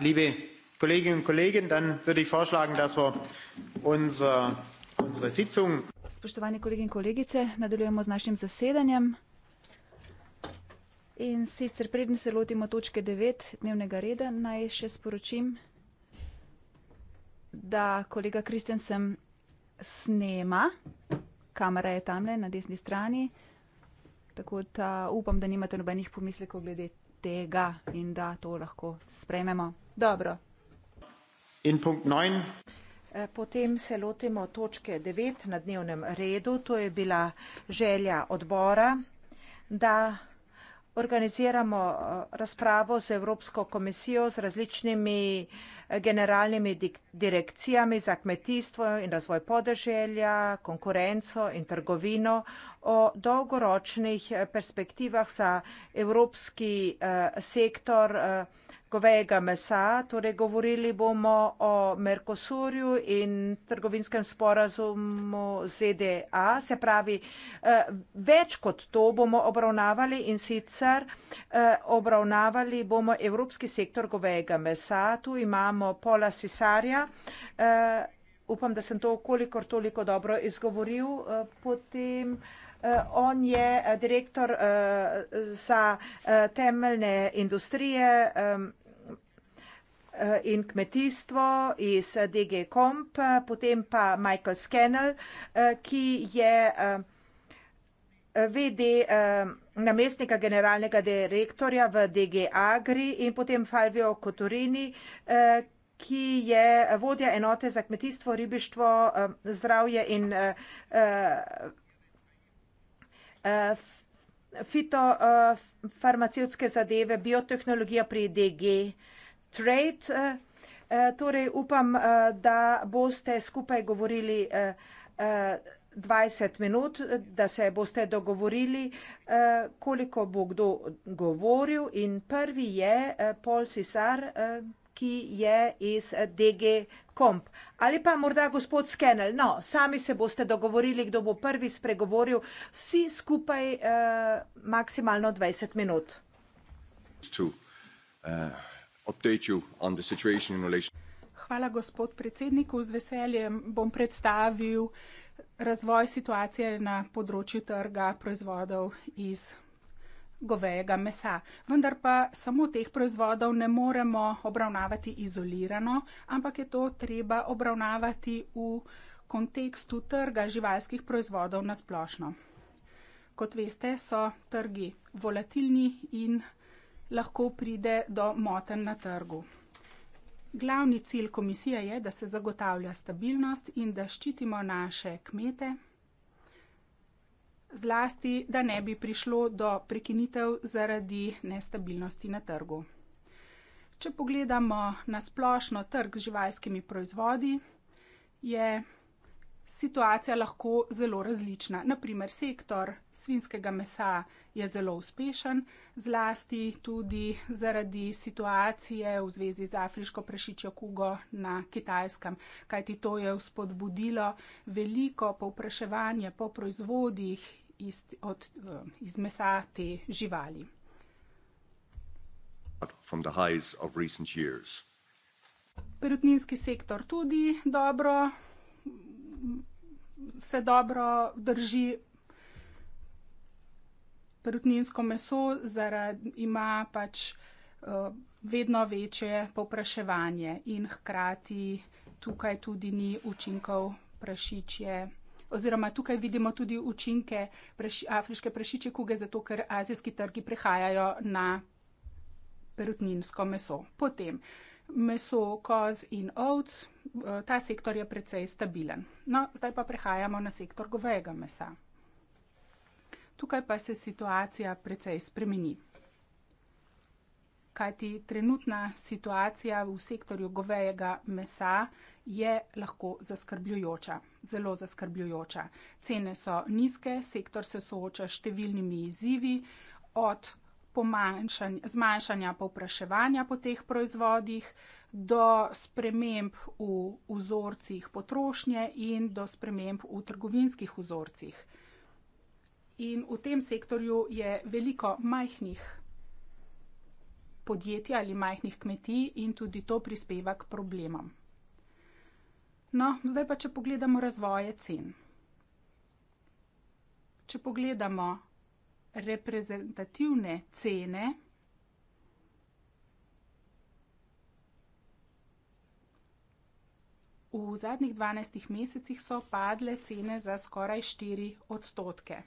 liebe Kolleginnen und Kollegen, dann würde ich vorschlagen, dass wir unser, unsere Sitzung. Spoštovani kolegi in kolegice, nadaljujemo z našim zasedanjem. In sicer predn se lotimo točke 9 dnevnega reda, naj še sporočim, da kolega Kristensen snema, kamera je tamle na desni strani, tako da upam, da nimate nobenih pomislekov glede tega in da to lahko sprememo. Dobro. In punkt 9. E, potem se lotimo točke 9 na dnevnem redu. To je bila želja odbora, da organiziramo e, razpravo z Evropsko komisijo, z različnimi e, generalnimi direkcijami za kmetijstvo in razvoj podeželja, konkurenco in trgovino o dolgoročnih perspektivah za evropski sektor govejega mesa, torej govorili bomo o Merkosurju in trgovinskem sporazumu ZDA, se pravi, eh, več kot to bomo obravnavali in sicer eh, obravnavali bomo Evropski sektor govejega mesa, tu imamo Pola Sisarja, eh, upam, da sem to kolikor toliko dobro izgovoril, potem On je direktor za temeljne industrije Eh, in kmetijstvo iz DG Komp, eh, potem pa Michael Scannell, eh, ki je VD namestnika generalnega direktorja v DG Agri in potem Falvio Kotorini, ki je vodja enote za kmetijstvo, ribištvo, zdravje in fitofarmacevtske zadeve, biotehnologija pri DG Agri trade. Uh, torej upam, uh, da boste skupaj govorili uh, uh, 20 minut, da se boste dogovorili, uh, koliko bo kdo govoril. In prvi je uh, Paul Cesar, uh, ki je iz DG Comp. Ali pa morda gospod Skenel. No, sami se boste dogovorili, kdo bo prvi spregovoril. Vsi skupaj uh, maksimalno 20 minut. Uh, Hvala, gospod predsedniku. Z veseljem bom predstavil razvoj situacije na področju trga proizvodov iz govejega mesa. Vendar pa samo teh proizvodov ne moremo obravnavati izolirano, ampak je to treba obravnavati v kontekstu trga živalskih proizvodov na splošno. Kot veste, so trgi volatilni in lahko pride do motenj na trgu. Glavni cilj komisije je, da se zagotavlja stabilnost in da ščitimo naše kmete, zlasti, da ne bi prišlo do prekinitev zaradi nestabilnosti na trgu. Če pogledamo na splošno trg z živalskimi proizvodi, je situacija lahko zelo različna. Naprimer, sektor svinskega mesa je zelo uspešen, zlasti tudi zaradi situacije v zvezi z afriško prešičjo kugo na kitajskem, kajti to je vzpodbudilo veliko povpraševanje po proizvodih iz, od, iz mesa te živali. Perutninski sektor tudi dobro se dobro drži perutninsko meso, zaradi, ima pač, eh, vedno večje povpraševanje in hkrati tukaj tudi ni učinkov prašičje oziroma tukaj vidimo tudi učinke afriške prašičje kuge, zato ker azijski trgi prehajajo na perutninsko meso. Potem meso koz in ovc. Eh, ta sektor je precej stabilen. No, zdaj pa prehajamo na sektor govejega mesa. Tukaj pa se situacija precej spremeni. Kajti trenutna situacija v sektorju govejega mesa je lahko zaskrbljujoča, zelo zaskrbljujoča. Cene so nizke, sektor se sooča s številnimi izzivi, od zmanjšanja povpraševanja po teh proizvodih do sprememb v vzorcih potrošnje in do sprememb v trgovinskih vzorcih. In v tem sektorju je veliko majhnih podjetij ali majhnih kmetij in tudi to prispeva k problemom. No, zdaj pa, če pogledamo razvoje cen. Če pogledamo reprezentativne cene v zadnjih dvanajstih mesecih so padle cene za skoraj štiri odstotke.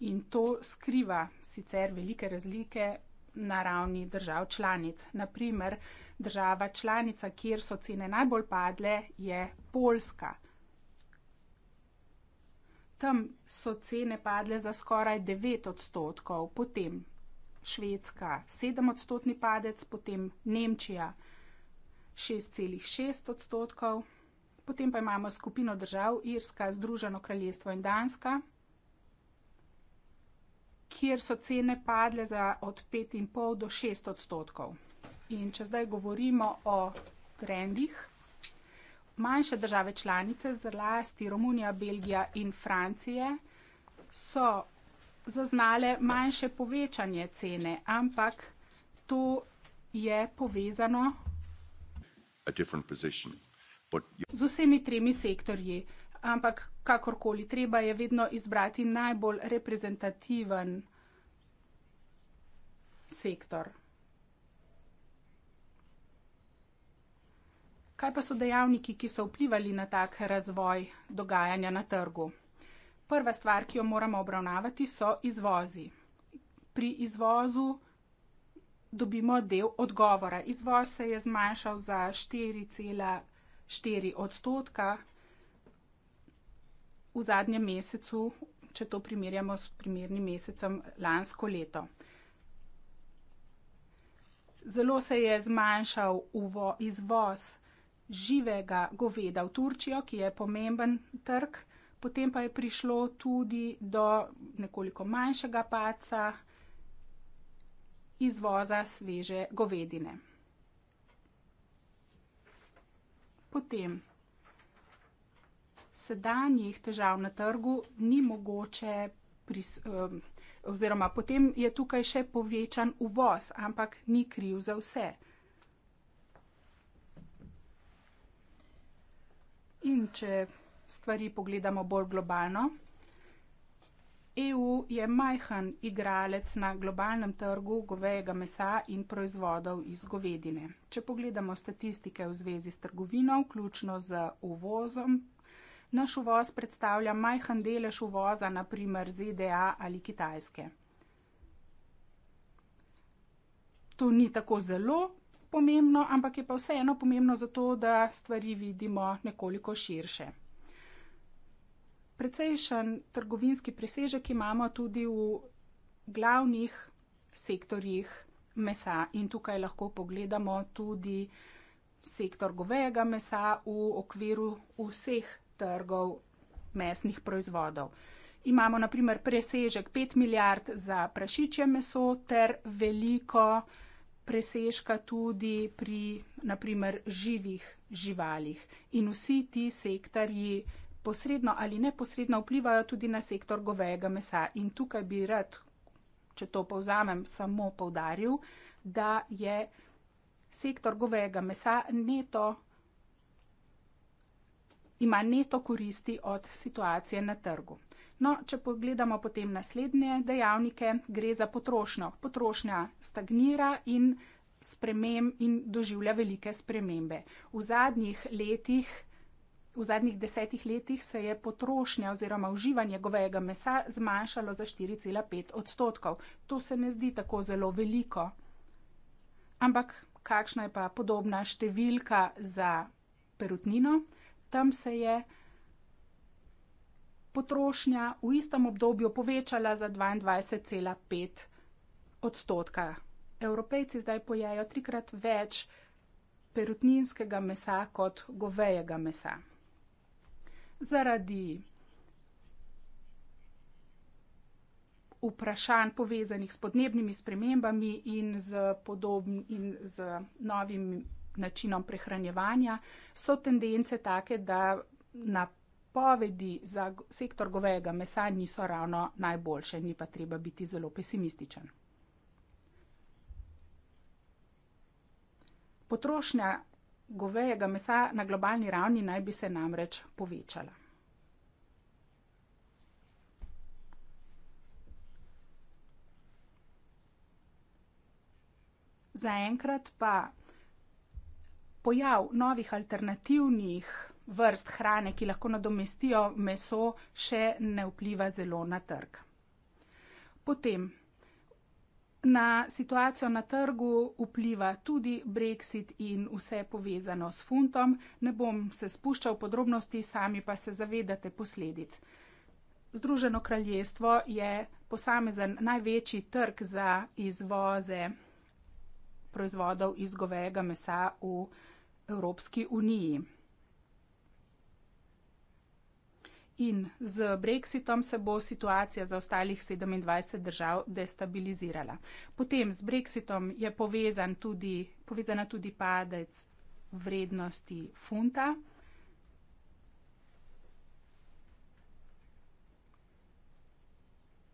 In to skriva sicer velike razlike na ravni držav članic. Naprimer, država članica, kjer so cene najbolj padle, je Poljska tam so cene padle za skoraj 9 odstotkov, potem Švedska 7 odstotni padec, potem Nemčija 6,6 odstotkov, potem pa imamo skupino držav Irska, Združeno kraljestvo in Danska, kjer so cene padle za od 5,5 do 6 odstotkov. In če zdaj govorimo o trendih, manjše države članice, zlasti Romunija, Belgija in Francije, so zaznale manjše povečanje cene, ampak to je povezano z vsemi tremi sektorji. Ampak kakorkoli, treba je vedno izbrati najbolj reprezentativen sektor. Kaj pa so dejavniki, ki so vplivali na tak razvoj dogajanja na trgu? Prva stvar, ki jo moramo obravnavati, so izvozi. Pri izvozu dobimo del odgovora. Izvoz se je zmanjšal za 4,4 odstotka v zadnjem mesecu, če to primerjamo s primernim mesecem lansko leto. Zelo se je zmanjšal uvo, izvoz živega goveda v Turčijo, ki je pomemben trg. Potem pa je prišlo tudi do nekoliko manjšega paca izvoza sveže govedine. Potem sedanjih težav na trgu ni mogoče pris, um, oziroma potem je tukaj še povečan uvoz, ampak ni kriv za vse. In če stvari pogledamo bolj globalno, EU je majhen igralec na globalnem trgu govejega mesa in proizvodov iz govedine. Če pogledamo statistike v zvezi s trgovino, vključno z uvozom, naš uvoz predstavlja majhen delež uvoza, naprimer ZDA ali Kitajske. To ni tako zelo, pomembno, ampak je pa vseeno pomembno zato, da stvari vidimo nekoliko širše. Precejšen trgovinski presežek imamo tudi v glavnih sektorjih mesa in tukaj lahko pogledamo tudi sektor govejega mesa v okviru vseh trgov mesnih proizvodov. Imamo naprimer presežek 5 milijard za prašičje meso ter veliko presežka tudi pri, naprimer, živih živalih. In vsi ti sektorji posredno ali neposredno vplivajo tudi na sektor govejega mesa. In tukaj bi rad, če to povzamem, samo povdaril, da je sektor govejega mesa neto ima neto koristi od situacije na trgu. No, če pogledamo potem naslednje dejavnike, gre za potrošnjo. Potrošnja stagnira in sprememb in doživlja velike spremembe. V zadnjih letih, v zadnjih desetih letih se je potrošnja oziroma uživanje govejega mesa zmanjšalo za 4,5 odstotkov. To se ne zdi tako zelo veliko. Ampak kakšna je pa podobna številka za perutnino? Tam se je potrošnja v istem obdobju povečala za 22,5 odstotka. Evropejci zdaj pojejo trikrat več perutninskega mesa kot govejega mesa. Zaradi vprašanj povezanih s podnebnimi spremembami in z, podobn, in z novim načinom prehranjevanja so tendence take, da na napovedi za sektor govejega mesa niso ravno najboljše, ni pa treba biti zelo pesimističen. Potrošnja govejega mesa na globalni ravni naj bi se namreč povečala. Zaenkrat pa pojav novih alternativnih vrst hrane, ki lahko nadomestijo meso, še ne vpliva zelo na trg. Potem na situacijo na trgu vpliva tudi brexit in vse povezano s funtom. Ne bom se spuščal v podrobnosti, sami pa se zavedate posledic. Združeno kraljestvo je posamezen največji trg za izvoze proizvodov iz govejega mesa v Evropski uniji. in z brexitom se bo situacija za ostalih 27 držav destabilizirala. Potem z brexitom je povezan tudi, povezana tudi padec vrednosti funta.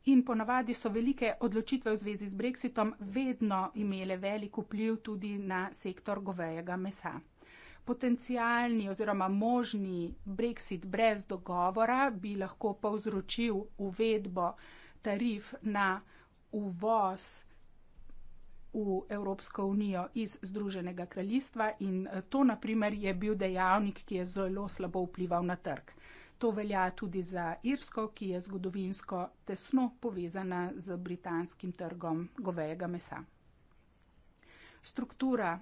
In ponavadi so velike odločitve v zvezi z brexitom vedno imele velik vpliv tudi na sektor govejega mesa. Potencialni oziroma možni brexit brez dogovora bi lahko povzročil uvedbo tarif na uvoz v Evropsko unijo iz Združenega kraljestva in to naprimer je bil dejavnik, ki je zelo slabo vplival na trg. To velja tudi za Irsko, ki je zgodovinsko tesno povezana z britanskim trgom govejega mesa. Struktura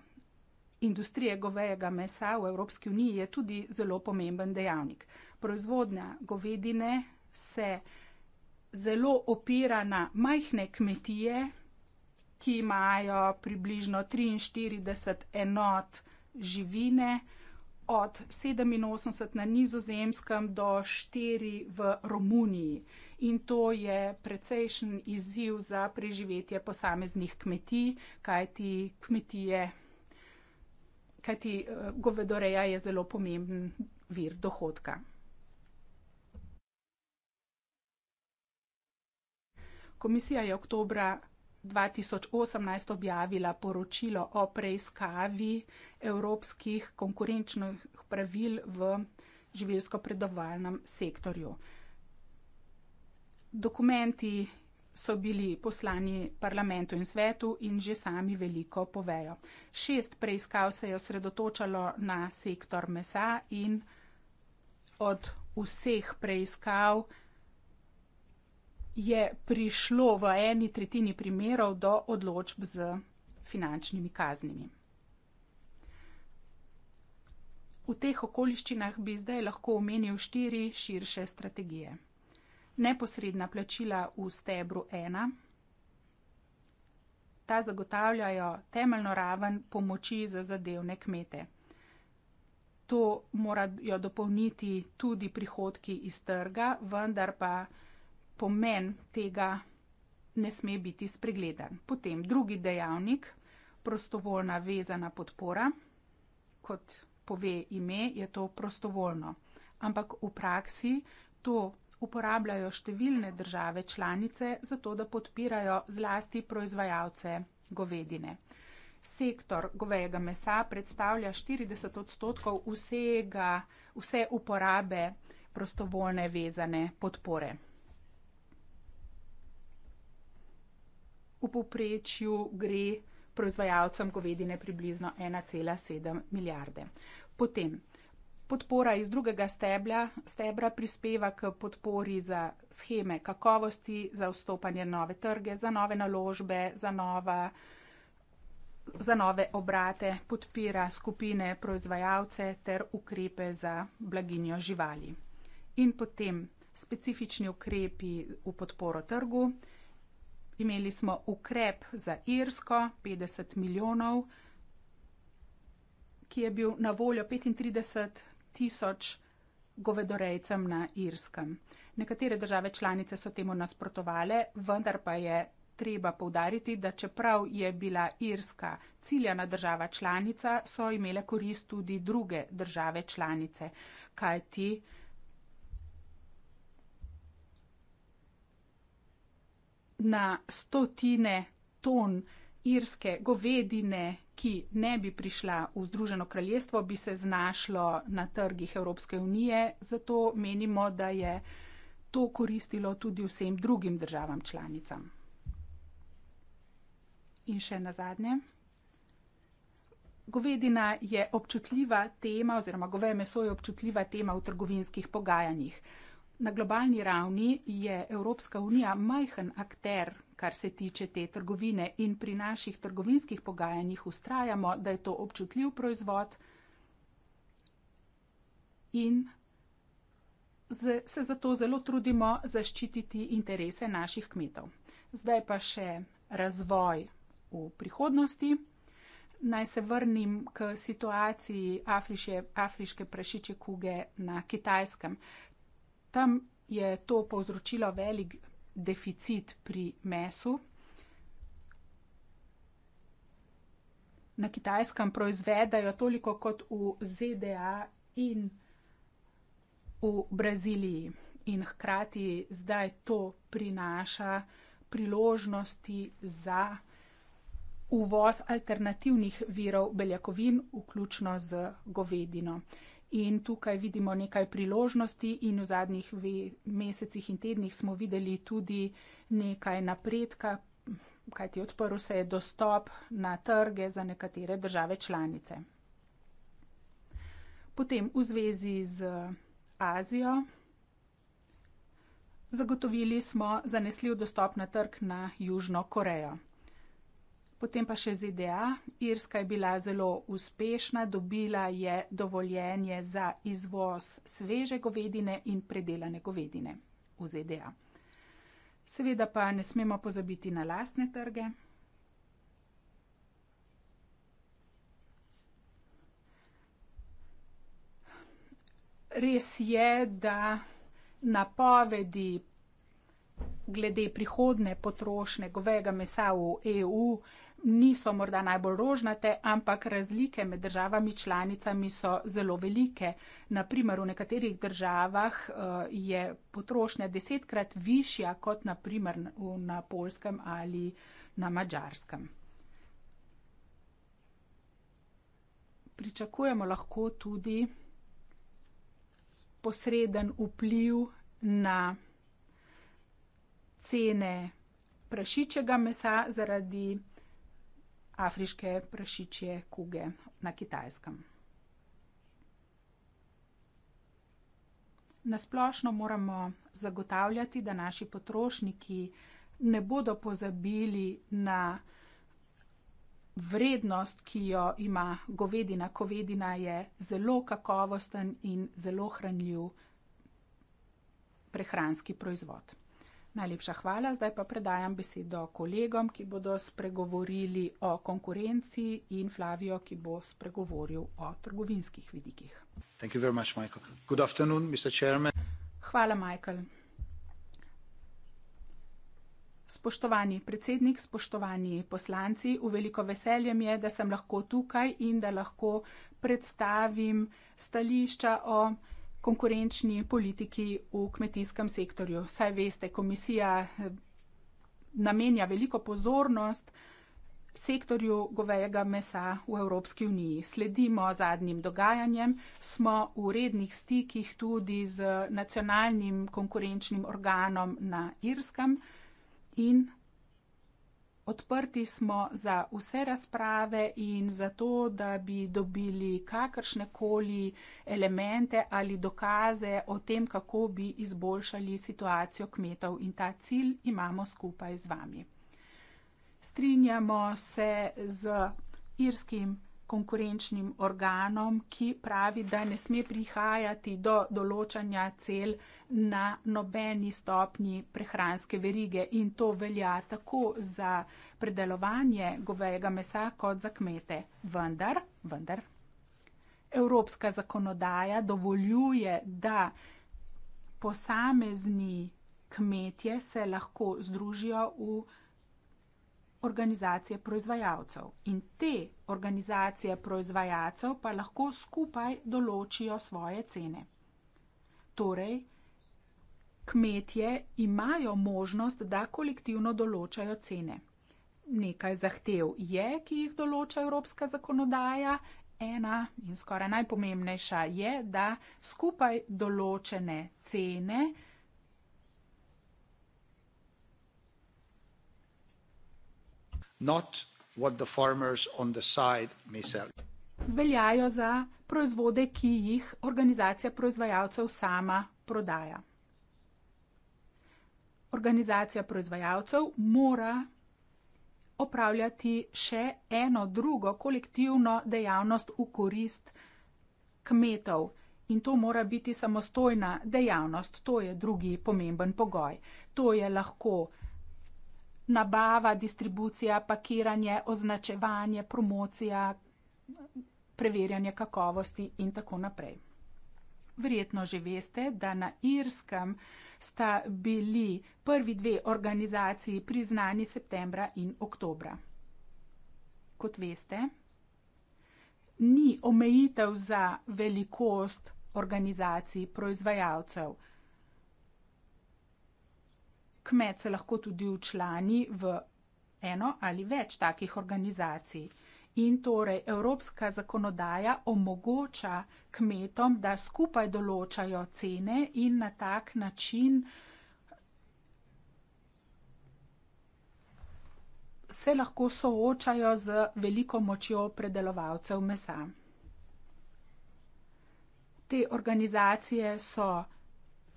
industrije govejega mesa v Evropski uniji je tudi zelo pomemben dejavnik. Proizvodnja govedine se zelo opira na majhne kmetije, ki imajo približno 43 enot živine, od 87 na nizozemskem do 4 v Romuniji. In to je precejšen izziv za preživetje posameznih kmetij, kajti kmetije kajti, eh, govedoreja je zelo pomemben vir dohodka. Komisija je oktobra dva tisoč osemnajst objavila poročilo o preiskavi evropskih konkurenčnih pravil v živilskopredelovalnem sektorju. Dokumenti so bili poslani parlamentu in svetu in že sami veliko povejo. Šest preiskav se je osredotočalo na sektor mesa in od vseh preiskav je prišlo v eni tretjini primerov do odločb z finančnimi kaznimi. V teh okoliščinah bi zdaj lahko omenil štiri širše strategije neposredna plačila v stebru ena. Ta zagotavljajo temeljno raven pomoči za zadevne kmete. To morajo dopolniti tudi prihodki iz trga, vendar pa pomen tega ne sme biti spregledan. Potem drugi dejavnik, prostovoljna vezana podpora, kot pove ime, je to prostovoljno. Ampak v praksi to uporabljajo številne države članice, zato da podpirajo zlasti proizvajalce govedine. Sektor govejega mesa predstavlja 40 odstotkov vsega, vse uporabe prostovoljne vezane podpore. V poprečju gre proizvajalcem govedine približno 1,7 milijarde. Potem Podpora iz drugega stebla, stebra prispeva k podpori za scheme kakovosti, za vstopanje na nove trge, za nove naložbe, za, nova, za nove obrate, podpira skupine proizvajalce ter ukrepe za blaginjo živali. In potem specifični ukrepi v podporo trgu. Imeli smo ukrep za Irsko, 50 milijonov, ki je bil na voljo 35 milijonov tisoč govedorejcem na Irskem. Nekatere države članice so temu nasprotovale, vendar pa je treba povdariti, da čeprav je bila Irska ciljana država članica, so imele korist tudi druge države članice, kajti na stotine ton irske govedine, ki ne bi prišla v Združeno kraljestvo, bi se znašlo na trgih Evropske unije, zato menimo, da je to koristilo tudi vsem drugim državam članicam. In še na zadnje. Govedina je občutljiva tema oziroma goveje meso je občutljiva tema v trgovinskih pogajanjih. Na globalni ravni je Evropska unija majhen akter, kar se tiče te trgovine in pri naših trgovinskih pogajanjih ustrajamo, da je to občutljiv proizvod in se zato zelo trudimo zaščititi interese naših kmetov. Zdaj pa še razvoj v prihodnosti. Naj se vrnim k situaciji afriške prašiče kuge na kitajskem tam je to povzročilo velik deficit pri mesu. Na Kitajskem proizvedajo toliko kot v ZDA in v Braziliji. In hkrati zdaj to prinaša priložnosti za uvoz alternativnih virov beljakovin, vključno z govedino. In tukaj vidimo nekaj priložnosti in v zadnjih mesecih in tednih smo videli tudi nekaj napredka, kajti odprl se je dostop na trge za nekatere države članice. Potem v zvezi z Azijo. Zagotovili smo zanesljiv dostop na trg na Južno Korejo. Potem pa še ZDA. Irska je bila zelo uspešna, dobila je dovoljenje za izvoz sveže govedine in predelane govedine v ZDA. Seveda pa ne smemo pozabiti na lastne trge. Res je, da napovedi glede prihodne potrošnje govejega mesa v EU niso morda najbolj rožnate, ampak razlike med državami članicami so zelo velike. Naprimer, v nekaterih državah eh, je potrošnja desetkrat višja kot naprimer na polskem ali na mačarskem. Pričakujemo lahko tudi posreden vpliv na cene prašičjega mesa zaradi afriške prašičje kuge na Kitajskem. Nasplošno moramo zagotavljati, da naši potrošniki ne bodo pozabili na vrednost, ki jo ima govedina. Govedina je zelo kakovosten in zelo hranljiv prehranski proizvod. Najlepša hvala, zdaj pa predajam besedo kolegom, ki bodo spregovorili o konkurenci in Flavijo, ki bo spregovoril o trgovinskih vidikih. Much, hvala, Michael. Spoštovani predsednik, spoštovani poslanci, v veliko veselje mi je, da sem lahko tukaj in da lahko predstavim stališča o konkurenčni politiki v kmetijskem sektorju. Saj veste, komisija eh, namenja veliko pozornost sektorju govejega mesa v Evropski uniji. Sledimo zadnjim dogajanjem, smo v rednih stikih tudi z nacionalnim konkurenčnim organom na Irskem in Odprti smo za vse razprave in za to, da bi dobili kakršnekoli elemente ali dokaze o tem, kako bi izboljšali situacijo kmetov in ta cilj imamo skupaj z vami. Strinjamo se z irskim konkurenčnim organom, ki pravi, da ne sme prihajati do določanja cel na nobeni stopnji prehranske verige in to velja tako za predelovanje govejega mesa kot za kmete. Vendar, vendar, evropska zakonodaja dovoljuje, da posamezni kmetje se lahko združijo v organizacije proizvajalcev in te organizacije proizvajalcev pa lahko skupaj določijo svoje cene. Torej, kmetje imajo možnost, da kolektivno določajo cene. Nekaj zahtev je, ki jih določa evropska zakonodaja. Ena in skoraj najpomembnejša je, da skupaj določene cene not what the farmers on the side may sell. Veljajo za proizvode, ki jih organizacija proizvajalcev sama prodaja. Organizacija proizvajalcev mora opravljati še eno drugo kolektivno dejavnost v korist kmetov in to mora biti samostojna dejavnost. To je drugi pomemben pogoj. To je lahko nabava, distribucija, pakiranje, označevanje, promocija, preverjanje kakovosti in tako naprej. Verjetno že veste, da na Irskem sta bili prvi dve organizaciji priznani septembra in oktobra. Kot veste, ni omejitev za velikost organizacij proizvajalcev kmet se lahko tudi učlani v eno ali več takih organizacij. In torej evropska zakonodaja omogoča kmetom, da skupaj določajo cene in na tak način se lahko soočajo z veliko močjo predelovalcev mesa. Te organizacije so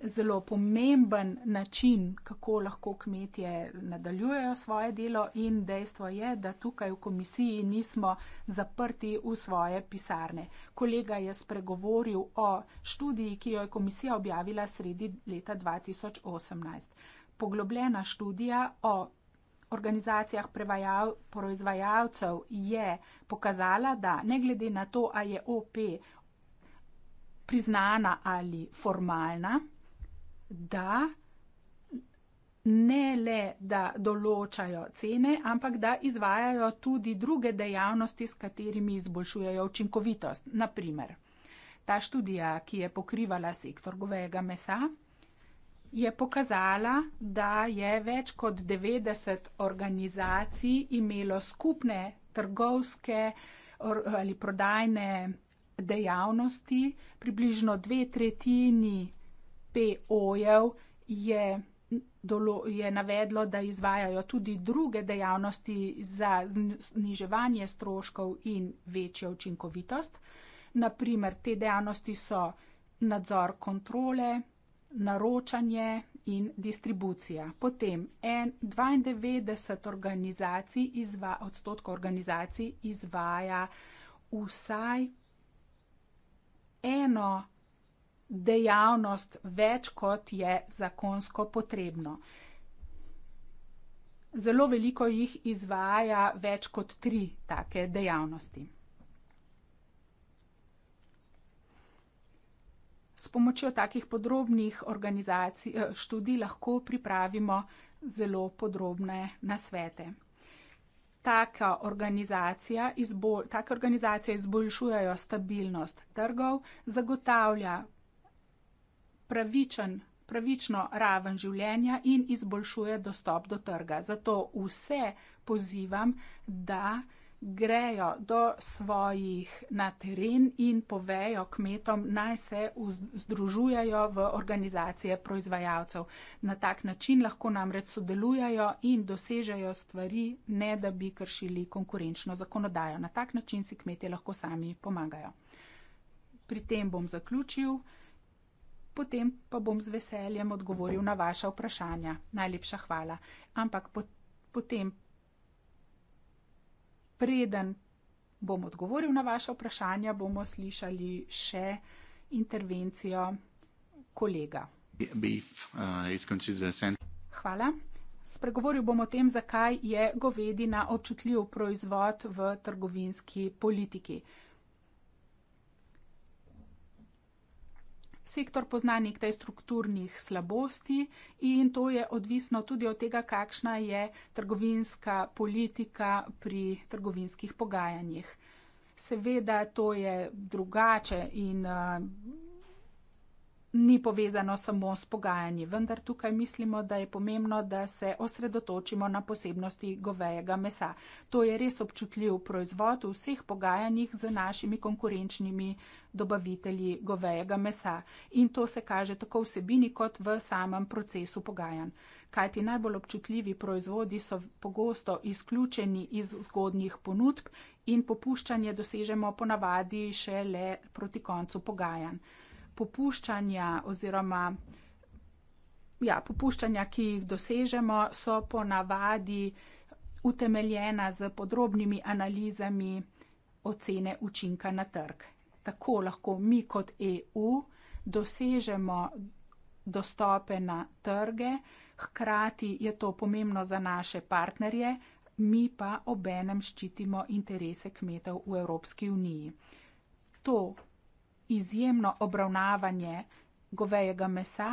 zelo pomemben način, kako lahko kmetje nadaljujejo svoje delo in dejstvo je, da tukaj v komisiji nismo zaprti v svoje pisarne. Kolega je spregovoril o študiji, ki jo je komisija objavila sredi leta 2018. Poglobljena študija o organizacijah prevajal, proizvajalcev je pokazala, da ne glede na to, a je OP priznana ali formalna, da ne le, da določajo cene, ampak da izvajajo tudi druge dejavnosti, s katerimi izboljšujejo učinkovitost. Naprimer, ta študija, ki je pokrivala sektor govejega mesa, je pokazala, da je več kot 90 organizacij imelo skupne trgovske ali prodajne dejavnosti, približno dve tretjini NPO-jev je, je navedlo, da izvajajo tudi druge dejavnosti za zniževanje stroškov in večjo učinkovitost. Naprimer, te dejavnosti so nadzor kontrole, naročanje in distribucija. Potem en, 92 organizacij izva, odstotkov organizacij izvaja vsaj eno dejavnost več, kot je zakonsko potrebno. Zelo veliko jih izvaja več kot tri take dejavnosti. S pomočjo takih podrobnih organizacij, eh, študij lahko pripravimo zelo podrobne nasvete. Taka organizacija, take organizacije izboljšujejo stabilnost trgov, zagotavlja pravičen, pravično raven življenja in izboljšuje dostop do trga. Zato vse pozivam, da grejo do svojih na teren in povejo kmetom, naj se združujajo v organizacije proizvajalcev. Na tak način lahko namreč sodelujajo in dosežejo stvari, ne da bi kršili konkurenčno zakonodajo. Na tak način si kmetje lahko sami pomagajo. Pri tem bom zaključil potem pa bom z veseljem odgovoril na vaše vprašanja. Najlepša hvala. Ampak pot, potem, preden bom odgovoril na vaše vprašanja, bomo slišali še intervencijo kolega. Uh, hvala. Spregovoril bom o tem, zakaj je govedina občutljiv proizvod v trgovinski politiki. Sektor pozna nekaj strukturnih slabosti in to je odvisno tudi od tega, kakšna je trgovinska politika pri trgovinskih pogajanjih. Seveda to je drugače in uh, ni povezano samo s pogajanji, vendar tukaj mislimo, da je pomembno, da se osredotočimo na posebnosti govejega mesa. To je res občutljiv proizvod v vseh pogajanjih z našimi konkurenčnimi dobavitelji govejega mesa in to se kaže tako vsebini kot v samem procesu pogajanj. Kajti najbolj občutljivi proizvodi so pogosto izključeni iz zgodnjih ponudb in popuščanje dosežemo ponavadi še le proti koncu pogajanj popuščanja oziroma ja, popuščanja, ki jih dosežemo, so ponavadi utemeljena z podrobnimi analizami ocene učinka na trg. Tako lahko mi kot EU dosežemo dostope na trge, hkrati je to pomembno za naše partnerje, mi pa obenem ščitimo interese kmetov v Evropski uniji. To izjemno obravnavanje govejega mesa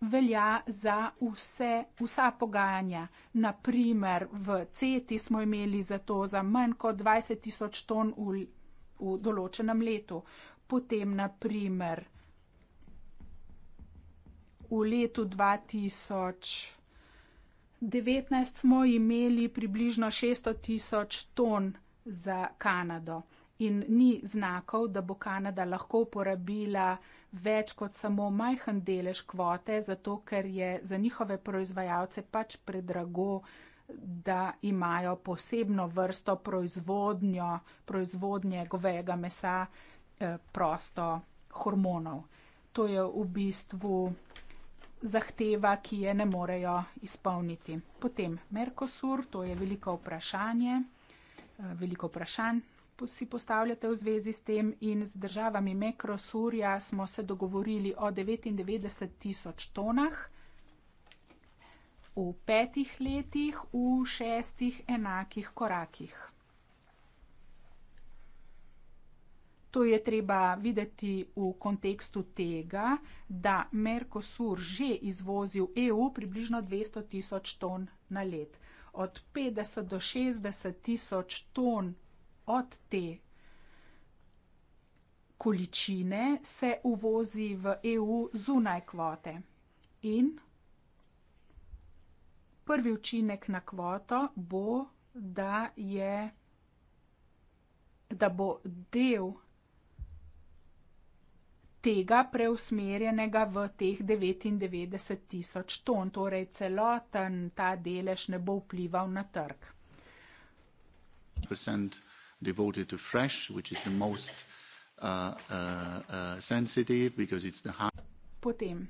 velja za vse, vsa pogajanja. Naprimer, v CETI smo imeli za to za manj kot 20 tisoč ton v, v določenem letu. Potem, naprimer, v letu 2019 smo imeli približno 600 tisoč ton za Kanado in ni znakov, da bo Kanada lahko uporabila več kot samo majhen delež kvote, zato ker je za njihove proizvajalce pač predrago, da imajo posebno vrsto proizvodnjo, proizvodnje govejega mesa eh, prosto hormonov. To je v bistvu zahteva, ki je ne morejo izpolniti. Potem Mercosur, to je veliko vprašanje, eh, veliko vprašanj, si postavljate v zvezi s tem in z državami Mekrosurja smo se dogovorili o 99 tisoč tonah v petih letih v šestih enakih korakih. To je treba videti v kontekstu tega, da Mercosur že izvozi v EU približno 200 tisoč ton na let. Od 50 do 60 tisoč ton od te količine se uvozi v EU zunaj kvote. In prvi učinek na kvoto bo, da je, da bo del tega preusmerjenega v teh devetindevetdeset tisoč ton, torej celoten ta delež ne bo vplival na trg. Percent devoted to fresh, which is the most uh, uh, uh, sensitive because it's the high. Potem.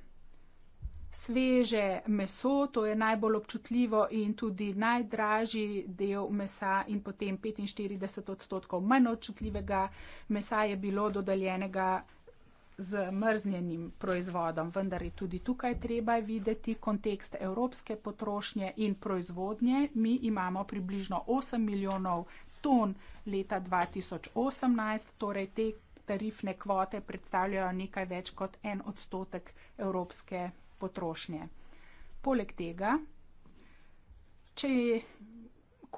Sveže meso, to je najbolj občutljivo in tudi najdražji del mesa in potem 45 odstotkov manj občutljivega mesa je bilo dodeljenega z mrznjenim proizvodom. Vendar je tudi tukaj treba videti kontekst evropske potrošnje in proizvodnje. Mi imamo približno 8 milijonov ton leta 2018, torej te tarifne kvote predstavljajo nekaj več kot en odstotek evropske potrošnje. Poleg tega, če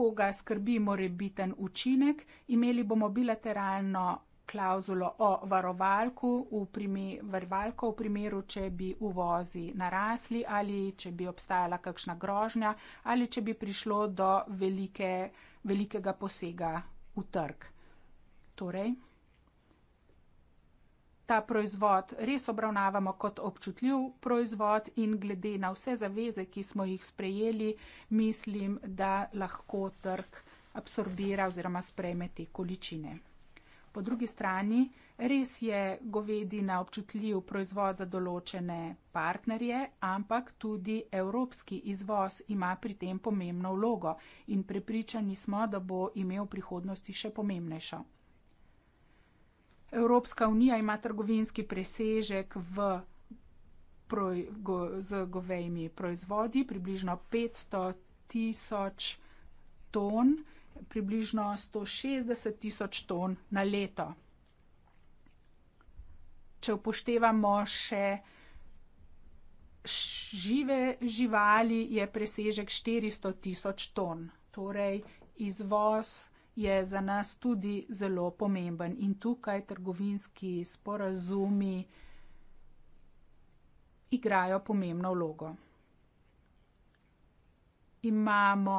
koga skrbi morebiten učinek, imeli bomo bilateralno klauzulo o varovalku v, primi, v primeru, če bi uvozi narasli ali če bi obstajala kakšna grožnja ali če bi prišlo do velike, velikega posega v trg. Torej, ta proizvod res obravnavamo kot občutljiv proizvod in glede na vse zaveze, ki smo jih sprejeli, mislim, da lahko trg absorbira oziroma sprejme te količine. Po drugi strani, res je govedina občutljiv proizvod za določene partnerje, ampak tudi evropski izvoz ima pri tem pomembno vlogo in prepričani smo, da bo imel v prihodnosti še pomembnejšo. Evropska unija ima trgovinski presežek v proj, go, z govejimi proizvodi, približno petsto tisoč ton približno 160 tisoč ton na leto. Če upoštevamo še žive živali, je presežek 400 tisoč ton. Torej, izvoz je za nas tudi zelo pomemben in tukaj trgovinski sporazumi igrajo pomembno vlogo. Imamo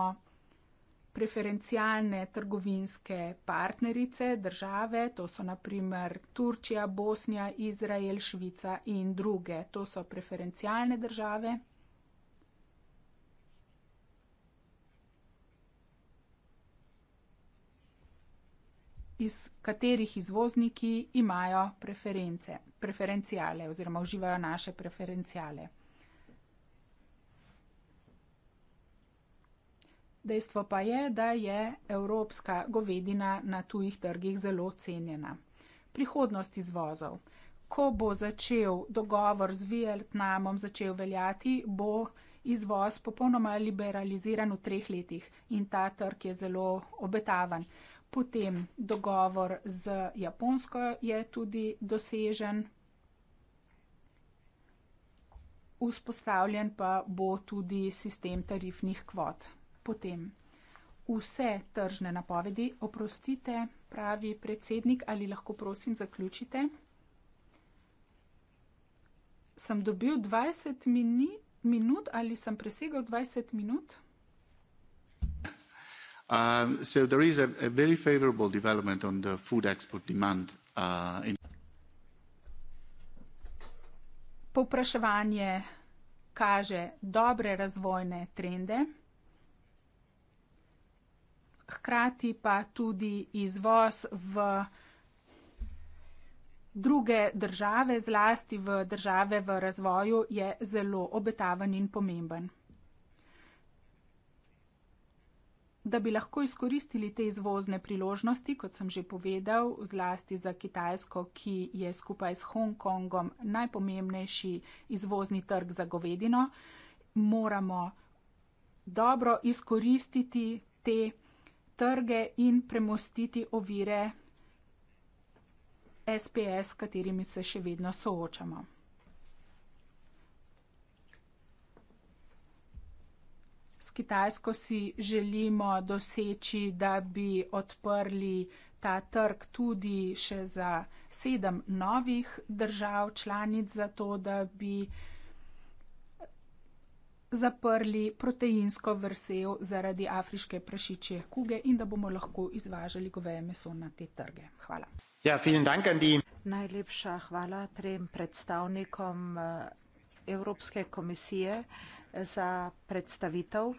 preferencialne trgovinske partnerice države, to so naprimer Turčija, Bosnija, Izrael, Švica in druge. To so preferencialne države. iz katerih izvozniki imajo preference, preferencijale oziroma uživajo naše preferencijale. Dejstvo pa je, da je evropska govedina na tujih trgih zelo cenjena. Prihodnost izvozov. Ko bo začel dogovor z Vietnamom začel veljati, bo izvoz popolnoma liberaliziran v treh letih in ta trg je zelo obetavan. Potem dogovor z Japonsko je tudi dosežen, vzpostavljen pa bo tudi sistem tarifnih kvot potem. Vse tržne napovedi, oprostite, pravi predsednik, ali lahko prosim zaključite. Sem dobil 20 minut, minut ali sem presegel 20 minut? Um, so there is a, a very favorable development on the food export demand uh, in. Povpraševanje kaže dobre razvojne trende hkrati pa tudi izvoz v druge države, zlasti v države v razvoju, je zelo obetaven in pomemben. Da bi lahko izkoristili te izvozne priložnosti, kot sem že povedal, zlasti za Kitajsko, ki je skupaj s Hongkongom najpomembnejši izvozni trg za govedino, moramo dobro izkoristiti te priložnosti trge in premostiti ovire SPS, s katerimi se še vedno soočamo. S Kitajsko si želimo doseči, da bi odprli ta trg tudi še za sedem novih držav članic, zato da bi zaprli proteinsko vrsel zaradi afriške prašičje kuge in da bomo lahko izvažali goveje meso na te trge. Hvala. Ja, dank, Najlepša hvala trem predstavnikom eh, Evropske komisije za predstavitev.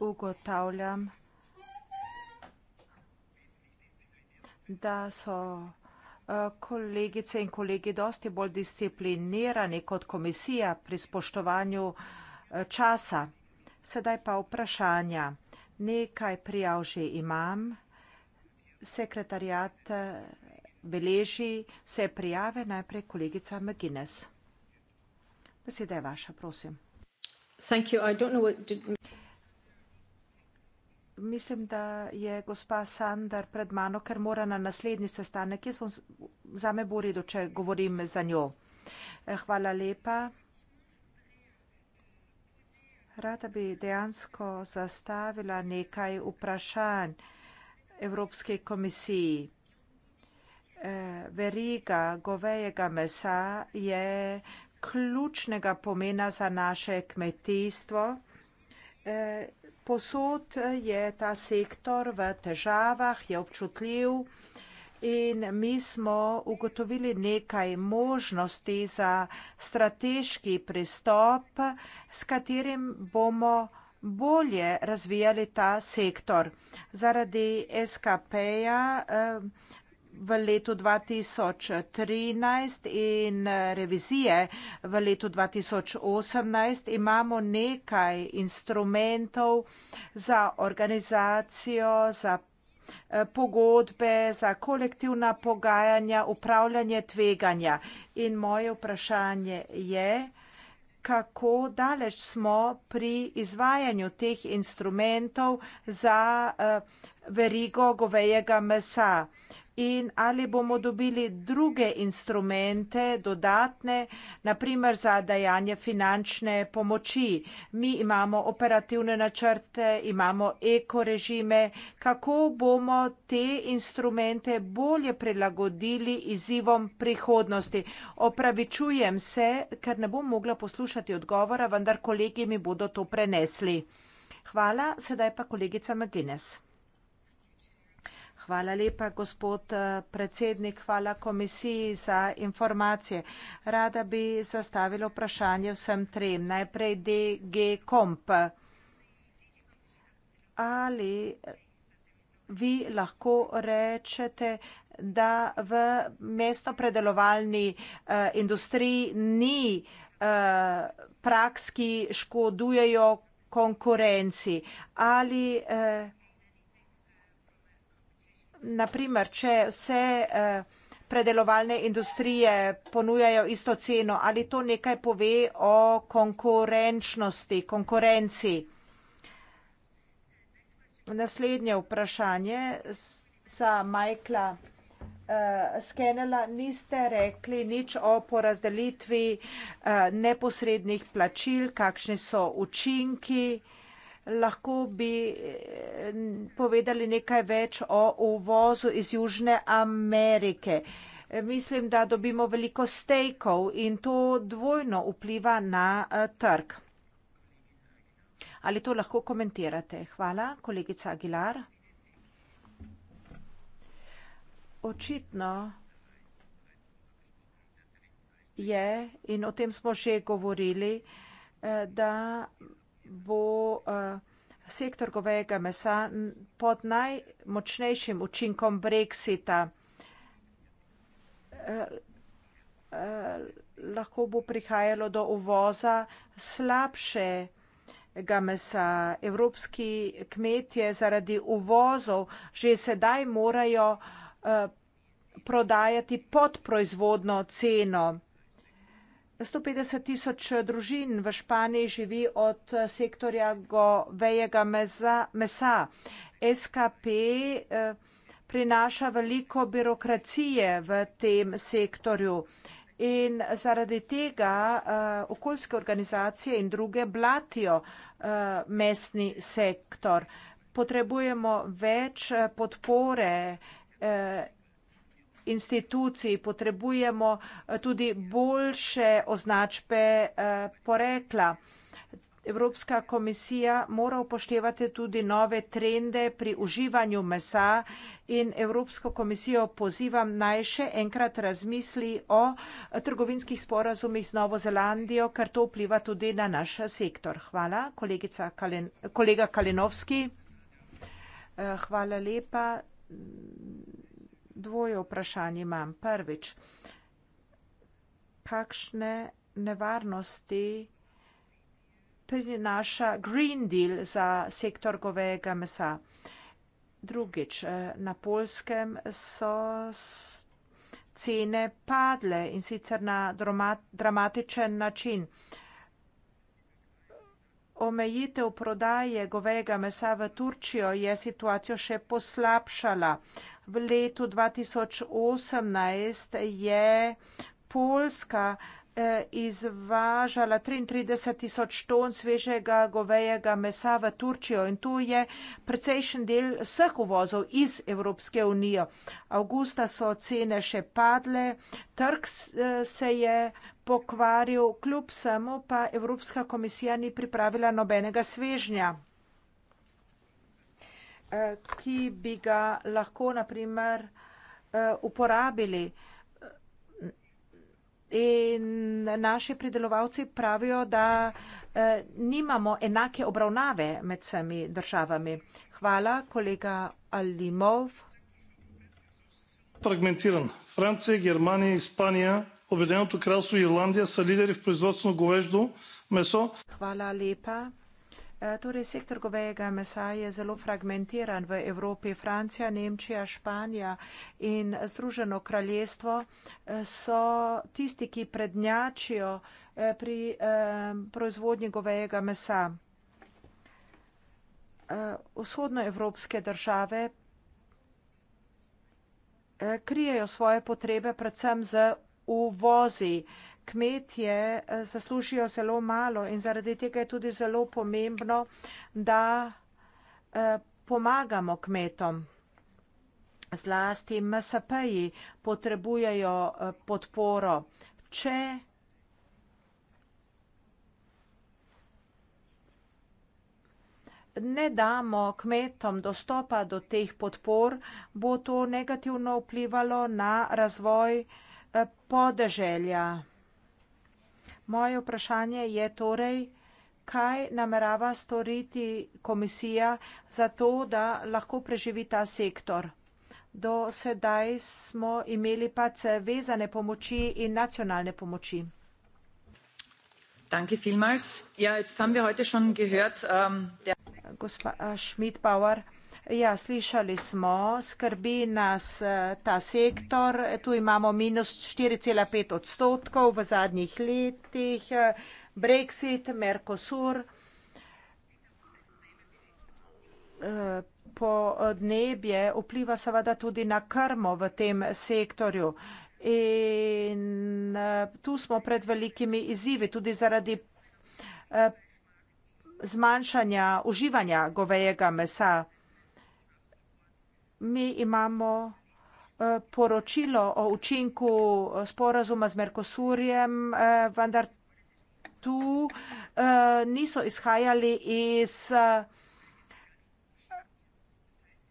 Ugotavljam, da so eh, kolegice in kolegi dosti bolj disciplinirani kot komisija pri spoštovanju uh, Eh, časa. Sedaj pa vprašanja. Nekaj prijav že imam. Sekretarjat eh, beleži vse prijave, najprej kolegica McGuinness. Beseda je vaša, prosim. Thank you. I don't know what did... Mislim, da je gospa Sander pred mano, ker mora na naslednji sestanek. Jaz bom zame boril, če govorim za njo. Eh, hvala lepa. Rada bi dejansko zastavila nekaj vprašanj Evropske komisiji. Eh, veriga govejega mesa je ključnega pomena za naše kmetijstvo. Eh, posod je ta sektor v težavah, je občutljiv. In mi smo ugotovili nekaj možnosti za strateški pristop, s katerim bomo bolje razvijali ta sektor. Zaradi SKP-ja eh, v letu 2013 in eh, revizije v letu 2018 imamo nekaj instrumentov za organizacijo, za Eh, pogodbe, za kolektivna pogajanja, upravljanje tveganja. In moje vprašanje je, kako daleč smo pri izvajanju teh instrumentov za eh, verigo govejega mesa in ali bomo dobili druge instrumente, dodatne, naprimer za dajanje finančne pomoči. Mi imamo operativne načrte, imamo ekorežime. Kako bomo te instrumente bolje prilagodili izzivom prihodnosti? Opravičujem se, ker ne bom mogla poslušati odgovora, vendar kolegi mi bodo to prenesli. Hvala, sedaj pa kolegica McGuinness. Hvala lepa, gospod eh, predsednik. Hvala komisiji za informacije. Rada bi zastavila vprašanje vsem trem. Najprej DG Komp. Ali vi lahko rečete, da v mesto predelovalni eh, industriji ni eh, praks, ki škodujejo konkurenci? Ali naprimer, če vse eh, predelovalne industrije ponujajo isto ceno, ali to nekaj pove o konkurenčnosti, konkurenci? Naslednje vprašanje za Majkla eh, Skenela. Niste rekli nič o porazdelitvi eh, neposrednih plačil, kakšni so učinki. Eh, lahko bi eh, povedali nekaj več o uvozu iz Južne Amerike. Eh, mislim, da dobimo veliko stejkov in to dvojno vpliva na eh, trg. Ali to lahko komentirate? Hvala, kolegica Aguilar. Očitno je, in o tem smo že govorili, da bo eh, sektor govejega mesa pod najmočnejšim učinkom brexita. Eh, eh, lahko bo prihajalo do uvoza slabše ga mesa. Evropski kmetje zaradi uvozov že sedaj morajo prodajati pod proizvodno ceno. 150 tisoč družin v Španiji živi od sektorja govejega mesa. SKP eh, prinaša veliko birokracije v tem sektorju in zaradi tega eh, okoljske organizacije in druge blatijo eh, mesni sektor. Potrebujemo več podpore institucij potrebujemo eh, tudi boljše označbe eh, porekla. Evropska komisija mora upoštevati tudi nove trende pri uživanju mesa in Evropsko komisijo pozivam naj še enkrat razmisli o trgovinskih sporazumih z Novo Zelandijo, ker to vpliva tudi na naš sektor. Hvala, kolegica Kalen, kolega Kalinovski. Eh, hvala lepa dvoje vprašanje imam. Prvič, kakšne nevarnosti prinaša Green Deal za sektor govejega mesa? Drugič, eh, na polskem so cene padle in sicer na dramatičen način. Omejitev prodaje govejega mesa v Turčijo je situacijo še poslabšala. V letu 2018 je Poljska eh, izvažala 33 tisoč ton svežega govejega mesa v Turčijo in to je precejšen del vseh uvozov iz Evropske unije. Augusta so cene še padle, trg eh, se je pokvaril, kljub samo pa Evropska komisija ni pripravila nobenega svežnja. Eh, ki bi ga lahko naprimer eh, uporabili. In naši pridelovalci pravijo, da eh, nimamo enake obravnave med vsemi državami. Hvala, kolega Alimov. Fragmentiran. Francija, Germanija, Ispanija, Objedinjeno kraljestvo, Irlandija so lideri v proizvodstvu goveždo meso. Hvala lepa. Eh, torej, sektor govejega mesa je zelo fragmentiran v Evropi. Francija, Nemčija, Španija in Združeno kraljestvo eh, so tisti, ki prednjačijo eh, pri proizvodnji govejega mesa. Vzhodnoevropske države krijejo svoje potrebe predvsem z uvozi kmetje eh, zaslužijo zelo malo in zaradi tega je tudi zelo pomembno, da eh, pomagamo kmetom. Zlasti MSP-ji potrebujejo eh, podporo. Če ne damo kmetom dostopa do teh podpor, bo to negativno vplivalo na razvoj podeželja. Moje vprašanje je torej, kaj namerava storiti komisija za to, da lahko preživi ta sektor? Do sedaj smo imeli pa vezane pomoči in nacionalne pomoči. Danke vielmals. Ja, jetzt haben wir heute schon gehört, ähm, der Gospa, äh, Schmidbauer. Ja, slišali smo, skrbi nas eh, ta sektor. Tu imamo minus 4,5 odstotkov v zadnjih letih. Brexit, Mercosur. Eh, po dnebje vpliva seveda tudi na krmo v tem sektorju. In eh, tu smo pred velikimi izzivi, tudi zaradi zmanjšanja uživanja govejega mesa mi imamo eh, poročilo o učinku eh, sporazuma z Merkosurjem, eh, vendar tu niso izhajali iz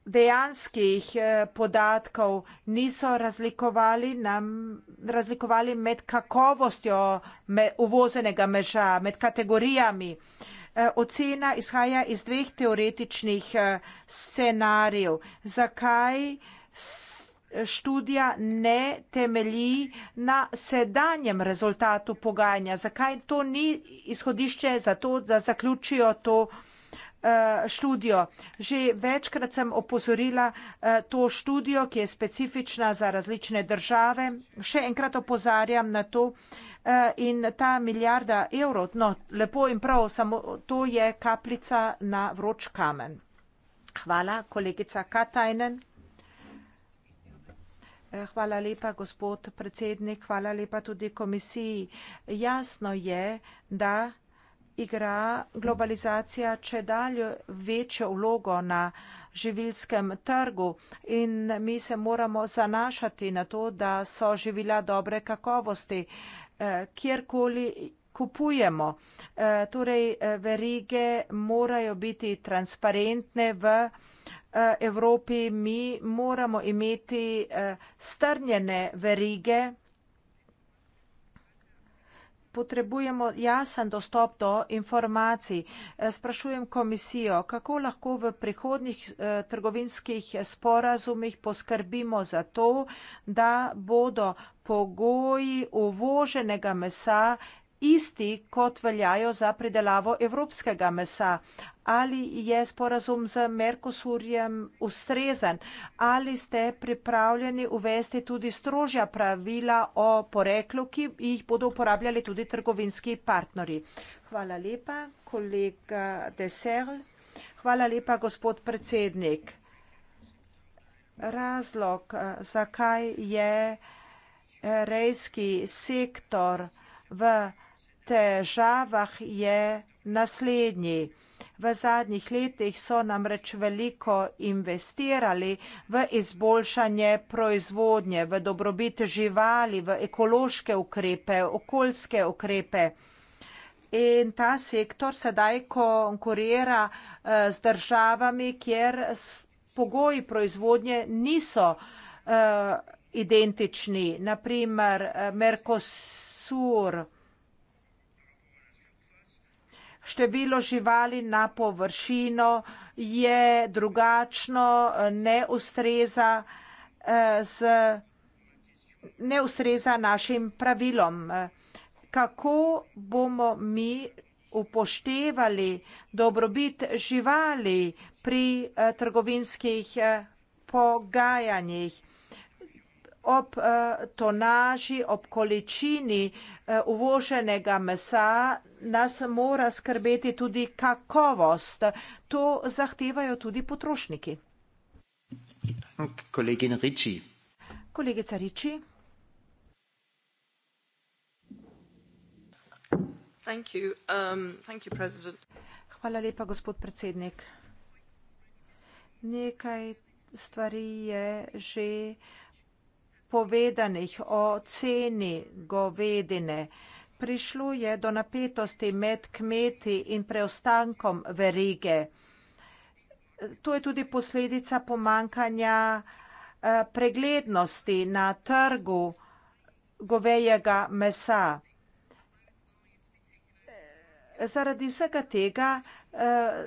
dejanskih podatkov, niso razlikovali, nam, razlikovali med kakovostjo uvozenega meža, med kategorijami. Eh, ocena izhaja iz dveh teoretičnih eh, scenarijev. Zakaj študija ne temelji na sedanjem rezultatu pogajanja? Zakaj to ni izhodišče za to, da zaključijo to eh, študijo? Že večkrat sem opozorila to študijo, ki je specifična za različne države. Še enkrat opozarjam na to, Eh, in ta milijarda evrov, no, lepo in prav, samo to je kapljica na vroč kamen. Hvala, kolegica Katajnen. Eh, hvala lepa, gospod predsednik, hvala lepa tudi komisiji. Jasno je, da igra globalizacija če dalje večjo vlogo na živilskem trgu in mi se moramo zanašati na to, da so živila dobre kakovosti. Eh, kjerkoli kupujemo. Eh, torej, eh, verige morajo biti transparentne v Evropi. Mi moramo imeti strnjene verige. Potrebujemo jasen dostop do informacij. Sprašujem komisijo, kako lahko v prihodnih trgovinskih sporazumih poskrbimo za to, da bodo pogoji uvoženega mesa isti, kot veljajo za pridelavo evropskega mesa? Ali je sporazum z Merkosurjem ustrezen? Ali ste pripravljeni uvesti tudi strožja pravila o poreklu, ki jih bodo uporabljali tudi trgovinski partnerji? Hvala lepa, kolega Deserl. Hvala lepa, gospod predsednik. Razlog, zakaj je rejski sektor v težavah je naslednji. V zadnjih letih so namreč veliko investirali v izboljšanje proizvodnje, v dobrobit živali, v ekološke ukrepe, okoljske ukrepe. In ta sektor sedaj konkurira eh, z državami, kjer pogoji proizvodnje niso eh, identični, naprimer eh, Mercosur, število živali na površino je drugačno, eh, ne ustreza, eh, z, ne ustreza našim pravilom. Kako bomo mi upoštevali dobrobit živali pri trgovinskih pogajanjih? ob uh, tonaži, ob količini uh, uvoženega mesa nas mora skrbeti tudi kakovost. To zahtevajo tudi potrošniki. Kolegin Riči. Kolegica Riči. Thank you. Um, thank you, Hvala lepa, gospod predsednik. Nekaj stvari je že povedanih o ceni govedine. Prišlo je do napetosti med kmeti in preostankom verige. To je tudi posledica pomankanja eh, preglednosti na trgu govejega mesa. Zaradi vsega tega eh,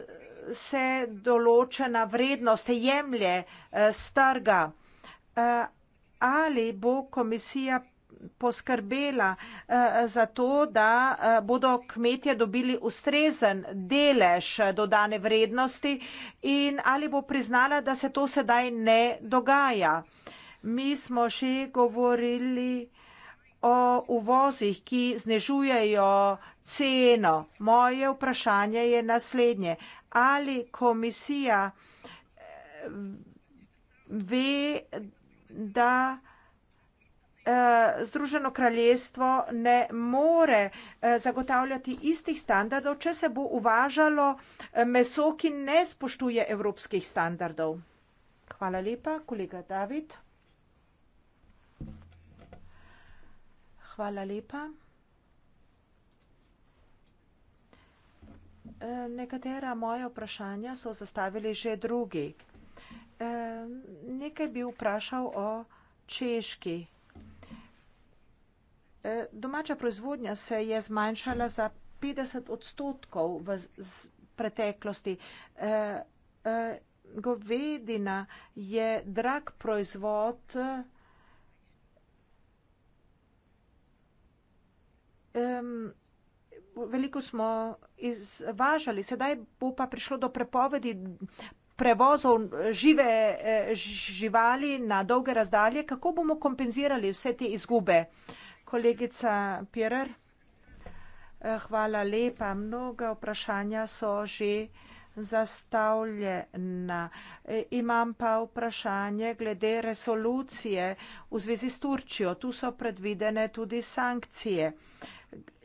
se določena vrednost jemlje z eh, trga, ali bo komisija poskrbela eh, za to, da eh, bodo kmetje dobili ustrezen delež dodane vrednosti in ali bo priznala, da se to sedaj ne dogaja. Mi smo še govorili o uvozih, ki znižujejo ceno. Moje vprašanje je naslednje. Ali komisija eh, ve, da eh, Združeno kraljestvo ne more eh, zagotavljati istih standardov, če se bo uvažalo eh, meso, ki ne spoštuje evropskih standardov. Hvala lepa, kolega David. Hvala lepa. Nekatera moja vprašanja so zastavili že drugi nekaj bi vprašal o češki. E, domača proizvodnja se je zmanjšala za 50 odstotkov v preteklosti. E, e, govedina je drag proizvod. Veliko smo izvažali, sedaj bo pa prišlo do prepovedi prevozov eh, žive eh, živali na dolge razdalje, kako bomo kompenzirali vse te izgube? Kolegica Pirer, eh, hvala lepa. Mnoga vprašanja so že zastavljena. Imam pa vprašanje glede resolucije v zvezi s Turčijo. Tu so predvidene tudi sankcije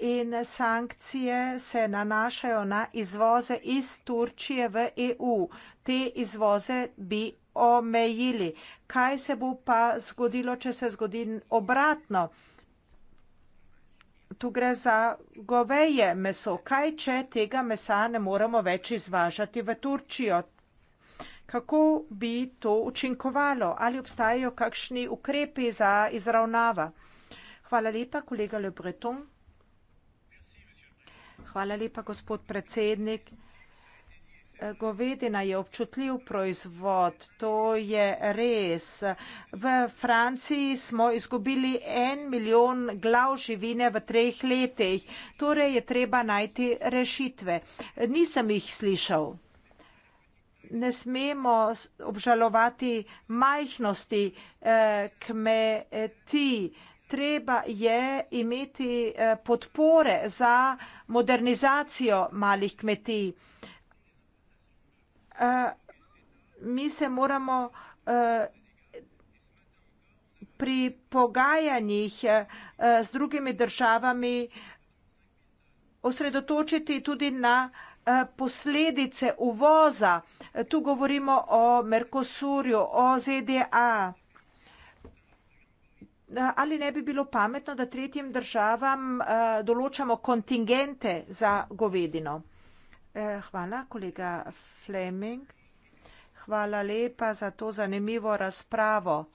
in sankcije se nanašajo na izvoze iz Turčije v EU. Te izvoze bi omejili. Kaj se bo pa zgodilo, če se zgodi obratno? Tu gre za goveje meso. Kaj, če tega mesa ne moremo več izvažati v Turčijo? Kako bi to učinkovalo? Ali obstajajo kakšni ukrepi za izravnava? Hvala lepa, kolega Le Breton. Hvala lepa, gospod predsednik. Govedina je občutljiv proizvod, to je res. V Franciji smo izgubili en milijon glav živine v treh letih, torej je treba najti rešitve. Nisem jih slišal. Ne smemo obžalovati majhnosti eh, kmetij. Eh, treba je imeti eh, podpore za modernizacijo malih kmetij. Eh, mi se moramo eh, pri pogajanjih z drugimi državami osredotočiti tudi na posledice uvoza. Tu govorimo o Mercosurju, o ZDA ali ne bi bilo pametno, da tretjim državam eh, določamo kontingente za govedino? Eh, hvala, kolega Fleming. Hvala lepa za to zanimivo razpravo.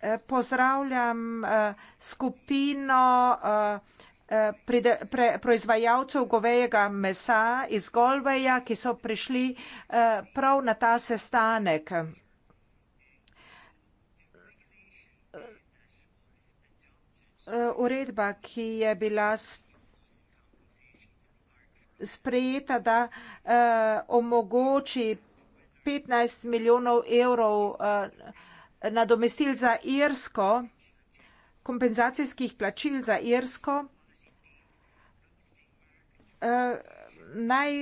Eh, pozdravljam skupino proizvajalcev govejega mesa iz Golveja, ki so prišli prav na ta sestanek. uredba, ki je bila sprejeta, da eh, omogoči 15 milijonov evrov eh, nadomestil za Irsko, kompenzacijskih plačil za Irsko, eh, naj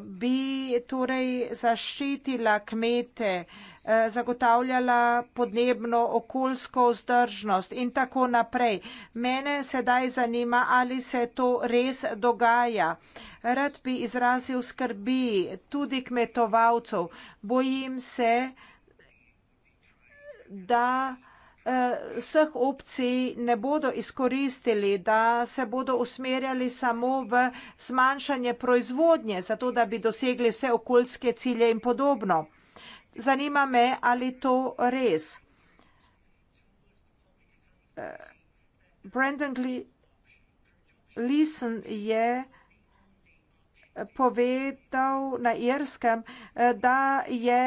bi torej zaščitila kmete Irsko. Eh, zagotavljala podnebno, okoljsko vzdržnost in tako naprej. Mene sedaj zanima, ali se to res dogaja. Rad bi izrazil skrbi tudi kmetovalcev. Bojim se, da eh, vseh opcij ne bodo izkoristili, da se bodo usmerjali samo v zmanjšanje proizvodnje, zato da bi dosegli vse okoljske cilje in podobno. Zanima me, ali to res. Eh, Brandon Gleeson je eh, povedal na irskem, eh, da je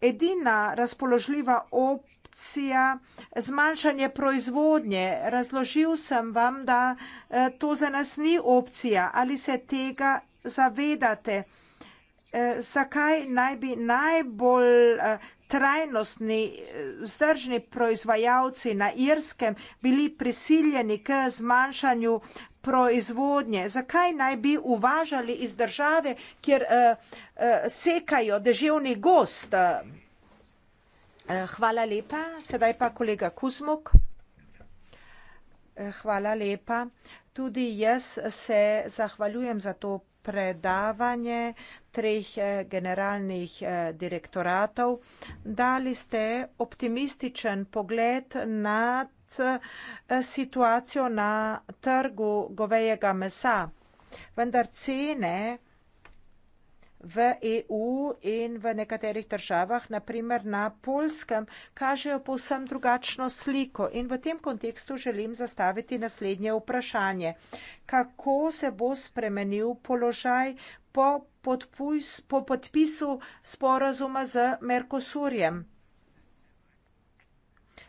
edina razpoložljiva opcija zmanjšanje proizvodnje. Razložil sem vam, da to za nas ni opcija. Ali se tega zavedate? Eh, zakaj naj bi najbolj eh, trajnostni, eh, vzdržni proizvajalci na Irskem bili prisiljeni k zmanjšanju proizvodnje, zakaj naj bi uvažali iz države, kjer sekajo deževni gost. Hvala lepa. Sedaj pa kolega Kuzmuk. Hvala lepa. Tudi jaz se zahvaljujem za to predavanje treh eh, generalnih eh, direktoratov. Dali ste optimističen pogled nad eh, situacijo na trgu govejega mesa, vendar cene v EU in v nekaterih državah, naprimer na polskem, kažejo povsem drugačno sliko. In v tem kontekstu želim zastaviti naslednje vprašanje. Kako se bo spremenil položaj po podpis, po podpisu sporazuma z Merkosurjem.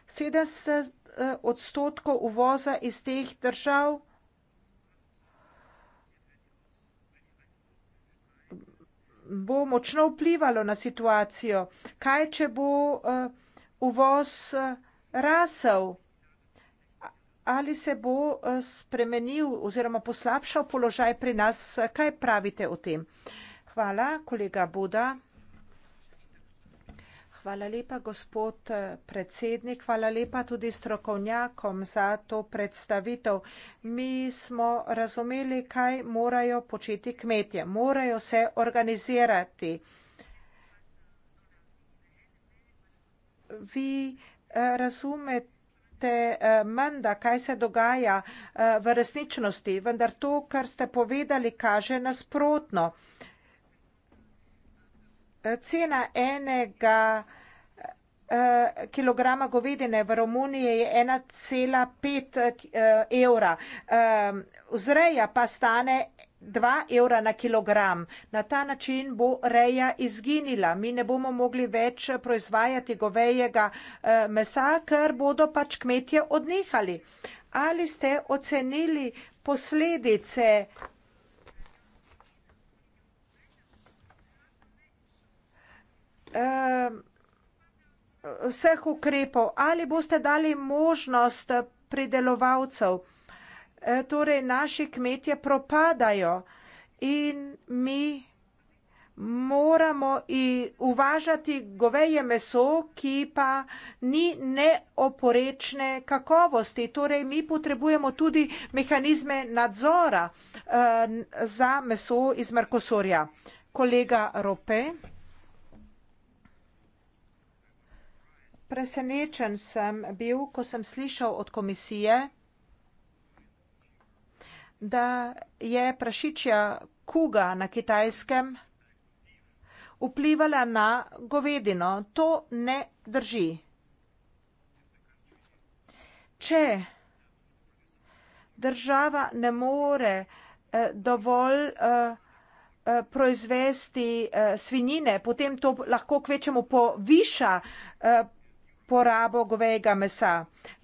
Sedem se eh, odstotkov uvoza iz teh držav bo močno vplivalo na situacijo. Kaj, če bo uh, uvoz uh, rasel? ali se bo eh, spremenil oziroma poslabšal položaj pri nas? Kaj pravite o tem? Hvala, kolega Buda. Hvala lepa, gospod eh, predsednik. Hvala lepa tudi strokovnjakom za to predstavitev. Mi smo razumeli, kaj morajo početi kmetje. Morajo se organizirati. Vi eh, razumete, te eh, menda, kaj se dogaja eh, v resničnosti, vendar to, kar ste povedali, kaže nasprotno. Eh, cena enega kilograma govedine v Romuniji je 1,5 evra. Vzreja pa stane 2 evra na kilogram. Na ta način bo reja izginila. Mi ne bomo mogli več proizvajati govejega eh, mesa, ker bodo pač kmetje odnehali. Ali ste ocenili posledice? Eh, vseh ukrepov ali boste dali možnost pridelovalcev. E, torej naši kmetje propadajo in mi moramo uvažati goveje meso, ki pa ni neoporečne kakovosti. Torej, mi potrebujemo tudi mehanizme nadzora eh, za meso iz Mercosurja. Kolega Rope, presenečen sem bil, ko sem slišal od komisije, da je prašičja kuga na kitajskem vplivala na govedino. To ne drži. Če država ne more eh, dovolj eh, eh proizvesti eh, svinjine, potem to lahko kvečemo poviša eh, porabo govejega mesa.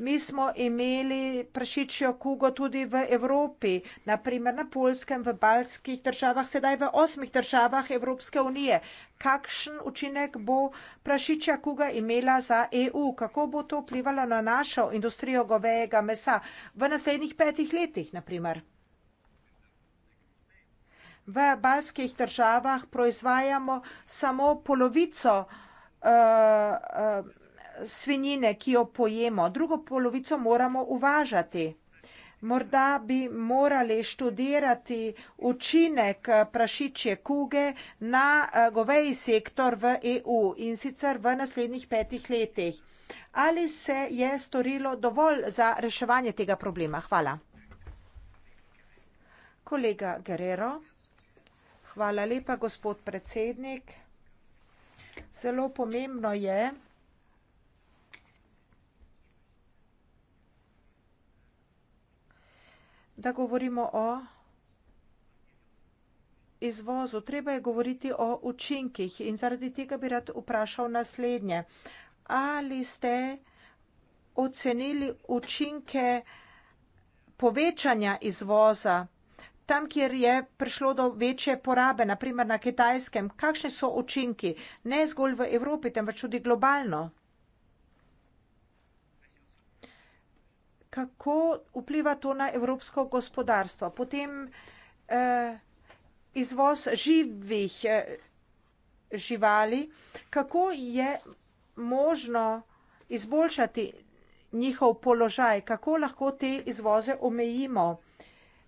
Mi smo imeli prašičjo kugo tudi v Evropi, naprimer na Polskem, v Balskih državah, sedaj v osmih državah Evropske unije. Kakšen učinek bo prašičja kuga imela za EU? Kako bo to vplivalo na našo industrijo govejega mesa v naslednjih petih letih, naprimer? V balskih državah proizvajamo samo polovico uh, uh, svinjine, ki jo pojemo, drugo polovico moramo uvažati. Morda bi morali študirati učinek prašičje kuge na eh, goveji sektor v EU in sicer v naslednjih petih letih. Ali se je storilo dovolj za reševanje tega problema? Hvala. Kolega Guerrero, hvala lepa, gospod predsednik. Zelo pomembno je, da govorimo o izvozu. Treba je govoriti o učinkih in zaradi tega bi rad vprašal naslednje. Ali ste ocenili učinke povečanja izvoza tam, kjer je prišlo do večje porabe, naprimer na kitajskem? Kakšni so učinki? Ne zgolj v Evropi, temveč tudi globalno. kako vpliva to na evropsko gospodarstvo. Potem eh, izvoz živih eh, živali, kako je možno izboljšati njihov položaj, kako lahko te izvoze omejimo,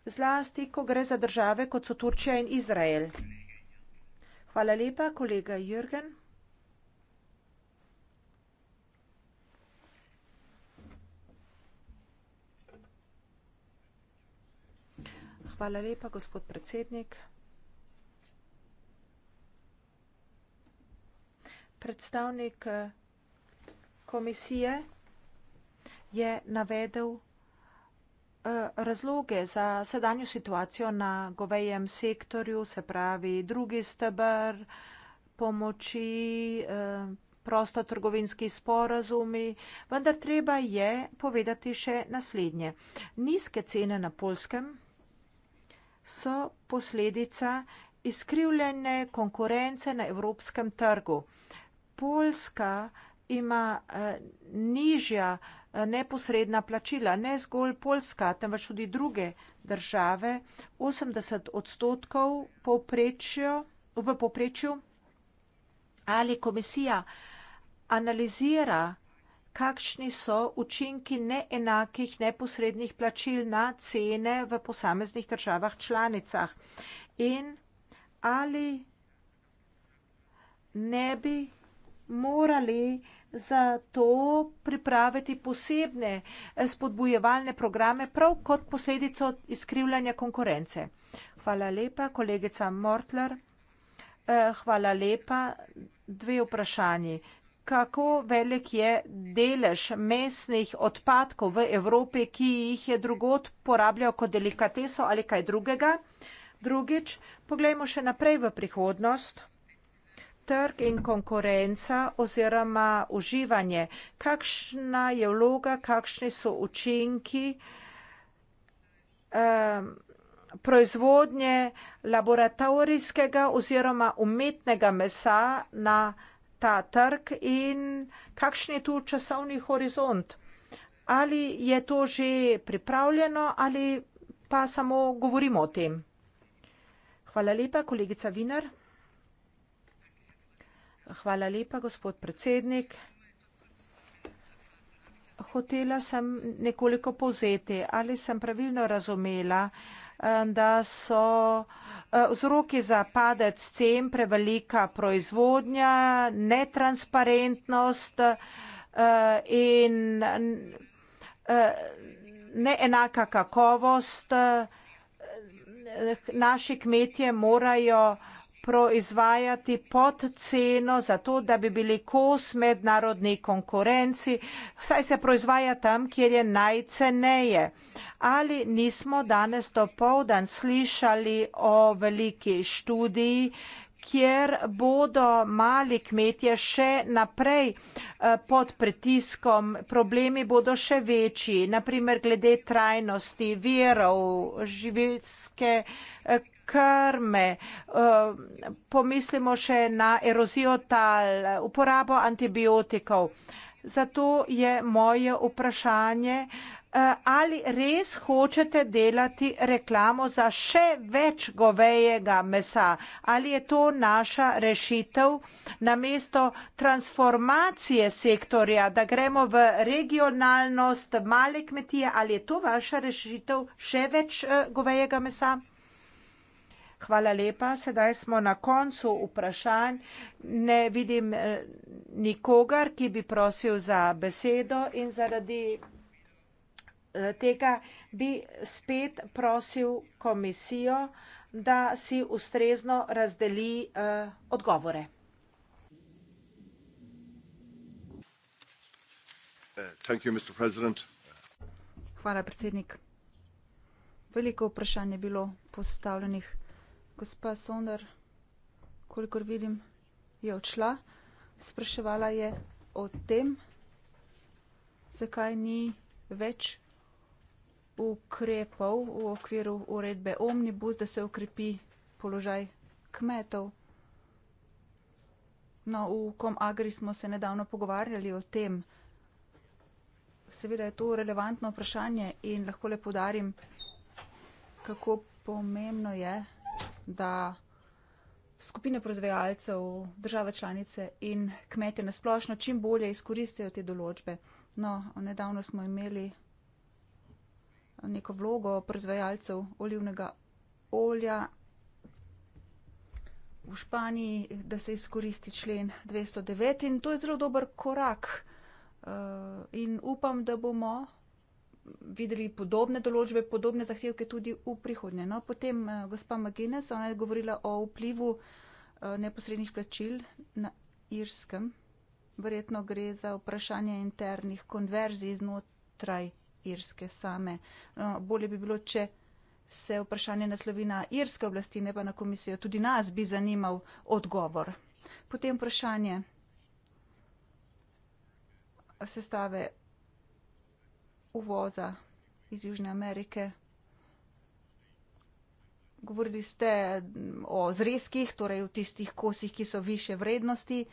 zlasti, ko gre za države, kot so Turčija in Izrael. Hvala lepa, kolega Jürgen. Hvala lepa, gospod predsednik. Predstavnik eh, komisije je navedel eh, razloge za sedanjo situacijo na govejem sektorju, se pravi drugi stebr, pomoči, eh, prostotrgovinski sporazumi, vendar treba je povedati še naslednje. Nizke cene na polskem so posledica izkrivljene konkurence na evropskem trgu. Poljska ima eh, nižja eh, neposredna plačila, ne zgolj Poljska, temveč tudi druge države, 80 odstotkov v poprečju. Ali komisija analizira kakšni so učinki neenakih neposrednih plačil na cene v posameznih državah članicah in ali ne bi morali za to pripraviti posebne eh, spodbujevalne programe prav kot posledico izkrivljanja konkurence. Hvala lepa, kolegica Mortler. Eh, hvala lepa. Dve vprašanji kako velik je delež mesnih odpadkov v Evropi, ki jih je drugod porabljal kot delikateso ali kaj drugega. Drugič, pogledajmo še naprej v prihodnost. Trg in konkurenca oziroma uživanje. Kakšna je vloga, kakšni so učinki um, proizvodnje laboratorijskega oziroma umetnega mesa na trg? ta trg in kakšen je tu časovni horizont? Ali je to že pripravljeno ali pa samo govorimo o tem? Hvala lepa, kolegica Vinar. Hvala lepa, gospod predsednik. Hotela sem nekoliko povzeti, ali sem pravilno razumela, eh, da so Eh, vzroki za padec cen, prevelika proizvodnja, netransparentnost eh, in eh, neenaka kakovost. Naši kmetje morajo proizvajati pod ceno, zato da bi bili kos mednarodni konkurenci, saj se proizvaja tam, kjer je najceneje. Ali nismo danes do povdan slišali o veliki študiji, kjer bodo mali kmetje še naprej eh, pod pritiskom, problemi bodo še večji, naprimer glede trajnosti virov, živilske eh, krme, ehm, pomislimo še na erozijo tal, uporabo antibiotikov. Zato je moje vprašanje, eh, ali res hočete delati reklamo za še več govejega mesa? Ali je to naša rešitev namesto transformacije sektorja, da gremo v regionalnost, v male kmetije? Ali je to vaša rešitev še več eh, govejega mesa? Hvala lepa. Sedaj smo na koncu vprašanj. Ne vidim eh, nikogar, ki bi prosil za besedo in zaradi eh, tega bi spet prosil komisijo, da si ustrezno razdeli eh, odgovore. Uh, you, Hvala, predsednik. Veliko vprašanj je bilo postavljenih gospa Sonar, kolikor vidim, je odšla. Spraševala je o tem, zakaj ni več ukrepov v okviru uredbe Omnibus, da se ukrepi položaj kmetov. No, v Komagri smo se nedavno pogovarjali o tem. Seveda je to relevantno vprašanje in lahko le podarim, kako pomembno je da skupine proizvajalcev, države članice in kmete nasplošno čim bolje izkoristijo te določbe. No, nedavno smo imeli neko vlogo proizvajalcev olivnega olja v Španiji, da se izkoristi člen 209 in to je zelo dober korak. Eh, in upam, da bomo videli podobne določbe, podobne zahtevke tudi v prihodnje. No, potem eh, gospa Magines, ona je govorila o vplivu eh, neposrednih plačil na Irskem. Verjetno gre za vprašanje internih konverzij znotraj Irske same. No, bolje bi bilo, če se vprašanje naslovi na Irske oblasti, ne pa na komisijo. Tudi nas bi zanimal odgovor. Potem vprašanje sestave uvoza iz Južne Amerike. Govorili ste o zreskih, torej o tistih kosih, ki so više vrednosti.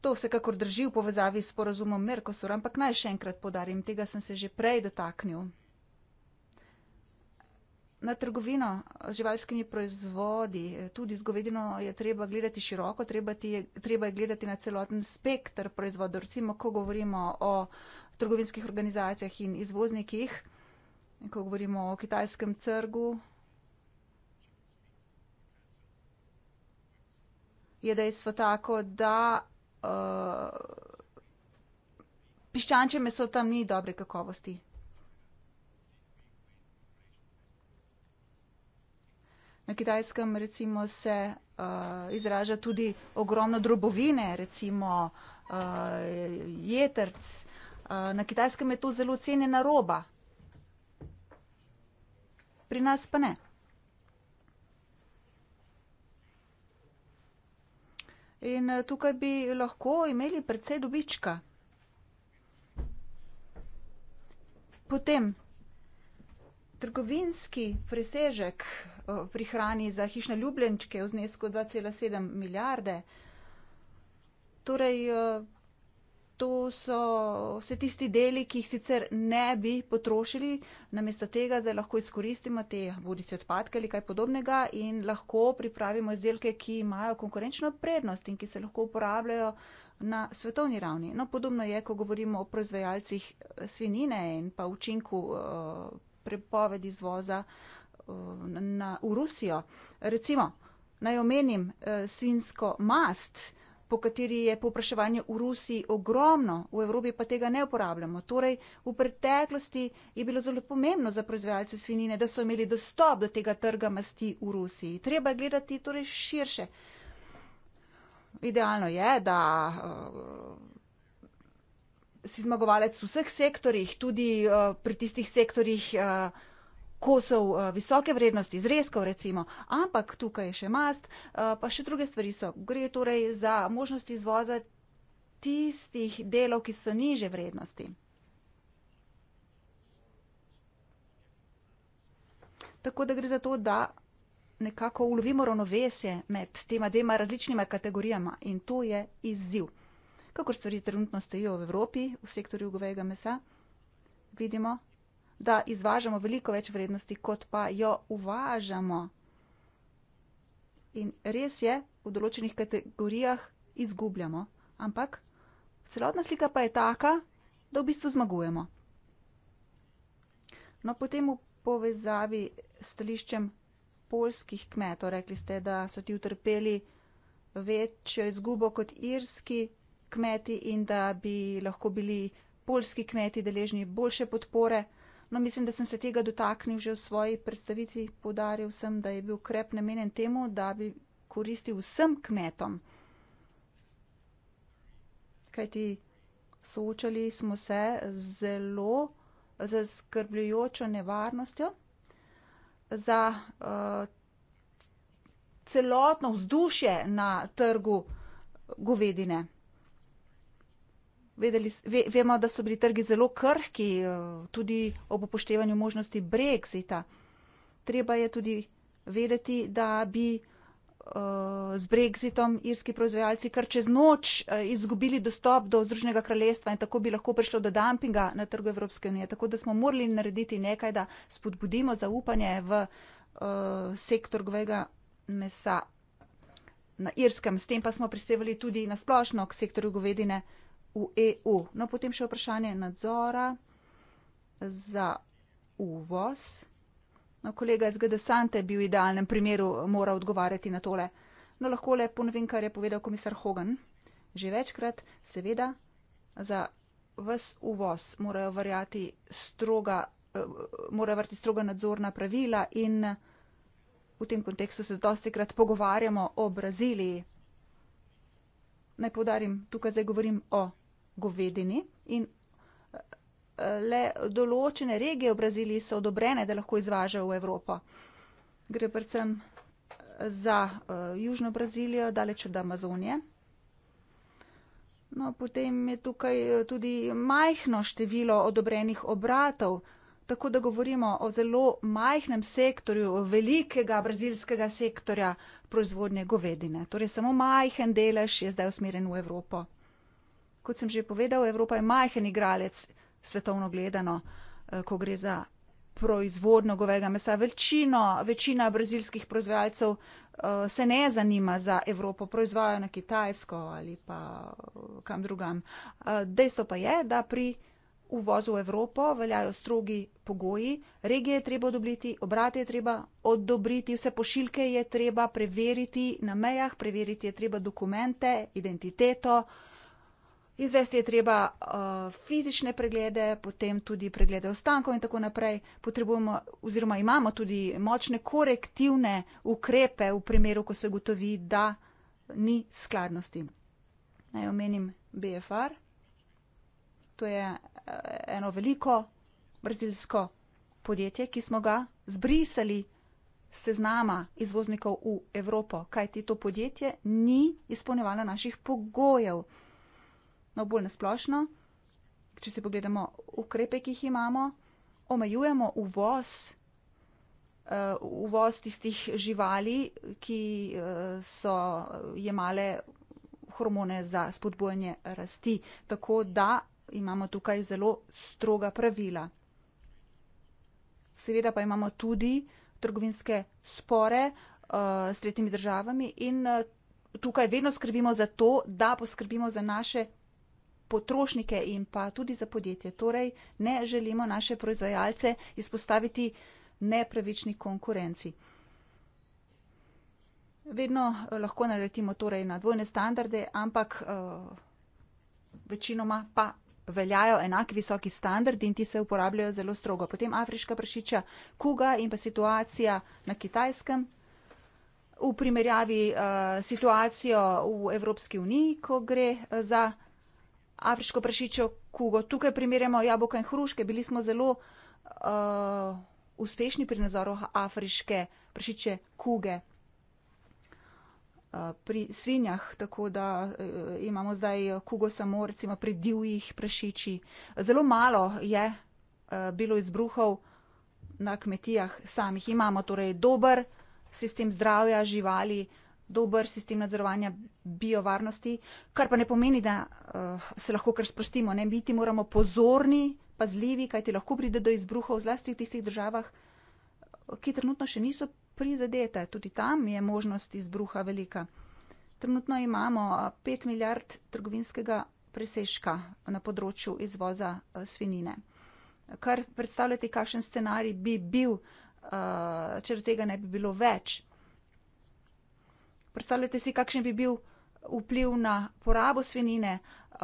To vsekakor drži v povezavi s porazumom Merkosur, ampak naj še enkrat podarim, tega sem se že prej dotaknil na trgovino z živalskimi proizvodi, tudi z govedino je treba gledati široko, treba, ti, treba je gledati na celoten spektr proizvodov. Recimo, ko govorimo o trgovinskih organizacijah in izvoznikih, ko govorimo o kitajskem trgu, je dejstvo tako, da uh, piščančje meso tam ni dobre kakovosti. Na kitajskem recimo se uh, izraža tudi ogromno drobovine, recimo uh, jetrc. Uh, na kitajskem je to zelo cenjena roba. Pri nas pa ne. In tukaj bi lahko imeli predvsej dobička. Potem Trgovinski presežek prihrani za hišne ljubljenčke v znesku 2,7 milijarde. Torej, to so vse tisti deli, ki jih sicer ne bi potrošili, namesto tega zdaj lahko izkoristimo te bodi se odpadke ali kaj podobnega in lahko pripravimo izdelke, ki imajo konkurenčno prednost in ki se lahko uporabljajo na svetovni ravni. No, podobno je, ko govorimo o proizvajalcih svinine in pa učinku prepoved izvoza eh, na, v Rusijo. Recimo, naj omenim eh, svinsko mast, po kateri je popraševanje v Rusiji ogromno, v Evropi pa tega ne uporabljamo. Torej, v preteklosti je bilo zelo pomembno za proizvajalce svinine, da so imeli dostop do tega trga masti v Rusiji. Treba je gledati torej širše. Idealno je, da. Eh, si zmagovalec v vseh sektorjih, tudi uh, pri tistih sektorjih uh, eh, kosov uh, eh, visoke vrednosti, zrezkov recimo, ampak tukaj je še mast, uh, pa še druge stvari so. Gre torej za možnost izvoza tistih delov, ki so niže vrednosti. Tako da gre za to, da nekako ulovimo ravnovesje med tema dvema različnima kategorijama in to je izziv kako stvari trenutno stojijo v Evropi, v sektorju govejega mesa, vidimo, da izvažamo veliko več vrednosti, kot pa jo uvažamo. In res je, v določenih kategorijah izgubljamo, ampak celotna slika pa je taka, da v bistvu zmagujemo. No, potem v povezavi s stališčem polskih kmetov, rekli ste, da so ti utrpeli večjo izgubo kot irski kmeti in da bi lahko bili polski kmeti deležni boljše podpore. No, mislim, da sem se tega dotaknil že v svoji predstavitvi, podaril sem, da je bil ukrep namenjen temu, da bi koristil vsem kmetom. Kajti soočali smo se zelo z skrbljujočo nevarnostjo za uh, celotno vzdušje na trgu govedine. Vedeli, ve, vemo, da so bili trgi zelo krhki, eh, tudi ob upoštevanju možnosti brexita. Treba je tudi vedeti, da bi uh, z brexitom irski proizvajalci kar čez noč uh, izgubili dostop do Združenega kraljestva in tako bi lahko prišlo do dumpinga na trgu Evropske unije. Tako da smo morali narediti nekaj, da spodbudimo zaupanje v uh, sektor govega mesa na irskem. S tem pa smo prispevali tudi na splošno k sektorju govedine v EU. No, potem še vprašanje nadzora za uvoz. No, kolega iz GDSante bi v idealnem primeru moral odgovarjati na tole. No, lahko le ponovim, kar je povedal komisar Hogan. Že večkrat, seveda, za vse uvoz morajo varjati stroga, eh, morajo varjati stroga nadzorna pravila in v tem kontekstu se dosti krat pogovarjamo o Braziliji. Naj podarim, tukaj zdaj govorim o govedini in eh, le določene regije v Braziliji so odobrene, da lahko izvažajo v Evropo. Gre predvsem eh, za uh, Južno Brazilijo, daleč od Amazonije. No, potem je tukaj tudi majhno število odobrenih obratov, tako da govorimo o zelo majhnem sektorju velikega brazilskega sektorja proizvodnje govedine. Torej samo majhen delež je zdaj usmerjen v Evropo kot sem že povedal, Evropa je majhen igralec svetovno gledano, eh, ko gre za proizvodno govega mesa. Večino, večina brazilskih proizvajalcev eh, se ne zanima za Evropo, proizvajajo na Kitajsko ali pa eh, kam drugam. Dejstvo pa je, da pri uvozu v Evropo veljajo strogi pogoji, regije je treba odobriti, obrate je treba odobriti, vse pošiljke je treba preveriti na mejah, preveriti je treba dokumente, identiteto, Izvesti je treba uh, fizične preglede, potem tudi preglede ostankov in tako naprej. Potrebujemo oziroma imamo tudi močne korektivne ukrepe v primeru, ko se gotovi, da ni skladnosti. Naj omenim BFR. To je uh, eno veliko brazilsko podjetje, ki smo ga zbrisali seznama izvoznikov v Evropo, kajti to podjetje ni izpolnjevalo naših pogojev no bolj nasplošno, če se pogledamo ukrepe, ki jih imamo, omejujemo uvoz, uh, uvoz tistih živali, ki uh, so jemale hormone za spodbojanje rasti. Tako da imamo tukaj zelo stroga pravila. Seveda pa imamo tudi trgovinske spore uh, s tretjimi državami in uh, tukaj vedno skrbimo za to, da poskrbimo za naše potrošnike in pa tudi za podjetje. Torej, ne želimo naše proizvajalce izpostaviti nepravični konkurenci. Vedno eh, lahko naletimo torej na dvojne standarde, ampak uh, večinoma pa veljajo enaki visoki standardi in ti se uporabljajo zelo strogo. Potem afriška prašiča kuga in pa situacija na kitajskem v primerjavi uh, situacijo v Evropski uniji, ko gre za afriško prašičjo kugo. Tukaj primerjamo jabolka in hruške. Bili smo zelo uh, uspešni pri nadzoru afriške prašičje kuge uh, pri svinjah, tako da uh, imamo zdaj kugo samo recimo pri divjih prašiči. Zelo malo je uh, bilo izbruhov na kmetijah samih. Imamo torej dober sistem zdravja živali dober sistem nadzorovanja biovarnosti, kar pa ne pomeni, da uh, se lahko kar sprostimo. Ne? Biti moramo pozorni, pazljivi, kajti lahko pride do izbruhov, zlasti v tistih državah, ki trenutno še niso prizadete. Tudi tam je možnost izbruha velika. Trenutno imamo 5 eh, milijard trgovinskega presežka na področju izvoza eh, svinine. Kar predstavljate, kakšen scenarij bi bil, če do tega ne bi bilo več, Predstavljate si, kakšen bi bil vpliv na porabo svinine, eh,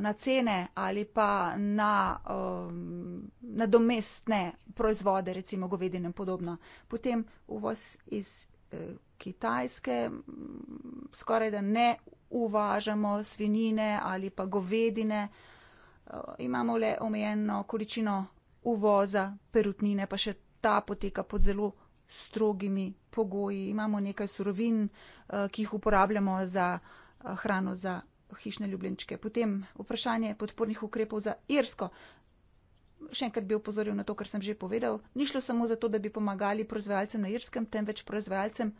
na cene ali pa na, eh, na domestne proizvode, recimo govedine in podobno. Potem uvoz iz eh, Kitajske, skoraj da ne uvažamo svinine ali pa govedine, imamo le omejeno količino uvoza perutnine, pa še ta poteka pod zelo strogimi pogoji, imamo nekaj surovin, eh, ki jih uporabljamo za eh, hrano za hišne ljubljenčke. Potem vprašanje podpornih ukrepov za Irsko. Še enkrat bi upozoril na to, kar sem že povedal. Ni šlo samo za to, da bi pomagali proizvajalcem na Irskem, temveč proizvajalcem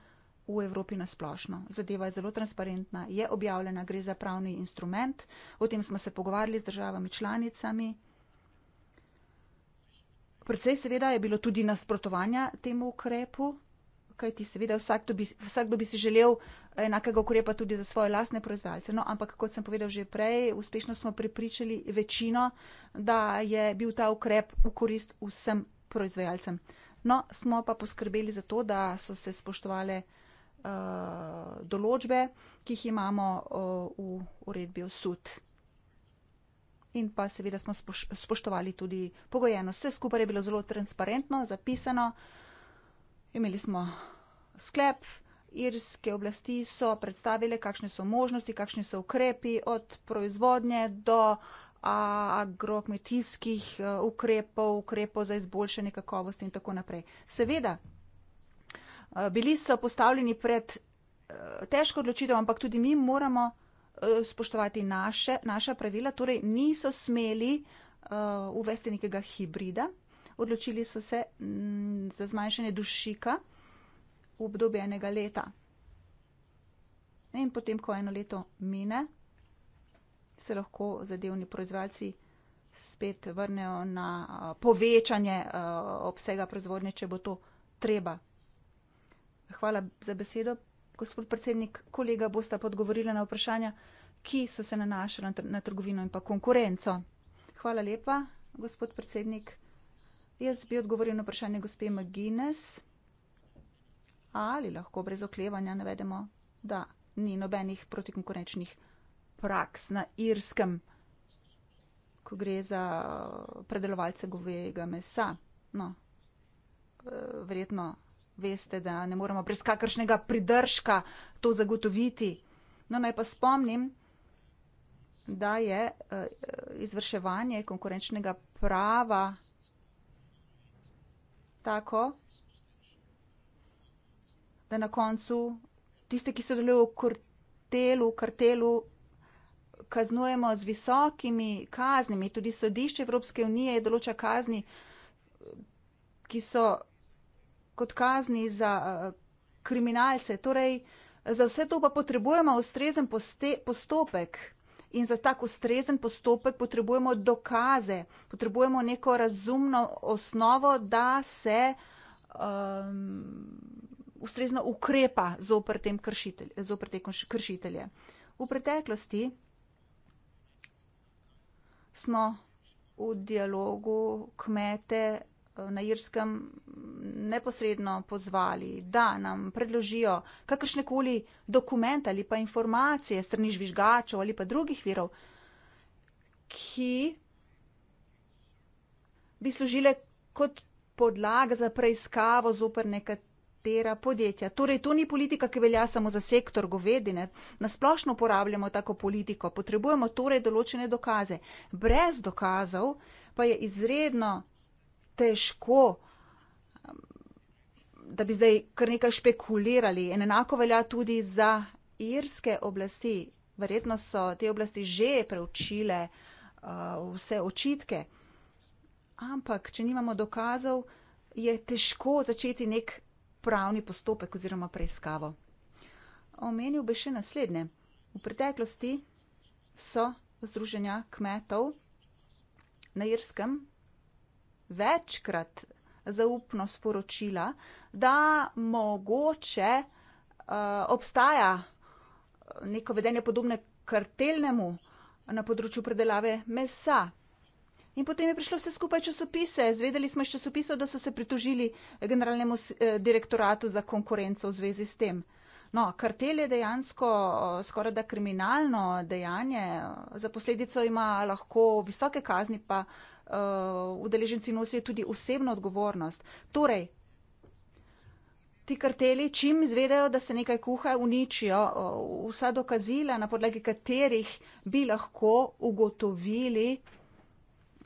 v Evropi nasplošno. Zadeva je zelo transparentna, je objavljena, gre za pravni instrument. O tem smo se pogovarjali z državami članicami. Predvsej seveda je bilo tudi nasprotovanja temu ukrepu kaj ti seveda vsakdo bi, vsakdo bi si želel enakega ukrepa tudi za svoje lasne proizvajalce. No, ampak kot sem povedal že prej, uspešno smo pripričali večino, da je bil ta ukrep v korist vsem proizvajalcem. No, smo pa poskrbeli za to, da so se spoštovale uh, določbe, ki jih imamo uh, v uredbi o sud. In pa seveda smo spoš, spoštovali tudi pogojeno. Vse skupaj je bilo zelo transparentno, zapisano. Uh, Imeli smo sklep, irske oblasti so predstavile, kakšne so možnosti, kakšni so ukrepi od proizvodnje do agrokmetijskih e, ukrepov, ukrepov za izboljšanje kakovosti in tako naprej. Seveda, e, bili so postavljeni pred e, težko odločitev, ampak tudi mi moramo spoštovati naše, naša pravila, torej niso smeli uvesti nekega hibrida, odločili so se mm, za zmanjšanje dušika v obdobju enega leta. In potem, ko eno leto mine, se lahko zadevni proizvajalci spet vrnejo na povečanje obsega proizvodnje, če bo to treba. Hvala za besedo, gospod predsednik. Kolega bosta podgovorila na vprašanja, ki so se nanašala na trgovino in pa konkurenco. Hvala lepa, gospod predsednik. Jaz bi odgovoril na vprašanje gospe Magines, ali lahko brez oklevanja navedemo, da ni nobenih protikonkurenčnih praks na irskem, ko gre za uh, predelovalce govejega mesa. No, uh, verjetno veste, da ne moremo brez kakršnega pridržka to zagotoviti. No, naj pa spomnim, da je uh, izvrševanje konkurenčnega prava tako, da na koncu tiste, ki sodelujo v kartelu, kartelu kaznujemo z visokimi kaznimi. Tudi sodišče Evropske unije določa kazni, ki so kot kazni za eh, kriminalce. Torej, za vse to pa potrebujemo ustrezen poste, postopek in za tak ustrezen postopek potrebujemo dokaze, potrebujemo neko razumno osnovo, da se um, ustrezno ukrepa zoper, tem kršitelj, zoper te kršitelje. V preteklosti smo v dialogu kmete na Irskem neposredno pozvali, da nam predložijo kakršnekoli dokument ali pa informacije strani žvižgačev ali pa drugih virov, ki bi služile kot podlaga za preiskavo zoper nekatera podjetja. Torej, to ni politika, ki velja samo za sektor govedine. Nasplošno uporabljamo tako politiko, potrebujemo torej določene dokaze. Brez dokazov pa je izredno težko, da bi zdaj kar nekaj špekulirali. In enako velja tudi za irske oblasti. Verjetno so te oblasti že preučile uh, vse očitke. Ampak, če nimamo dokazov, je težko začeti nek pravni postopek oziroma preiskavo. Omenil bi še naslednje. V preteklosti so združenja kmetov na Irskem večkrat zaupno sporočila, da mogoče uh, obstaja neko vedenje podobne kartelnemu na področju predelave mesa. In potem je prišlo vse skupaj časopise. Zvedeli smo iz časopisov, da so se pritožili generalnemu eh, direktoratu za konkurenco v zvezi s tem. No, kartel je dejansko eh, skoraj da kriminalno dejanje. Za posledico ima lahko visoke kazni, pa uh, uh, udeleženci nosijo tudi osebno odgovornost. Torej, ti karteli, čim izvedajo, da se nekaj kuha, uničijo uh, vsa dokazila, na podlagi katerih bi lahko ugotovili,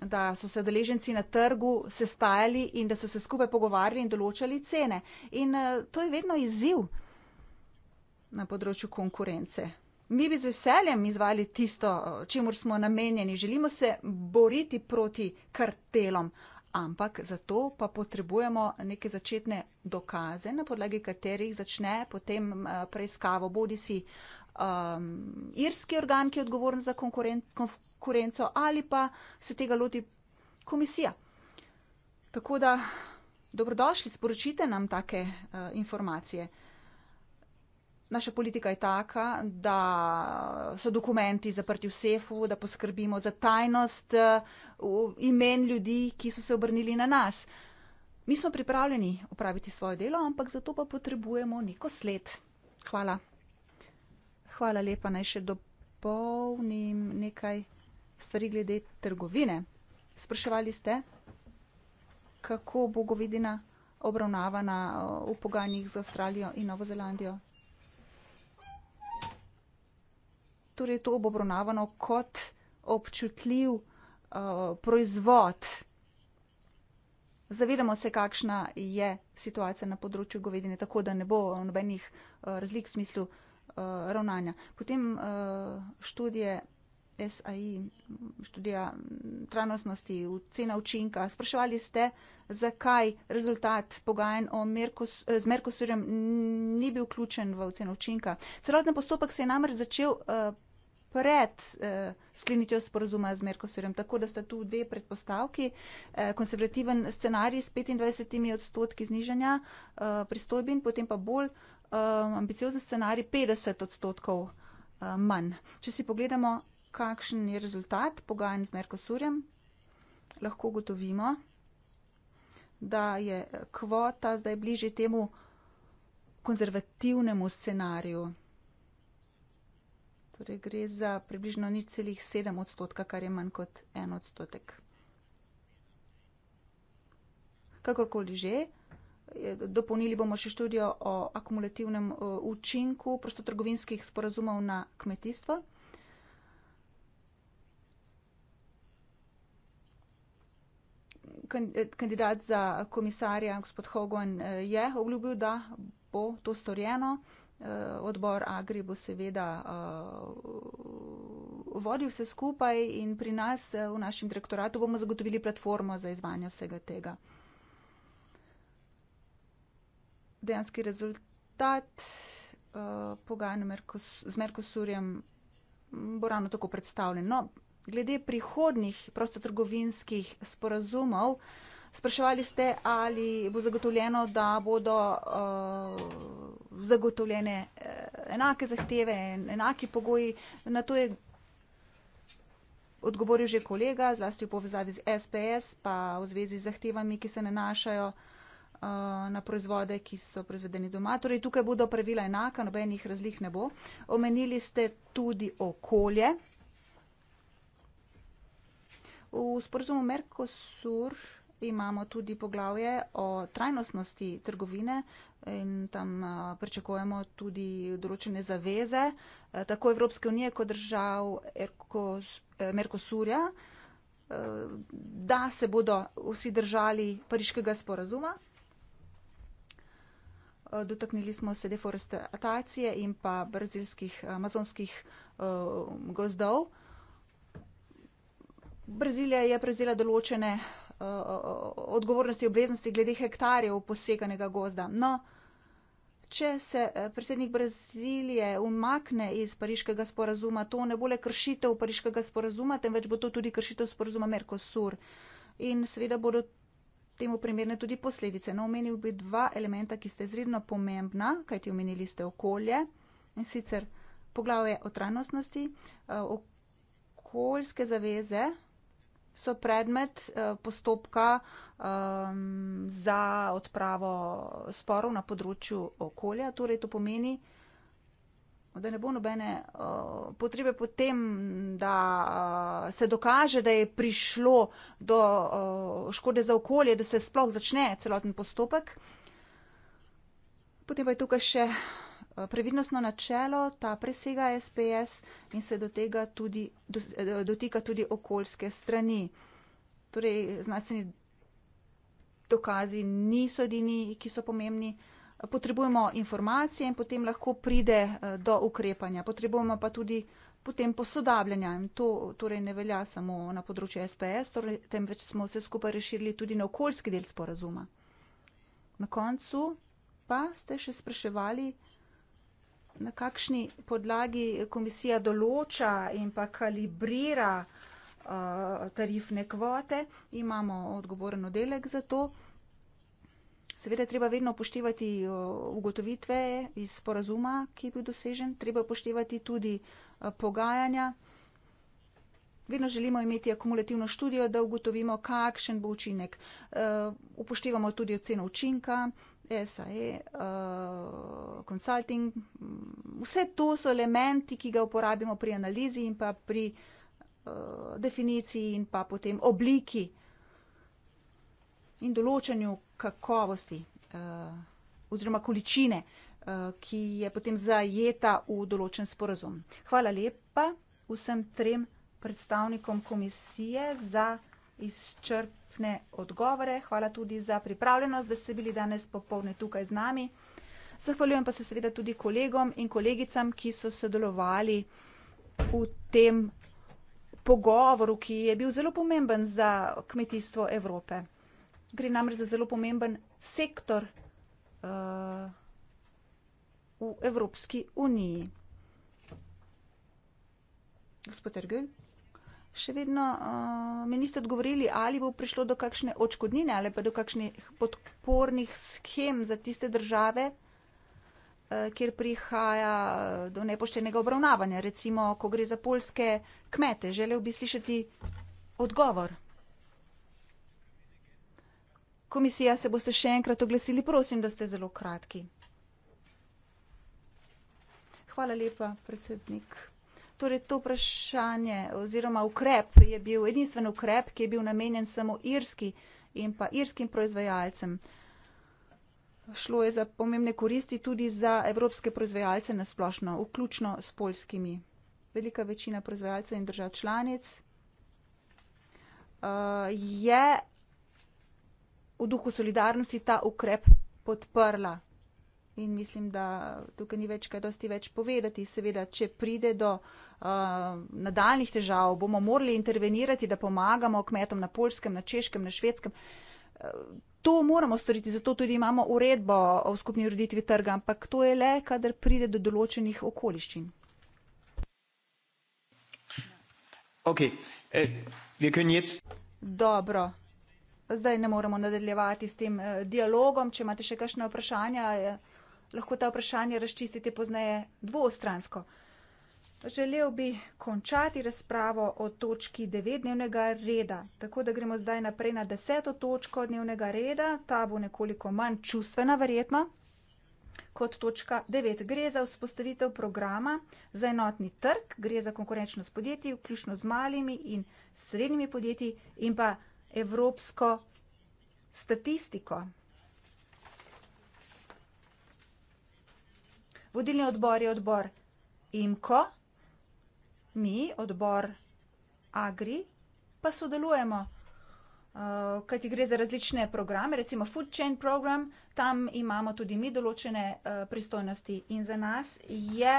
da so se udeleženci na trgu sestajali in da so se skupaj pogovarjali in določali cene. In uh, to je vedno izziv na področju konkurence. Mi bi z veseljem izvali tisto, čemu smo namenjeni. Želimo se boriti proti kartelom, ampak za to pa potrebujemo neke začetne dokaze, na podlagi katerih začne potem eh, preiskavo. Bodi si um, ehm, irski organ, ki je odgovoren za konkuren konkurenco, ali pa se tega loti komisija. Tako da, dobrodošli, sporočite nam take uh, informacije. Naša politika je taka, da so dokumenti zaprti v sefu, da poskrbimo za tajnost eh, imen ljudi, ki so se obrnili na nas. Mi smo pripravljeni upraviti svoje delo, ampak za to pa potrebujemo neko sled. Hvala. Hvala lepa, naj še dopolnim nekaj stvari glede trgovine. Spraševali ste, kako bo govedina obravnavana eh, v pogajanjih z Avstralijo in Novo Zelandijo. torej to obravnavano kot občutljiv uh, proizvod. Zavedamo se, kakšna je situacija na področju govedine, tako da ne bo nobenih uh, razlik v smislu uh, ravnanja. Potem uh, študije SAI, študija mm, trajnostnosti, cena učinka. Spraševali ste, zakaj rezultat pogajen Merkos, z Merkosurjem ni bil vključen v ceno učinka. Celotna postopek se je namreč začel. Uh, pred eh, sklenitev sporozuma z Merkosurjem. Tako da sta tu dve predpostavki. Eh, konservativen scenarij s 25 odstotki znižanja eh, pristojbin, potem pa bolj eh, ambiciozen scenarij 50 odstotkov eh, manj. Če si pogledamo, kakšen je rezultat pogajanj z Merkosurjem, lahko gotovimo, da je kvota zdaj bliže temu konzervativnemu scenariju. Torej gre za približno 0,7 odstotka, kar je manj kot en odstotek. Kakorkoli že, dopolnili bomo še študijo o akumulativnem e, učinku prostotrgovinskih sporazumov na kmetijstvo. E, kandidat za komisarja, gospod Hogan, e, je obljubil, da bo to storjeno. Eh, odbor Agri bo seveda uh, vodil vse skupaj in pri nas, eh, v našem direktoratu, bomo zagotovili platformo za izvanje vsega tega. Dejanski rezultat uh, pogajanj Merkos, z Merkosurjem mm, bo ravno tako predstavljen. No, glede prihodnih prostotrgovinskih sporazumov, uh, Spraševali ste, ali bo zagotovljeno, da bodo uh, zagotovljene eh, enake zahteve, enaki pogoji. Na to je odgovoril že kolega, zlasti v povezavi z SPS, pa v zvezi z zahtevami, ki se nanašajo uh, na proizvode, ki so proizvedeni doma. Torej, tukaj bodo pravila enaka, nobenih razlik ne bo. Omenili ste tudi okolje. V sporozumu Merkosur imamo tudi poglavje o trajnostnosti trgovine in tam pričakujemo tudi določene zaveze, tako Evropske unije kot držav e, Merkosurja, da se bodo vsi držali pariškega sporazuma. Dotaknili smo se deforestacije in pa brazilskih amazonskih gozdov. Brazilija je prevzela določene Eh, odgovornosti, obveznosti glede hektarjev poseganega gozda. No, če se eh, predsednik Brazilije umakne iz pariškega sporazuma, to ne bo le kršitev pariškega sporazuma, temveč bo to tudi kršitev sporazuma Mercosur. In seveda bodo temu primerne tudi posledice. No, omenil bi dva elementa, ki sta izredno pomembna, kaj ti omenili ste okolje. In sicer poglavje o trajnostnosti, eh, okoljske zaveze, so predmet eh, postopka ehm, za odpravo sporov na področju okolja. Torej to pomeni, da ne bo nobene eh, potrebe potem, da eh, se dokaže, da je prišlo do škode za okolje, da se sploh začne celoten postopek. Potem pa je tukaj še previdnostno načelo, ta presega SPS in se do tega tudi, dotika tudi okoljske strani. Torej, znanstveni dokazi niso edini, ki so pomembni. Potrebujemo informacije in potem lahko pride eh, do ukrepanja. Potrebujemo pa tudi potem posodabljanja in to torej ne velja samo na področju SPS, torej, temveč smo se skupaj rešili tudi na okoljski del sporazuma. Na koncu pa ste še spraševali, na kakšni podlagi komisija določa in pa kalibrira uh, tarifne kvote. Imamo odgovoren oddelek za to. Seveda treba vedno upoštevati uh, ugotovitve iz porazuma, ki je bil dosežen, treba upoštevati tudi uh, pogajanja. Vedno želimo imeti akumulativno študijo, da ugotovimo, kakšen bo učinek. Uh, upoštevamo tudi oceno učinka, SAE, konsulting, eh, uh, mm, vse to so elementi, ki ga uporabimo pri analizi in pa pri uh, definiciji in pa potem obliki in določanju kakovosti uh, oziroma količine, uh, ki je potem zajeta v določen sporazum. Hvala lepa vsem trem predstavnikom komisije za izčrp iscrpne odgovore. Hvala tudi za pripravljenost, da ste bili danes popovdne tukaj z nami. Zahvaljujem pa se seveda tudi kolegom in kolegicam, ki so sodelovali v tem pogovoru, ki je bil zelo pomemben za kmetijstvo Evrope. Gre namreč za zelo pomemben sektor uh, v Evropski uniji. Gospod Ergel? še vedno uh, mi niste odgovorili, ali bo prišlo do kakšne očkodnine ali pa do kakšnih podpornih schem za tiste države, uh, kjer prihaja eh, do nepoštenega obravnavanja. Recimo, ko gre za polske kmete, želel bi slišati odgovor. Komisija, se boste še enkrat oglesili, prosim, da ste zelo kratki. Hvala lepa, predsednik. Torej, to vprašanje oziroma ukrep je bil edinstven ukrep, ki je bil namenjen samo irski in pa irskim proizvajalcem. Šlo je za pomembne koristi tudi za evropske proizvajalce nasplošno, vključno s polskimi. Velika večina proizvajalcev in držav članic uh, je v duhu solidarnosti ta ukrep podprla. In mislim, da tukaj ni več kaj dosti več povedati. Seveda, če pride do uh, Eh, nadaljnih težav, bomo morali intervenirati, da pomagamo kmetom na polskem, na češkem, na švedskem. Eh, to moramo storiti, zato tudi imamo uredbo o skupni ureditvi trga, ampak to je le, kadar pride do določenih okoliščin. Okay. Eh, Dobro. Zdaj ne moremo nadaljevati s tem eh, dialogom. Če imate še kakšne vprašanja, eh, lahko ta vprašanja razčistite pozneje dvostransko. Eh, Želel bi končati razpravo o točki 9 dnevnega reda, tako da gremo zdaj naprej na 10. točko dnevnega reda. Ta bo nekoliko manj čustvena, verjetno, kot točka 9. Gre za vzpostavitev programa za enotni trg, gre za konkurenčnost podjetij, vključno z malimi in srednjimi podjetji in pa evropsko statistiko. Vodilni odbor je odbor. IMKO, mi, odbor Agri, pa sodelujemo. Uh, eh, Kaj ti gre za različne programe, recimo Food Chain Program, tam imamo tudi mi določene uh, pristojnosti in za nas je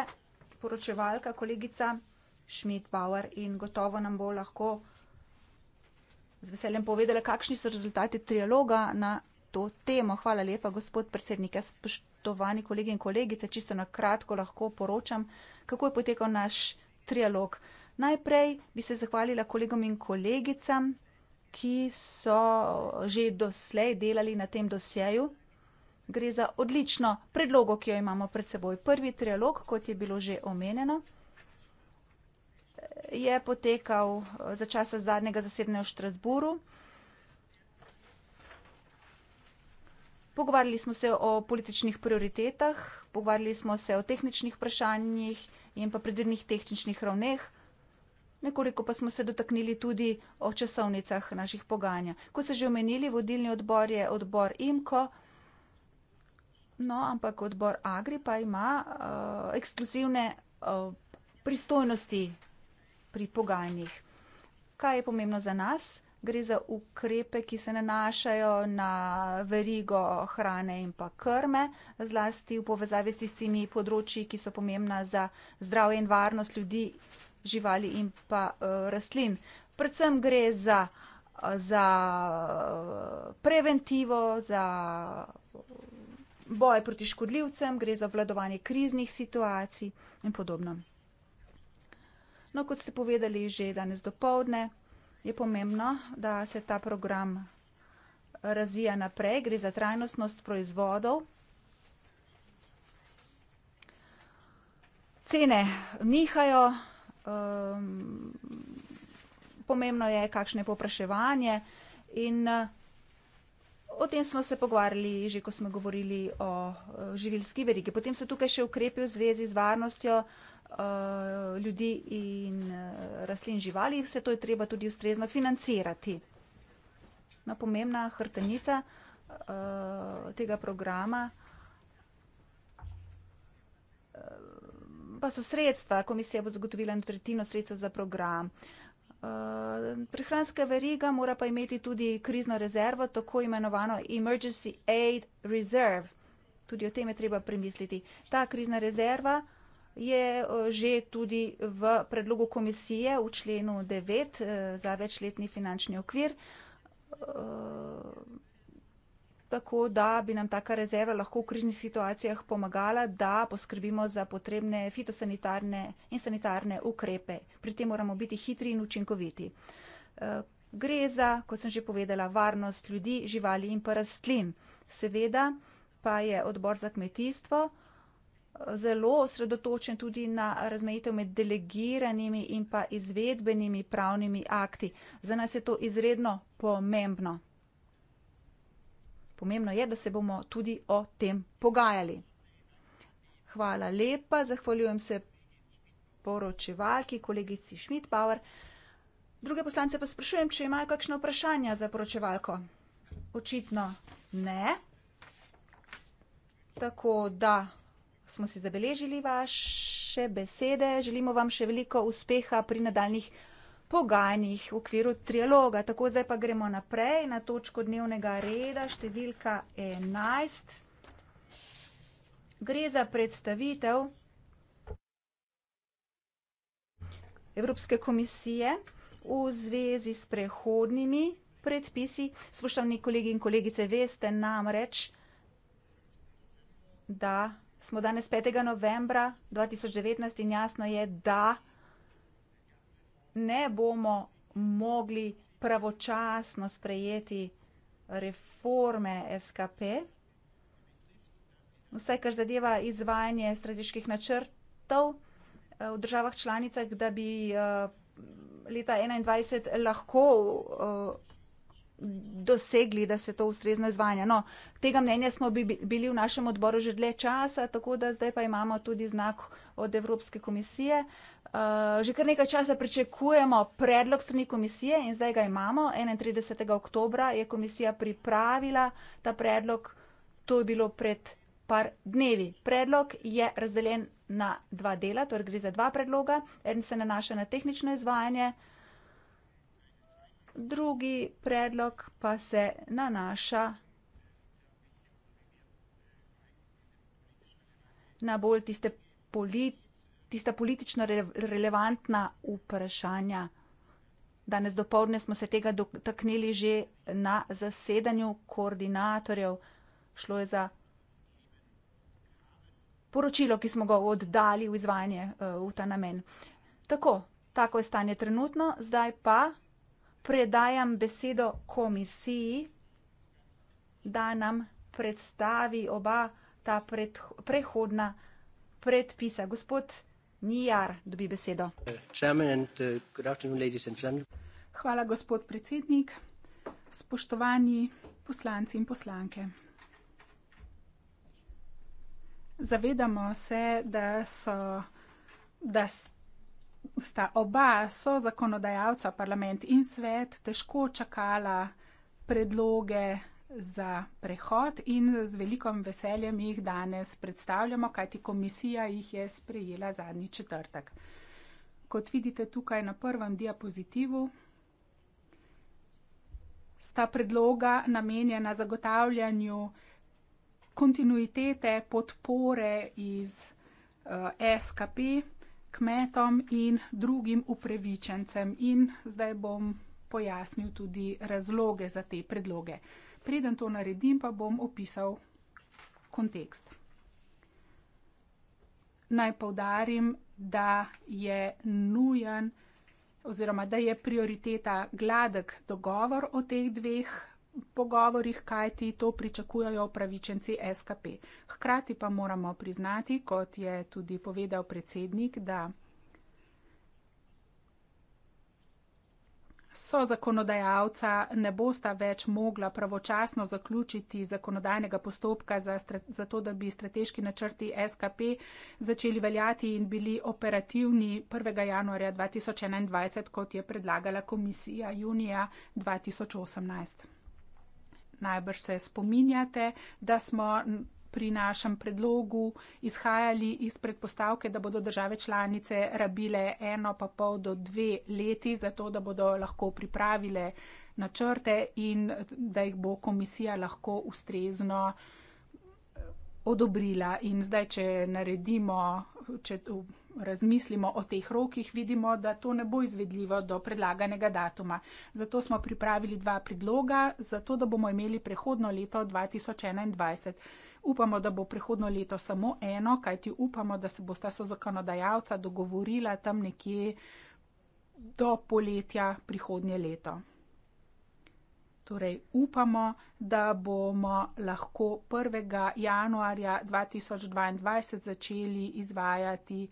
poročevalka kolegica Schmidt Bauer in gotovo nam bo lahko z veseljem povedala, kakšni so rezultati trialoga na to temo. Hvala lepa, gospod predsednik. Jaz, spoštovani kolegi in kolegice, čisto na kratko lahko poročam, kako je potekal naš trialog. Najprej bi se zahvalila kolegom in kolegicam, ki so že doslej delali na tem dosjeju. Gre za odlično predlogo, ki jo imamo pred seboj. Prvi trialog, kot je bilo že omenjeno, je potekal eh, za časa zadnjega zasedanja v Štrasburu. Pogovarjali smo se o političnih prioritetah pogovarjali smo se o tehničnih vprašanjih in pa predvidnih tehničnih ravneh. Nekoliko pa smo se dotaknili tudi o časovnicah naših pogajanja. Kot ste že omenili, vodilni odbor je odbor IMKO, no, ampak odbor AGRI pa ima uh, ekskluzivne uh, pristojnosti pri pogajanjih. Kaj je pomembno za nas? Gre za ukrepe, ki se nanašajo na verigo hrane in pa krme, zlasti v povezavi s tistimi področji, ki so pomembna za zdravje in varnost ljudi, živali in pa uh, rastlin. Predvsem gre za, za eh, preventivo, za eh, boj proti škodljivcem, gre za vladovanje kriznih situacij in podobno. No, kot ste povedali že danes dopovdne je pomembno, da se ta program razvija naprej, gre za trajnostnost proizvodov. Cene nihajo, um, pomembno je, kakšno je popraševanje in O tem smo se pogovarjali že, ko smo govorili o eh, živilski verigi. Potem so tukaj še ukrepi v zvezi z varnostjo uh, Eh, ljudi in eh, rastlin živali, vse to je treba tudi ustrezno financirati. No, pomembna hrtenica uh, eh, tega programa pa so sredstva. Komisija bo zagotovila tretjino sredstva za program. Uh, prehranska veriga mora pa imeti tudi krizno rezervo, tako imenovano Emergency Aid Reserve. Tudi o tem je treba premisliti. Ta krizna rezerva uh, je eh, že tudi v predlogu komisije v členu 9 eh, za večletni finančni okvir. Eh, tako da bi nam taka rezerva lahko v križnih situacijah pomagala, da poskrbimo za potrebne fitosanitarne in sanitarne ukrepe. Pri tem moramo biti hitri in učinkoviti. Gre za, kot sem že povedala, varnost ljudi, živali in pa rastlin. Seveda pa je odbor za kmetijstvo zelo osredotočen tudi na razmejitev med delegiranimi in pa izvedbenimi pravnimi akti. Za nas je to izredno pomembno. Pomembno je, da se bomo tudi o tem pogajali. Hvala lepa, zahvaljujem se poročevalki, kolegici Schmidt-Bauer. Druge poslance pa sprašujem, če imajo kakšne vprašanja za poročevalko. Očitno ne. Tako da smo si zabeležili vaše besede. Želimo vam še veliko uspeha pri nadaljnih pogajanjih v okviru trialoga. Tako zdaj pa gremo naprej na točko dnevnega reda, številka 11. Gre za predstavitev Evropske komisije v zvezi s prehodnimi predpisi. Spoštovani kolegi in kolegice, veste namreč, da Smo danes 5. novembra 2019 in jasno je, da ne bomo mogli pravočasno sprejeti reforme SKP. Vsaj, kar zadeva izvajanje strateških načrtov eh, v državah članicah, da bi eh, leta 2021 lahko eh, dosegli, da se to ustrezno izvaja. No, tega mnenja smo bi bili v našem odboru že dlje časa, tako da zdaj pa imamo tudi znak od Evropske komisije. Uh, že kar nekaj časa pričakujemo predlog strani komisije in zdaj ga imamo. 31. oktobra je komisija pripravila ta predlog, to je bilo pred par dnevi. Predlog je razdeljen na dva dela, torej gre za dva predloga. En se nanaša na tehnično izvajanje, uh, drugi predlog pa se nanaša na bolj tiste tista politično relevantna vprašanja. Danes dopoldne smo se tega dotaknili že na zasedanju koordinatorjev. Šlo je za poročilo, ki smo ga oddali v izvajanje eh, v ta namen. Tako, tako je stanje trenutno, zdaj pa predajam besedo komisiji, da nam predstavi oba ta prehodna predpisa. Gospod Nijar dobi besedo. Uh, Hvala, gospod predsednik. Spoštovani poslanci in poslanke. Zavedamo se, da so, da sta oba so zakonodajalca, parlament in svet, težko čakala predloge za prehod in z velikom veseljem jih danes predstavljamo, kajti komisija jih je sprejela zadnji četrtek. Kot vidite tukaj na prvem diapozitivu, sta predloga namenjena zagotavljanju kontinuitete podpore iz uh, eh, SKP, kmetom in drugim upravičencem in zdaj bom pojasnil tudi razloge za te predloge. Preden to naredim, pa bom opisal kontekst. Naj povdarim, da je nujen oziroma da je prioriteta gladek dogovor o teh dveh pogovorih, kaj ti to pričakujajo upravičenci SKP. Hkrati pa moramo priznati, kot je tudi povedal predsednik, da so zakonodajalca ne bosta več mogla pravočasno zaključiti zakonodajnega postopka za, za to, da bi strateški načrti SKP začeli veljati in bili operativni 1. januarja 2021, kot je predlagala komisija junija 2018. Najbrž se spominjate, da smo pri našem predlogu izhajali iz predpostavke, da bodo države članice rabile eno pa pol do dve leti za to, da bodo lahko pripravile načrte in da jih bo komisija lahko ustrezno eh, odobrila. In zdaj, če naredimo, če razmislimo o teh rokih, vidimo, da to ne bo izvedljivo do predlaganega datuma. Zato smo pripravili dva predloga, zato da bomo imeli prehodno leto 2021. Upamo, da bo prehodno leto samo eno, kajti upamo, da se bosta so zakonodajalca dogovorila tam nekje do poletja prihodnje leto. Torej, upamo, da bomo lahko 1. januarja 2022 začeli izvajati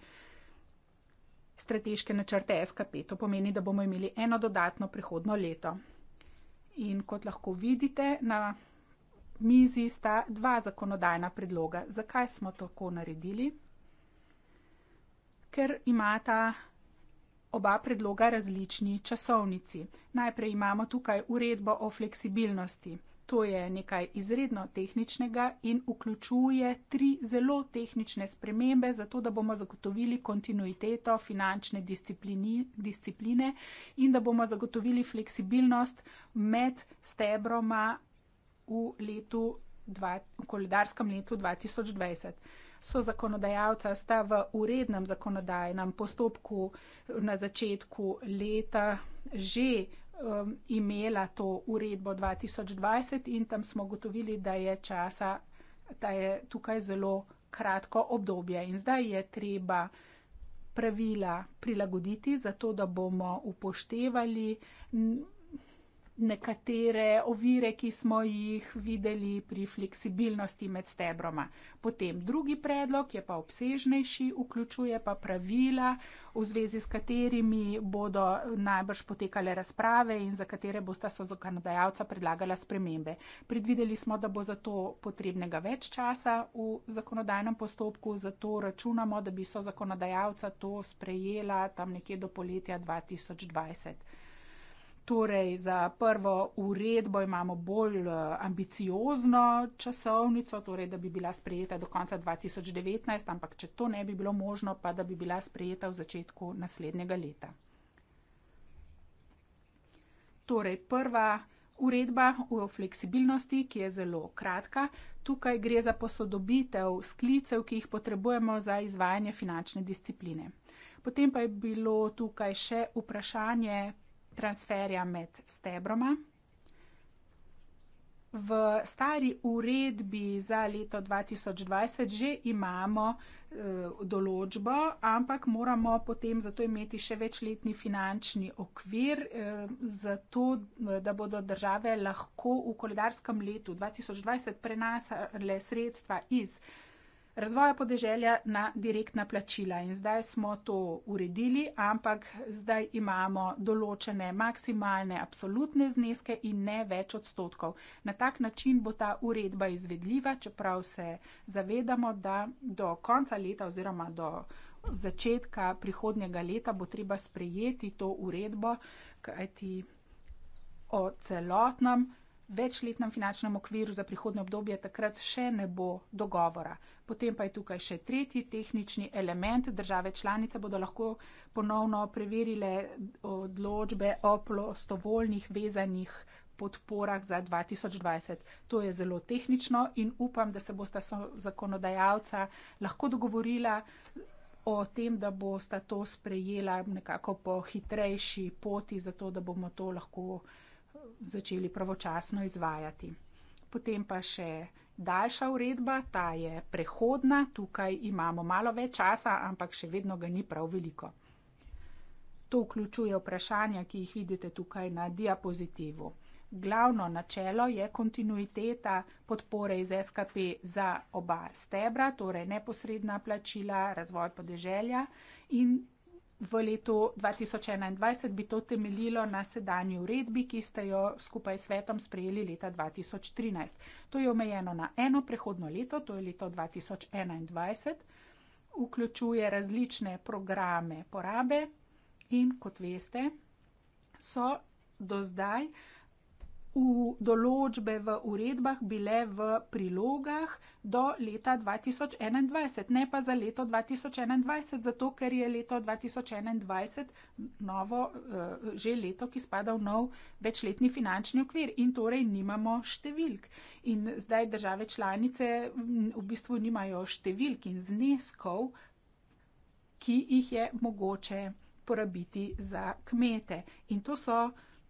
strateške načrte SKP. To pomeni, da bomo imeli eno dodatno prihodno leto. In kot lahko vidite, na mizi sta dva zakonodajna predloga. Zakaj smo tako naredili? Ker imata oba predloga različni časovnici. Najprej imamo tukaj uredbo o fleksibilnosti. To je nekaj izredno tehničnega in vključuje tri zelo tehnične spremembe, zato da bomo zagotovili kontinuiteto finančne discipline in da bomo zagotovili fleksibilnost med stebroma v, letu, v koledarskem letu 2020. So zakonodajalca sta v urednem zakonodajnem postopku na začetku leta že um, imela to uredbo 2020 in tam smo gotovili, da je časa, da je tukaj zelo kratko obdobje in zdaj je treba pravila prilagoditi, zato da bomo upoštevali nekatere ovire, ki smo jih videli pri fleksibilnosti med stebroma. Potem drugi predlog je pa obsežnejši, vključuje pa pravila, v zvezi s katerimi bodo najbrž potekale razprave in za katere bosta so zakonodajalca predlagala spremembe. Predvideli smo, da bo zato potrebnega več časa v zakonodajnem postopku, zato računamo, da bi so zakonodajalca to sprejela tam nekje do poletja 2020. Torej, za prvo uredbo imamo bolj eh, ambiciozno časovnico, torej, da bi bila sprejeta do konca 2019, ampak če to ne bi bilo možno, pa da bi bila sprejeta v začetku naslednjega leta. Torej, prva uredba o fleksibilnosti, ki je zelo kratka. Tukaj gre za posodobitev sklicev, ki jih potrebujemo za izvajanje finančne discipline. Potem pa je bilo tukaj še vprašanje transferja med stebroma. V stari uredbi za leto 2020 že imamo e, določbo, ampak moramo potem zato imeti še večletni finančni okvir, e, zato eh, da bodo države lahko v koledarskem letu 2020 prenasale sredstva iz razvoja podeželja na direktna plačila. In zdaj smo to uredili, ampak zdaj imamo določene maksimalne, absolutne zneske in ne več odstotkov. Na tak način bo ta uredba izvedljiva, čeprav se zavedamo, da do konca leta oziroma do začetka prihodnjega leta bo treba sprejeti to uredbo, kajti o celotnem večletnem finančnem okviru za prihodne obdobje takrat še ne bo dogovora. Potem pa je tukaj še tretji tehnični element. Države članice bodo lahko ponovno preverile odločbe o prostovoljnih vezanih podporah za 2020. To je zelo tehnično in upam, da se bosta zakonodajalca lahko dogovorila o tem, da bosta to sprejela nekako po hitrejši poti, zato da bomo to lahko začeli pravočasno izvajati. Potem pa še daljša uredba, ta je prehodna, tukaj imamo malo več časa, ampak še vedno ga ni prav veliko. To vključuje vprašanja, ki jih vidite tukaj na diapozitivu. Glavno načelo je kontinuiteta podpore iz SKP za oba stebra, torej neposredna plačila, razvoj podeželja in v letu 2021 bi to temeljilo na sedanji uredbi, ki ste jo skupaj s svetom sprejeli leta 2013. To je omejeno na eno prehodno leto, to je leto 2021, vključuje različne programe porabe in kot veste, so do zdaj v določbe v uredbah bile v prilogah do leta 2021, ne pa za leto 2021, zato ker je leto 2021 novo, eh, že leto, ki spada v nov večletni finančni okvir in torej nimamo številk. In zdaj države članice v bistvu nimajo številk in zneskov, ki jih je mogoče porabiti za kmete. In to so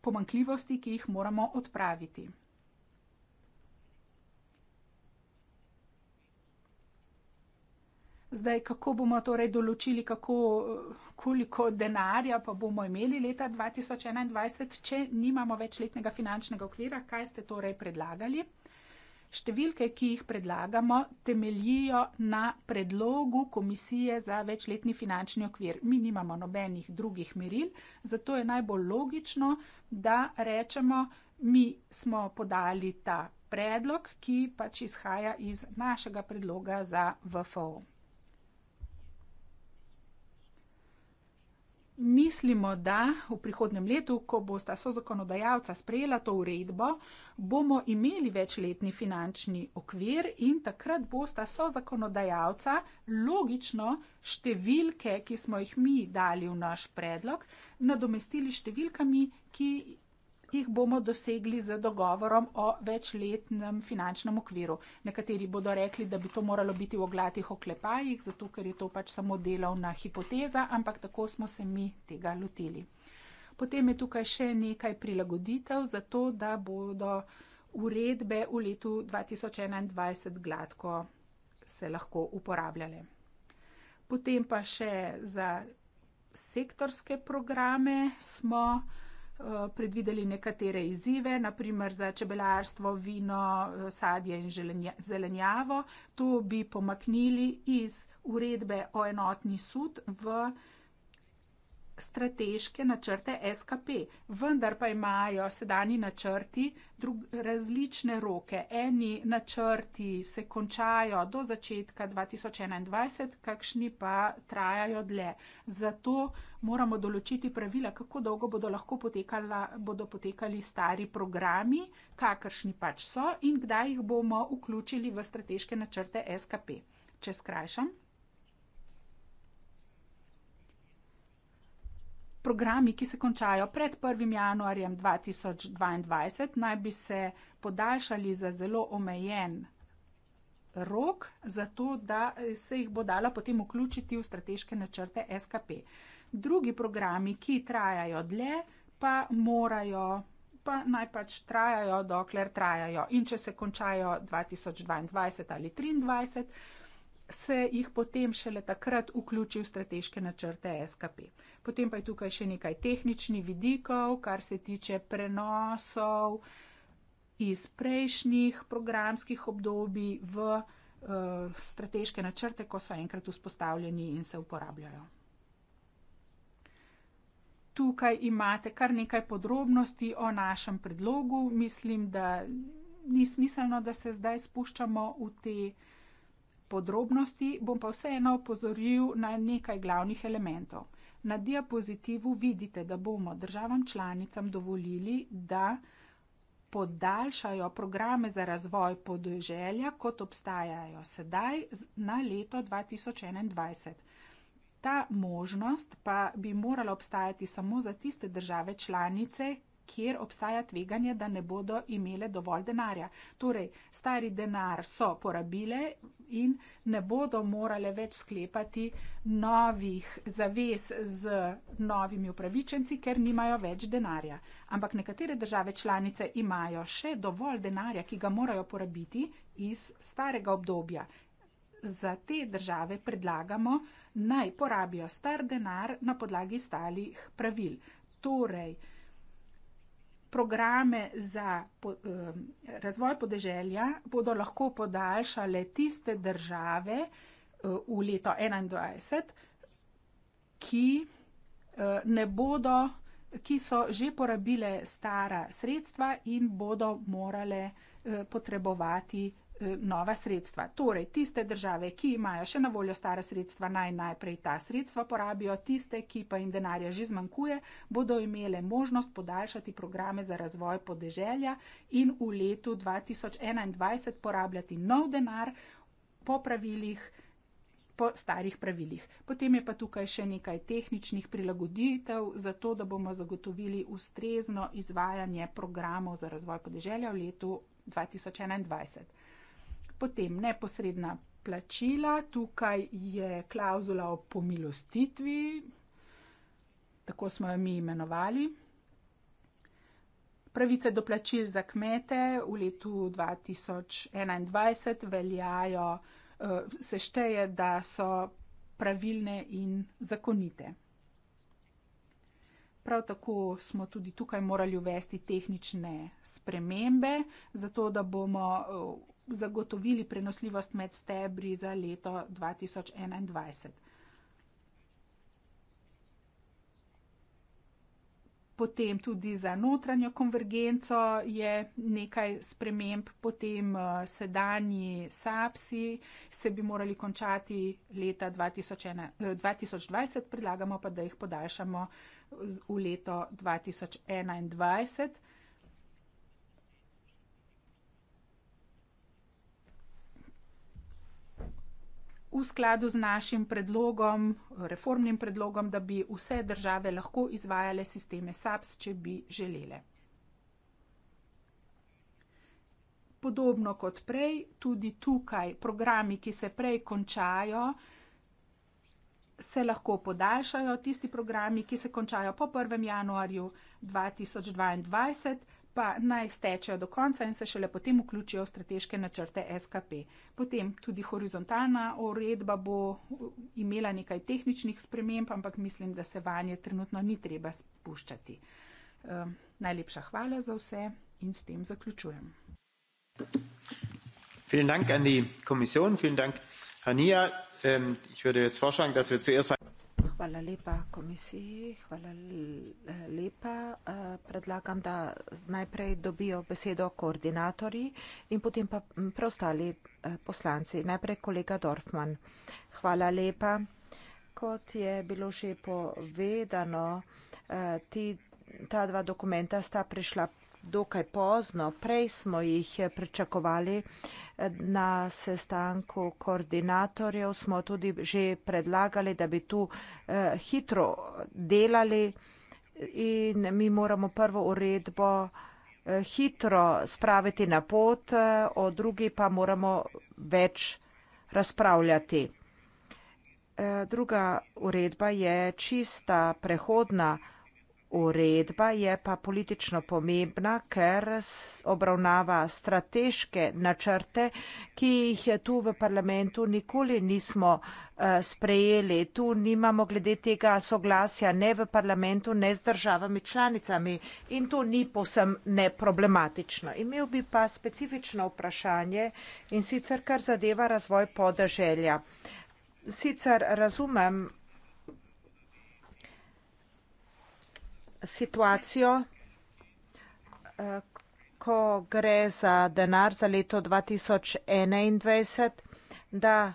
pomankljivosti, ki jih moramo odpraviti. Zdaj, kako bomo torej določili, kako, koliko denarja pa bomo imeli leta 2021, če nimamo več letnega finančnega okvira, kaj ste torej predlagali? Številke, ki jih predlagamo, temeljijo na predlogu komisije za večletni finančni okvir. Mi nimamo nobenih drugih meril, zato je najbolj logično, da rečemo, mi smo podali ta predlog, ki pač izhaja iz našega predloga za VFO. Mislimo, da v prihodnem letu, ko bosta sozakonodajalca sprejela to uredbo, bomo imeli večletni finančni okvir in takrat bosta sozakonodajalca logično številke, ki smo jih mi dali v naš predlog, nadomestili številkami, ki jih bomo dosegli z dogovorom o večletnem finančnem okviru. Nekateri bodo rekli, da bi to moralo biti v oglatih oklepajih, zato ker je to pač samo delovna hipoteza, ampak tako smo se mi tega lotili. Potem je tukaj še nekaj prilagoditev, zato da bodo uredbe v letu 2021 gladko se lahko uporabljale. Potem pa še za sektorske programe smo Eh, predvideli nekatere izzive, na primer za čebelarstvo, vino, eh, sadje in zelenjavo. To bi pomaknili iz uredbe o enotni sud v strateške načrte SKP, vendar pa imajo sedajni načrti drug, različne roke. Eni načrti se končajo do začetka 2021, kakšni pa trajajo dlje. Zato moramo določiti pravila, kako dolgo bodo lahko potekala, bodo potekali stari programi, kakršni pač so in kdaj jih bomo vključili v strateške načrte SKP. Če skrajšam. programi, ki se končajo pred 1. januarjem 2022, naj bi se podaljšali za zelo omejen rok, zato da se jih bo dala potem vključiti v strateške načrte SKP. Drugi programi, ki trajajo dlje, pa morajo, pa naj pač trajajo, dokler trajajo. In če se končajo 2022 ali 2023, se jih potem šele takrat vključi v strateške načrte SKP. Potem pa je tukaj še nekaj tehničnih vidikov, kar se tiče prenosov iz prejšnjih programskih obdobij v uh, strateške načrte, ko so enkrat vzpostavljeni in se uporabljajo. Tukaj imate kar nekaj podrobnosti o našem predlogu. Mislim, da ni smiselno, da se zdaj spuščamo v te uh, podrobnosti, bom pa vseeno opozoril na nekaj glavnih elementov. Na diapozitivu vidite, da bomo državam članicam dovolili, da podaljšajo programe za razvoj podeželja, kot obstajajo sedaj na leto 2021. Ta možnost pa bi morala obstajati samo za tiste države članice, kjer obstaja tveganje, da ne bodo imele dovolj denarja. Torej, stari denar so porabile in ne bodo morale več sklepati novih zavez z novimi upravičenci, ker nimajo več denarja. Ampak nekatere države članice imajo še dovolj denarja, ki ga morajo porabiti iz starega obdobja. Za te države predlagamo, naj porabijo star denar na podlagi stalih pravil. Torej, programe za po, um, razvoj podeželja bodo lahko podaljšale tiste države uh, v leto 2021, ki uh, ne bodo, ki so že porabile stara sredstva in bodo morale uh, potrebovati Eh, nova sredstva. Torej, tiste države, ki imajo še na voljo stara sredstva, naj najprej ta sredstva porabijo, tiste, ki pa jim denarja že zmanjkuje, bodo imele možnost podaljšati programe za razvoj podeželja in v letu 2021 porabljati nov denar po pravilih. Po starih pravilih. Potem je pa tukaj še nekaj tehničnih prilagoditev, zato da bomo zagotovili ustrezno izvajanje programov za razvoj podeželja v letu 2021. Potem neposredna plačila, tukaj je klauzula o pomilostitvi, tako smo jo mi imenovali. Pravice do plačil za kmete v letu 2021 veljajo, eh, se šteje, da so pravilne in zakonite. Prav tako smo tudi tukaj morali uvesti tehnične spremembe, zato da bomo eh, zagotovili prenosljivost med stebri za leto 2021. Potem tudi za notranjo konvergenco je nekaj sprememb, potem eh, sedanji SAPSI se bi morali končati leta 2020, eh, predlagamo pa, da jih podaljšamo v leto 2021. v skladu z našim predlogom, reformnim predlogom, da bi vse države lahko izvajale sisteme SAPS, če bi želele. Podobno kot prej, tudi tukaj programi, ki se prej končajo, se lahko podaljšajo, tisti programi, ki se končajo po 1. januarju 2022, pa naj stečejo do konca in se šele potem vključijo v strateške načrte SKP. Potem tudi horizontalna uredba bo uh, imela nekaj tehničnih sprememb, ampak mislim, da se vanje trenutno ni treba spuščati. Um, najlepša hvala za vse in s tem zaključujem. Vielen Dank an die Kommission, vielen Dank, Hania. Ähm, ich würde jetzt vorschlagen, dass wir zuerst. Hvala lepa komisiji, hvala lepa. Eh, predlagam, da najprej dobijo besedo koordinatorji in potem pa mm, preostali eh, poslanci. Najprej kolega Dorfman. Hvala lepa. Kot je bilo že povedano, eh, ti, ta dva dokumenta sta prišla dokaj pozno. Prej smo jih pričakovali. Na sestanku koordinatorjev smo tudi že predlagali, da bi tu eh, hitro delali in mi moramo prvo uredbo eh, hitro spraviti na pot, eh, o drugi pa moramo več razpravljati. Druga uredba je čista prehodna uredba. Uredba je pa politično pomembna, ker obravnava strateške načrte, ki jih tu v parlamentu nikoli nismo eh, sprejeli. Tu nimamo glede tega soglasja ne v parlamentu, ne z državami članicami in to ni posem neproblematično. Imel bi pa specifično vprašanje in sicer kar zadeva razvoj podeželja. Sicer razumem situacijo, eh, ko gre za denar za leto 2021, da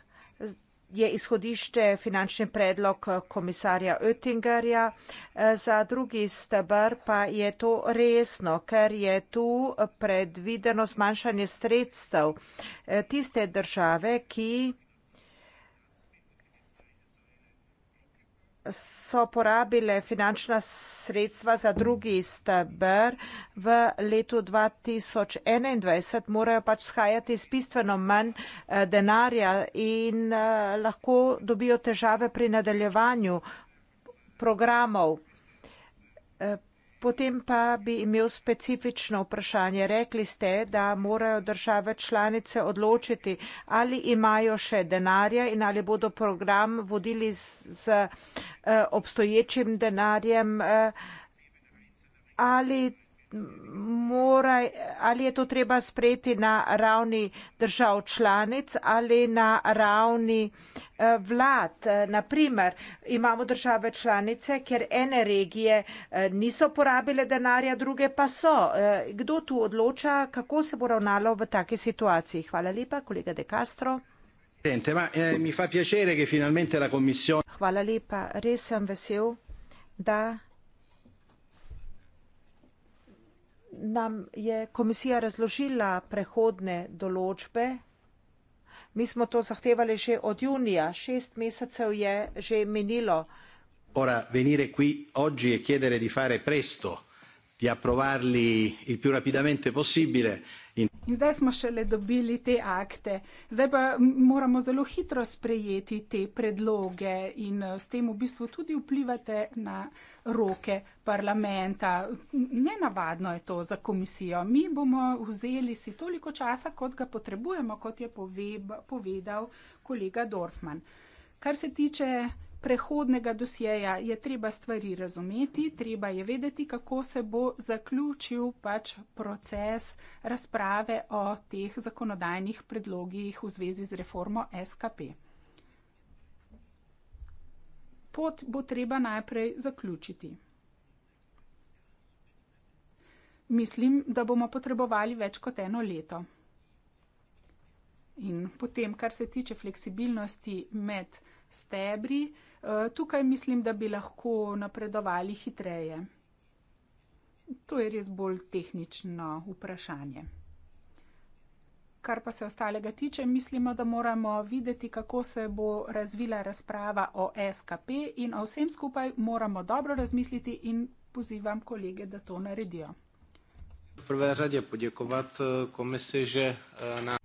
je izhodišče finančni predlog komisarja Oettingerja. Eh, za drugi stebr pa je to resno, ker je tu predvideno zmanjšanje sredstev eh, tiste države, ki so porabile finančna sredstva za drugi stebr v letu 2021, morajo pač schajati z bistveno manj eh, denarja in eh, lahko dobijo težave pri nadaljevanju programov. Eh, Potem pa bi imel specifično vprašanje. Rekli ste, da morajo države članice odločiti, ali imajo še denarja in ali bodo program vodili z, z eh, obstoječim denarjem eh, ali moraj, ali je to treba sprejeti na ravni držav članic ali na ravni eh, vlad. Eh, Naprimer, imamo države članice, ker ene regije eh, niso porabile denarja, druge pa so. Kdo tu odloča, kako se bo ravnalo v takej situaciji? Hvala lepa, kolega De Castro. Hvala lepa, res sem vesel, da. nam je komisija razložila prehodne določbe. Mi smo to zahtevali že od junija, šest mesecev je že menilo. Ora venire qui oggi e chiedere di fare presto, di approvarli il più rapidamente possibile, In... in zdaj smo šele dobili te akte. Zdaj pa moramo zelo hitro sprejeti te predloge in eh, s tem v bistvu tudi vplivate na roke parlamenta. Nenavadno je to za komisijo. Mi bomo vzeli si toliko časa, kot ga potrebujemo, kot je poveb, povedal kolega Dorfman. Kar se tiče prehodnega dosjeja je treba stvari razumeti, treba je vedeti, kako se bo zaključil pač proces razprave o teh zakonodajnih predlogih v zvezi z reformo SKP. Pot bo treba najprej zaključiti. Mislim, da bomo potrebovali več kot eno leto. In potem, kar se tiče fleksibilnosti med stebri, Eh, tukaj mislim, da bi lahko napredovali hitreje. To je res bolj tehnično vprašanje. Kar pa se ostalega tiče, mislimo, da moramo videti, kako se bo razvila razprava o SKP in o vsem skupaj moramo dobro razmisliti in pozivam kolege, da to naredijo. V prve radje podjekovati eh, komisiji že eh, na.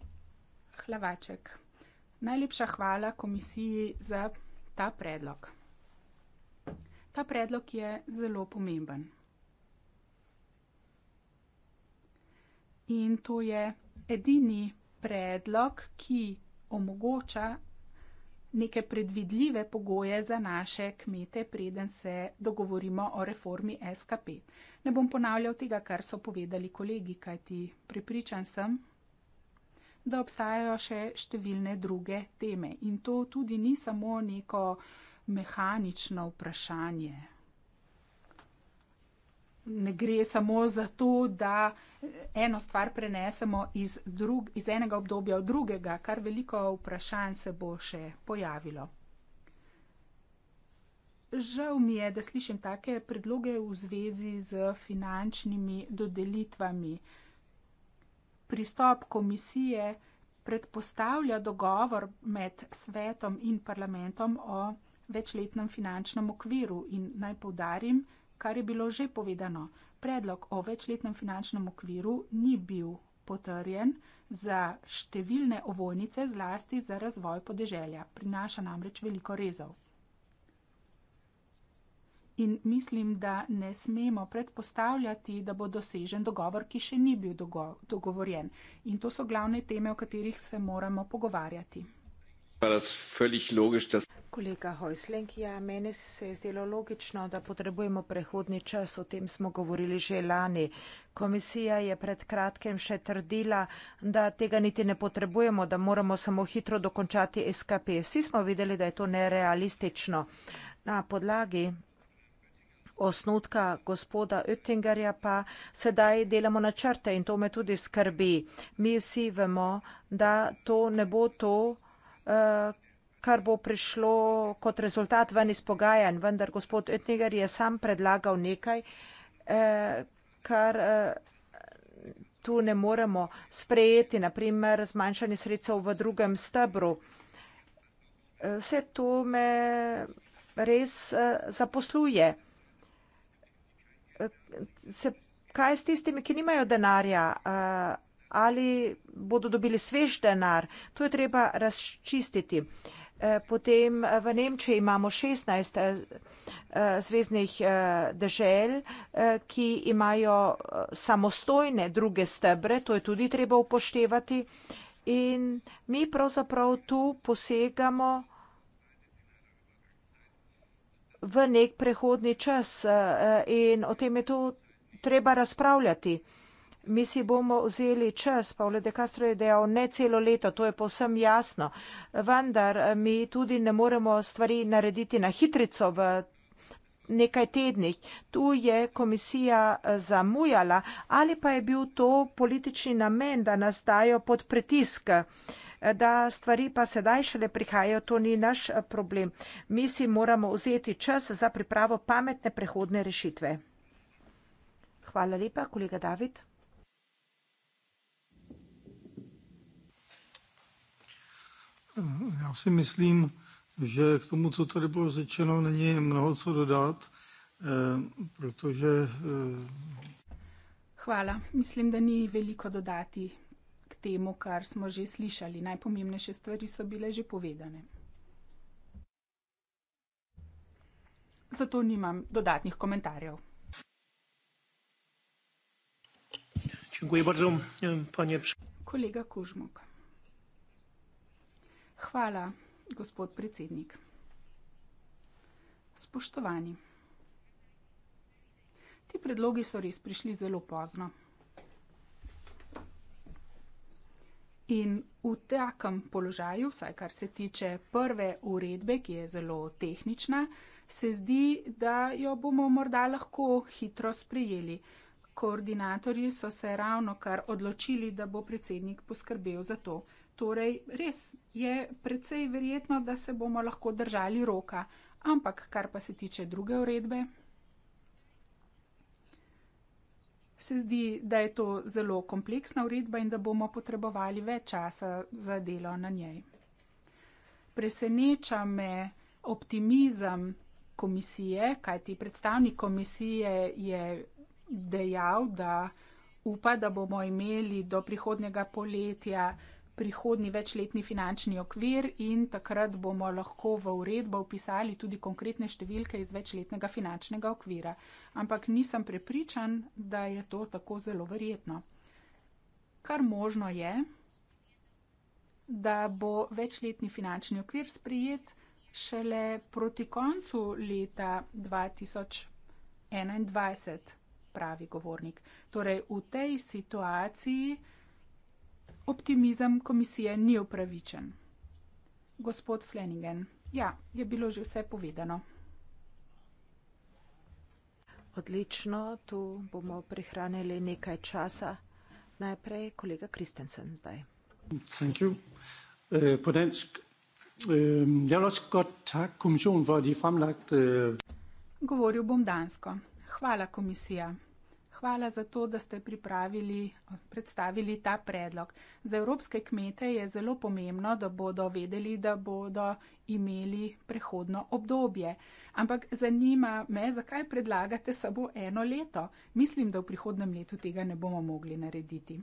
Hlavaček. Najlepša hvala komisiji za ta predlog. Ta predlog je zelo pomemben. In to je edini predlog, ki omogoča neke predvidljive pogoje za naše kmete, preden se dogovorimo o reformi SKP. Ne bom ponavljal tega, kar so povedali kolegi, kajti pripričan sem, da obstajajo še številne druge teme. In to tudi ni samo neko mehanično vprašanje. Ne gre samo za to, da eno stvar prenesemo iz, drug, iz enega obdobja v drugega, kar veliko vprašanj se bo še pojavilo. Žal mi je, da slišim take predloge v zvezi z finančnimi dodelitvami. Uh, pristop komisije predpostavlja dogovor med svetom in parlamentom o večletnem finančnem okviru in naj povdarim, kar je bilo že povedano. Predlog o večletnem finančnem okviru ni bil potrjen za številne ovojnice, zlasti za razvoj podeželja. Prinaša namreč veliko rezov. In mislim, da ne smemo predpostavljati, da bo dosežen dogovor, ki še ni bil dogo dogovorjen. In to so glavne teme, o katerih se moramo pogovarjati. Kolega Hojsleng, ja, meni se je zdelo logično, da potrebujemo prehodni čas, o tem smo govorili že lani. Komisija je pred kratkem še trdila, da tega niti ne potrebujemo, da moramo samo hitro dokončati SKP. Vsi smo videli, da je to nerealistično. Na podlagi osnutka gospoda Oettingerja, pa sedaj delamo načrte in to me tudi skrbi. Mi vsi vemo, da to ne bo to, eh, kar bo prišlo kot rezultat ven iz pogajanj, vendar gospod Oettinger je sam predlagal nekaj, eh, kar. Eh, tu ne moremo sprejeti, naprimer, zmanjšanje sredstev v drugem stebru. Vse to me res zaposluje se, kaj je s tistimi, ki nimajo denarja, ali bodo dobili svež denar, to je treba razčistiti. E, potem e, v Nemčiji imamo 16 e, zvezdnih dežel, ki imajo samostojne druge stebre, to je tudi treba upoštevati. In mi pravzaprav tu posegamo v nek prehodni čas eh, in o tem je tu treba razpravljati. Mi si bomo vzeli čas, Pavle de Castro je dejal, ne celo leto, to je povsem jasno, vendar eh, mi tudi ne moremo stvari narediti na hitrico v nekaj tednih. Tu je komisija eh, zamujala ali pa je bil to politični namen, da nas dajo pod pritisk. Uh, da stvari pa sedaj šele prihajajo, to ni naš eh, problem. Mi si moramo vzeti čas za pripravo pametne prehodne rešitve. Hvala lepa, kolega David. Já si myslím, že k tomu, co tady bylo řečeno, není mnoho co dodat, eh, protože. Eh, Hvala, mislim, da ni veliko dodati temu, kar smo že slišali. Najpomembnejše stvari so bile že povedane. Zato nimam dodatnih komentarjev. Kolega Kožmok. Hvala, gospod predsednik. Spoštovani. Ti predlogi so res prišli zelo pozno. In v takem položaju, vsaj kar se tiče prve uredbe, ki je zelo tehnična, se zdi, da jo bomo morda lahko hitro sprejeli. Koordinatorji so se ravno kar odločili, da bo predsednik poskrbel za to. Torej, res je precej verjetno, da se bomo lahko držali roka. Ampak, kar pa se tiče druge uredbe, se zdi, da je to zelo kompleksna uredba in da bomo potrebovali več časa za delo na njej. Preseneča me optimizem komisije, kajti predstavnik komisije je dejal, da upa, da bomo imeli do prihodnjega poletja prihodni večletni finančni okvir in takrat bomo lahko v uredbo upisali tudi konkretne številke iz večletnega finančnega okvira. Ampak nisem prepričan, da je to tako zelo verjetno. Kar možno je, da bo večletni finančni okvir sprijet šele proti koncu leta 2021, pravi govornik. Torej v tej situaciji optimizem komisije ni upravičen. Gospod Fleningen, ja, je bilo že vse povedano. Odlično, tu bomo prihranili nekaj časa. Najprej kolega Kristensen zdaj. Thank you. Øh, po dansk. Øh, jeg vil også godt tak komisjonen for, at I fremlagt... Øh, Govoril bom dansko. Hvala komisija. Hvala za to, da ste pripravili, predstavili ta predlog. Za evropske kmete je zelo pomembno, da bodo vedeli, da bodo imeli prehodno obdobje. Ampak zanima me, zakaj predlagate samo eno leto? Mislim, da v prihodnem letu tega ne bomo mogli narediti.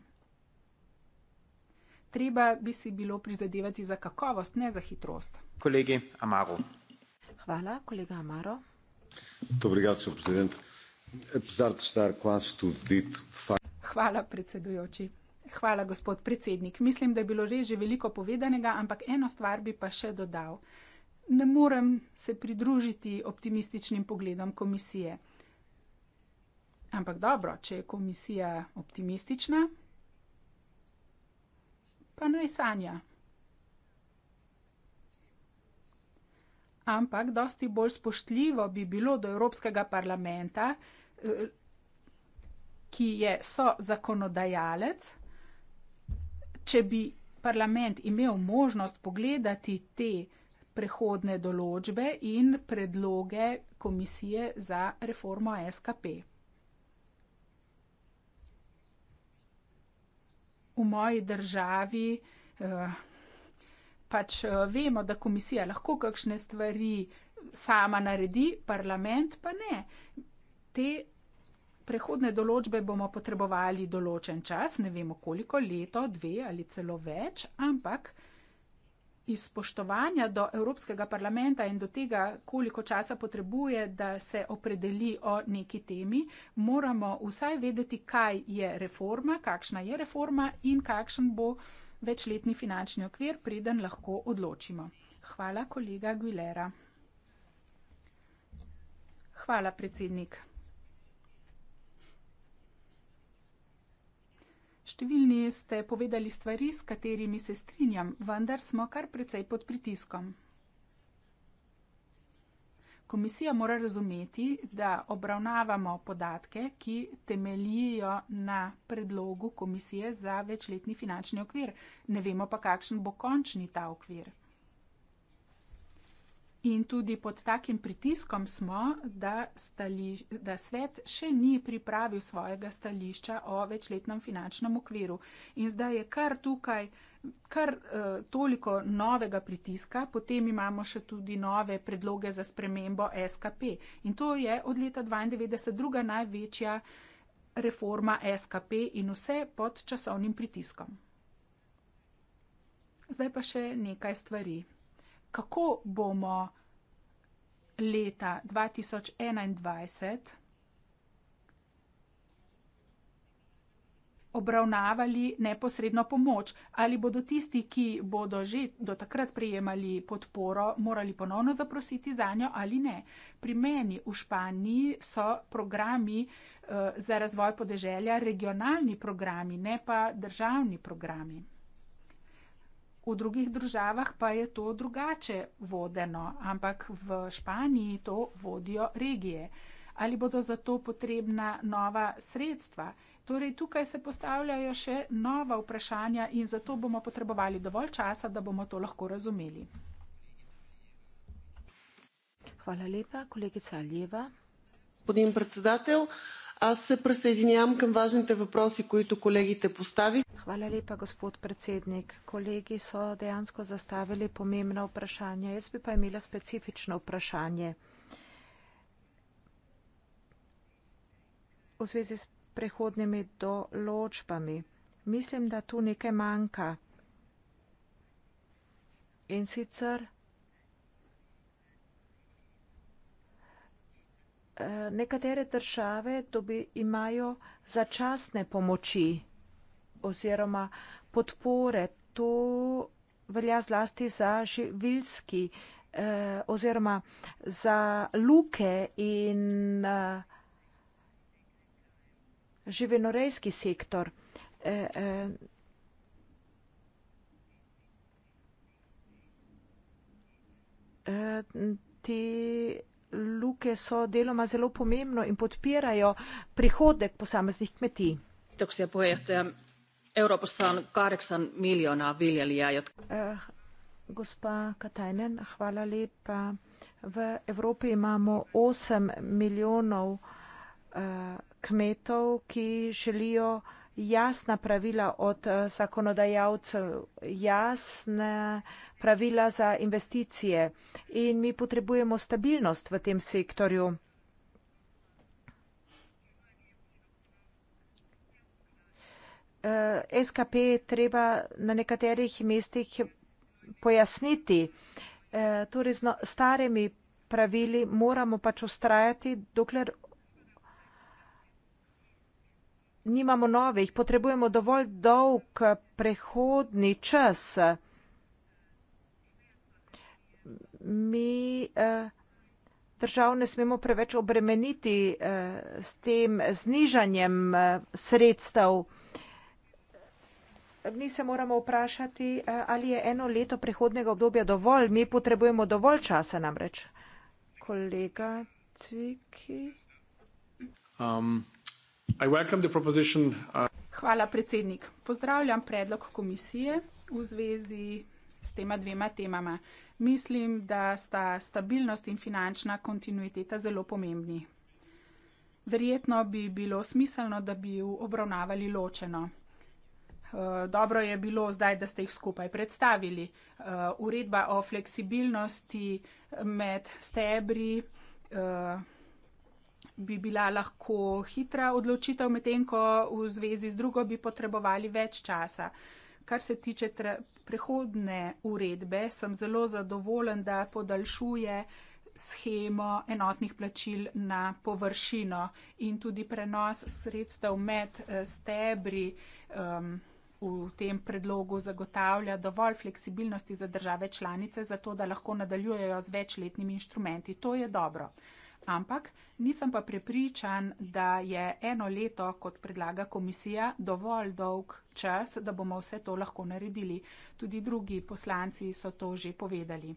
Treba bi si bilo prizadevati za kakovost, ne za hitrost. Kolegi Amaro. Hvala, kolega Amaro. Dobrigad, so predsednik. Apesar de estar quase tudo dito, Hvala, predsedujoči. Hvala, gospod predsednik. Mislim, da je bilo res že veliko povedanega, ampak eno stvar bi pa še dodal. Ne morem se pridružiti optimističnim pogledom komisije. Ampak dobro, če je komisija optimistična, pa naj sanja. Ampak dosti bolj spoštljivo bi bilo do Evropskega parlamenta, ki je sozakonodajalec, če bi parlament imel možnost pogledati te prehodne določbe in predloge komisije za reformo SKP. V moji državi eh, pač eh, vemo, da komisija lahko kakšne stvari sama naredi, parlament pa ne. Te prehodne določbe bomo potrebovali določen čas, ne vemo koliko, leto, dve ali celo več, ampak iz spoštovanja do Evropskega parlamenta in do tega, koliko časa potrebuje, da se opredeli o neki temi, moramo vsaj vedeti, kaj je reforma, kakšna je reforma in kakšen bo večletni finančni okvir, preden lahko odločimo. Hvala, kolega Aguilera. Hvala, predsednik. Številni ste povedali stvari, s katerimi se strinjam, vendar smo kar precej pod pritiskom. Komisija mora razumeti, da obravnavamo podatke, ki temeljijo na predlogu komisije za večletni finančni okvir, ne vemo pa, kakšen bo končni ta okvir. In tudi pod takim pritiskom smo, da, stali, da svet še ni pripravil svojega stališča o večletnem finančnem okviru. In zdaj je kar tukaj kar uh, toliko novega pritiska, potem imamo še tudi nove predloge za spremembo SKP. In to je od leta 1992 druga največja reforma SKP in vse pod časovnim pritiskom. Zdaj pa še nekaj stvari kako bomo leta 2021 obravnavali neposredno pomoč. Ali bodo tisti, ki bodo že do takrat prejemali podporo, morali ponovno zaprositi za njo ali ne. Pri meni v Španiji so programi uh, za razvoj podeželja regionalni programi, ne pa državni programi. V drugih državah pa je to drugače vodeno, ampak v Španiji to vodijo regije. Ali bodo za to potrebna nova sredstva? Torej, tukaj se postavljajo še nova vprašanja in zato bomo potrebovali dovolj časa, da bomo to lahko razumeli. Hvala lepa, kolegica Aljeva. Podim predsedatelj. Аз се присъединявам към важните въпроси, които колегите постави. Hvala lepa, gospod predsednik. Kolegi so dejansko zastavili pomembna vprašanja. Jaz bi pa imela specifično vprašanje v zvezi s prehodnimi določbami. Mislim, da tu nekaj manjka. In sicer Eh, nekatere države dobi, imajo začasne pomoči oziroma podpore. To velja zlasti za živilski eh, oziroma za luke in eh, živinorejski sektor. Eh, eh, eh Ti luke so deloma zelo pomembno in podpirajo prihodek posameznih kmetij. Eh, gospa Katajnen, hvala lepa. V Evropi imamo 8 milijonov uh, kmetov, ki želijo uh, jasna pravila od eh, zakonodajalcev, jasna pravila za investicije in mi potrebujemo stabilnost v tem sektorju. Eh, SKP treba na nekaterih mestih pojasniti. Eh, torej, z no-, starimi pravili moramo pač ustrajati, dokler nimamo novih, potrebujemo dovolj dolg prehodni čas. Mi eh, držav ne smemo preveč obremeniti eh, s tem znižanjem eh, sredstev. Mi se moramo vprašati, ali je eno leto prehodnega obdobja dovolj. Mi potrebujemo dovolj časa namreč. Kolega Cviki. Um, Uh, Hvala, predsednik. Pozdravljam predlog komisije v zvezi s tema dvema temama. Mislim, da sta stabilnost in finančna kontinuiteta zelo pomembni. Verjetno bi bilo smiselno, da bi ju obravnavali ločeno. Uh, dobro je bilo zdaj, da ste jih skupaj predstavili. Uh, uredba o fleksibilnosti med stebri bi bila lahko hitra odločitev, medtem ko v zvezi z drugo bi potrebovali več časa. Kar se tiče prehodne uredbe, sem zelo zadovoljen, da podaljšuje schemo enotnih plačil na površino in tudi prenos sredstev med eh, stebri um, v tem predlogu zagotavlja dovolj fleksibilnosti za države članice, zato da lahko nadaljujejo z večletnimi inštrumenti. To je dobro ampak nisem pa prepričan, da je eno leto, kot predlaga komisija, dovolj dolg čas, da bomo vse to lahko naredili. Tudi drugi poslanci so to že povedali.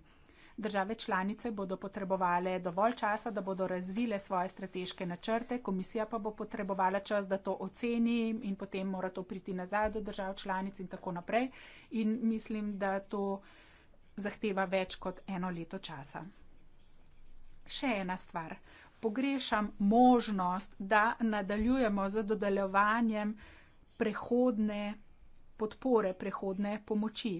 Države članice bodo potrebovale dovolj časa, da bodo razvile svoje strateške načrte, komisija pa bo potrebovala čas, da to oceni in potem mora to priti nazaj do držav članic in tako naprej. In mislim, da to zahteva več kot eno leto časa še ena stvar. Pogrešam možnost, da nadaljujemo z dodeljevanjem prehodne podpore, prehodne pomoči.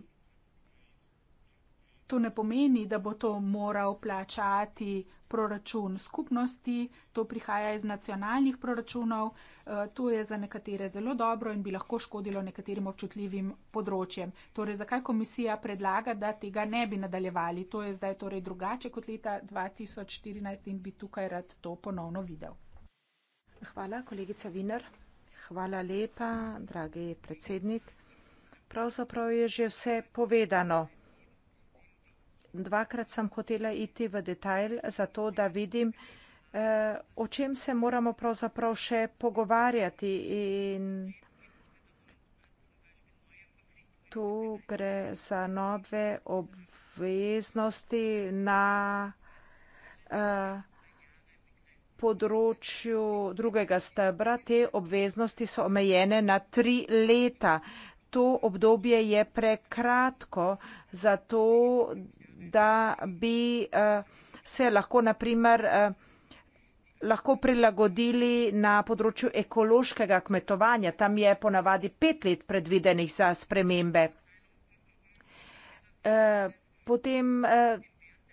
To ne pomeni, da bo to moral plačati proračun skupnosti, to prihaja iz nacionalnih proračunov, eh, to je za nekatere zelo dobro in bi lahko škodilo nekaterim občutljivim področjem. Torej, zakaj komisija predlaga, da tega ne bi nadaljevali? To je zdaj torej drugače kot leta 2014 in bi tukaj rad to ponovno videl. Hvala, kolegica Viner. Hvala lepa, dragi predsednik. Pravzaprav je že vse povedano dvakrat sem hotela iti v detalj, zato da vidim, eh, o čem se moramo pravzaprav še pogovarjati. In tu gre za nove obveznosti na eh, področju drugega stebra. Te obveznosti so omejene na tri leta. To obdobje je prekratko, zato da bi uh, se lahko, na primer, uh, lahko prilagodili na področju ekološkega kmetovanja. Tam je ponavadi pet let predvidenih za spremembe. Uh, potem uh,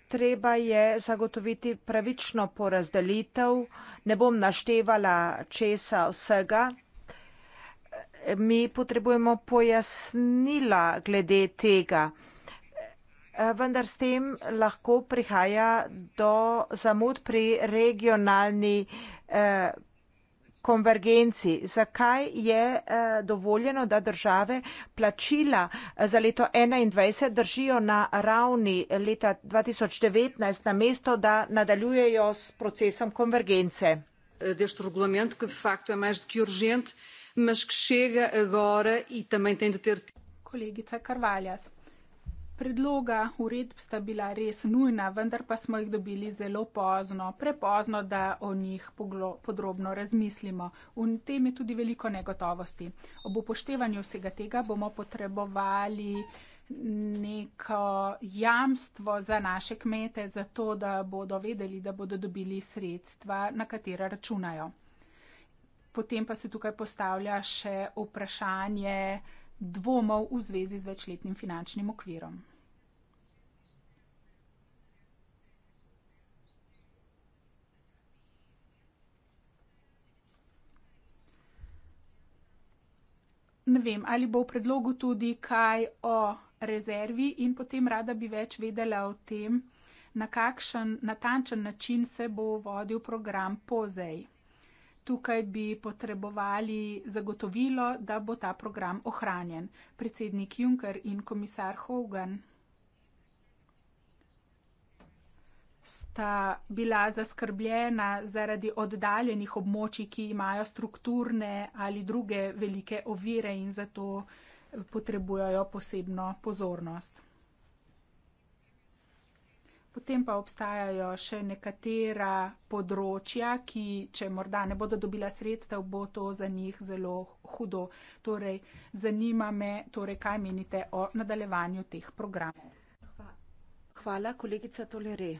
treba je zagotoviti pravično porazdelitev. Ne bom naštevala česa vsega. Mi potrebujemo pojasnila glede tega. Eh, vendar s tem lahko prihaja do zamud pri regionalni eh, konvergenci. Zakaj je eh, dovoljeno, da države plačila za leto 2021 držijo na ravni leta 2019, na mesto, da nadaljujejo s procesom konvergence? deste regulamento, que de facto é mais do que urgente, mas que chega agora e também tem de ter... Colega Carvalhas. Predloga uredb sta bila res nujna, vendar pa smo jih dobili zelo pozno, prepozno, da o njih poglo, podrobno razmislimo. V tem je tudi veliko negotovosti. Ob upoštevanju vsega tega bomo potrebovali neko jamstvo za naše kmete, zato da bodo vedeli, da bodo dobili sredstva, na katera računajo. Potem pa se tukaj postavlja še vprašanje, dvomov v zvezi z večletnim finančnim okvirom. Ne vem, ali bo v predlogu tudi kaj o rezervi in potem rada bi več vedela o tem, na kakšen natančen način se bo vodil program POZEJ tukaj bi potrebovali zagotovilo, da bo ta program ohranjen. Predsednik Juncker in komisar Hogan sta bila zaskrbljena zaradi oddaljenih območij, ki imajo strukturne ali druge velike ovire in zato potrebujejo posebno pozornost. Potem pa obstajajo še nekatera področja, ki, če morda ne bodo dobila sredstev, bo to za njih zelo hudo. Torej, zanima me, torej, kaj menite o nadaljevanju teh programov. Hvala, kolegica Tolere.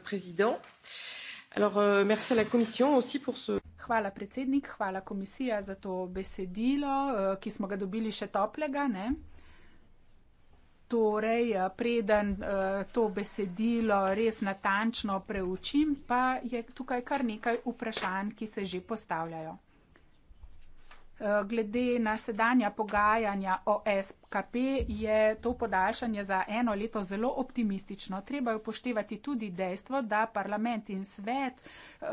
Prezident. Euh, hvala predsednik, hvala komisija za to besedilo, euh, ki smo ga dobili še toplega. Ne? torej, eh, preden eh, to besedilo res natančno preučim, pa je tukaj kar nekaj vprašanj, ki se že postavljajo. Eh, glede na sedanja pogajanja o SKP je to podaljšanje za eno leto zelo optimistično. Treba je upoštevati tudi dejstvo, da parlament in svet, eh,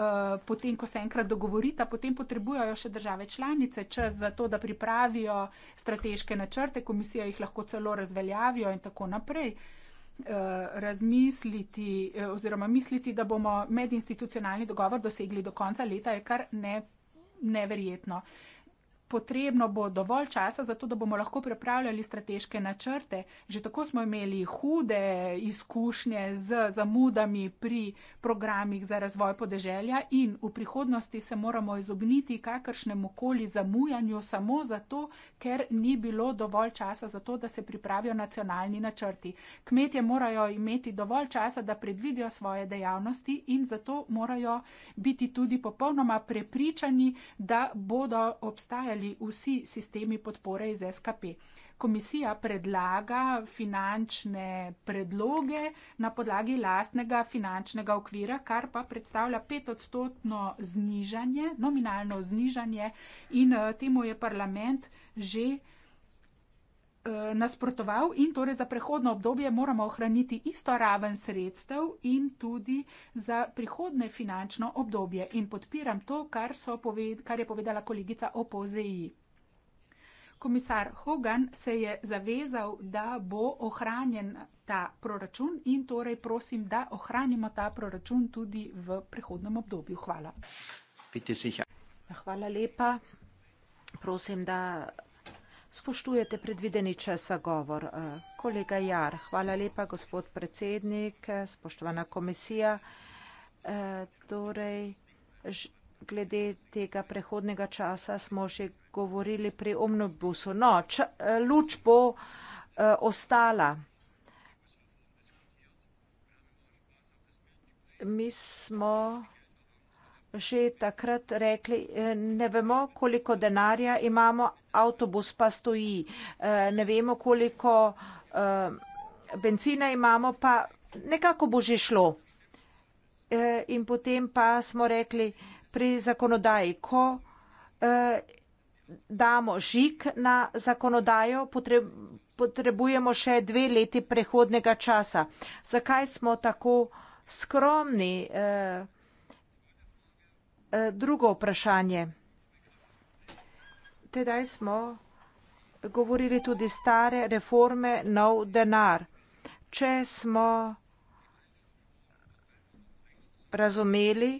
potem ko se enkrat dogovorita, potem potrebujajo še države članice čas za to, da pripravijo strateške načrte, komisija jih lahko celo razveljavijo in tako naprej. Eh, razmisliti oziroma misliti, da bomo medinstitucionalni dogovor dosegli do konca leta, je kar ne, neverjetno potrebno bo dovolj časa, zato da bomo lahko pripravljali strateške načrte. Že tako smo imeli hude izkušnje z zamudami pri programih za razvoj podeželja in v prihodnosti se moramo izogniti kakršnemu koli zamujanju samo zato, ker ni bilo dovolj časa za to, da se pripravijo nacionalni načrti. Kmetje morajo imeti dovolj časa, da predvidijo svoje dejavnosti in zato morajo biti tudi popolnoma prepričani, da bodo obstajali predlagali vsi sistemi podpore iz SKP. Komisija predlaga finančne predloge na podlagi lastnega finančnega okvira, kar pa predstavlja petodstotno znižanje, nominalno znižanje in eh, temu je parlament že Eh, nasprotoval in torej za prehodno obdobje moramo ohraniti isto raven sredstev in tudi za prihodne finančno obdobje. In podpiram to, kar, poved, kar je povedala kolegica o POZEI. Komisar Hogan se je zavezal, da bo ohranjen ta proračun in torej prosim, da ohranimo ta proračun tudi v prehodnem obdobju. Hvala. Ja, hvala lepa. Prosim, da spoštujete predvideni čas za govor. Eh, kolega Jar, hvala lepa, gospod predsednik, eh, spoštovana komisija. Eh, torej, glede tega prehodnega časa smo že govorili pri omnibusu. No, luč bo ostala. Mi smo že takrat rekli, ne vemo, koliko denarja imamo, avtobus pa stoji, eh, ne vemo koliko eh, benzina imamo, pa nekako bo že šlo. Eh, in potem pa smo rekli pri zakonodaji, ko damo žik na zakonodajo, potrebujemo še dve leti prehodnega časa. Zakaj smo tako skromni? Drugo vprašanje tedaj smo govorili tudi stare reforme, nov denar. Če smo razumeli,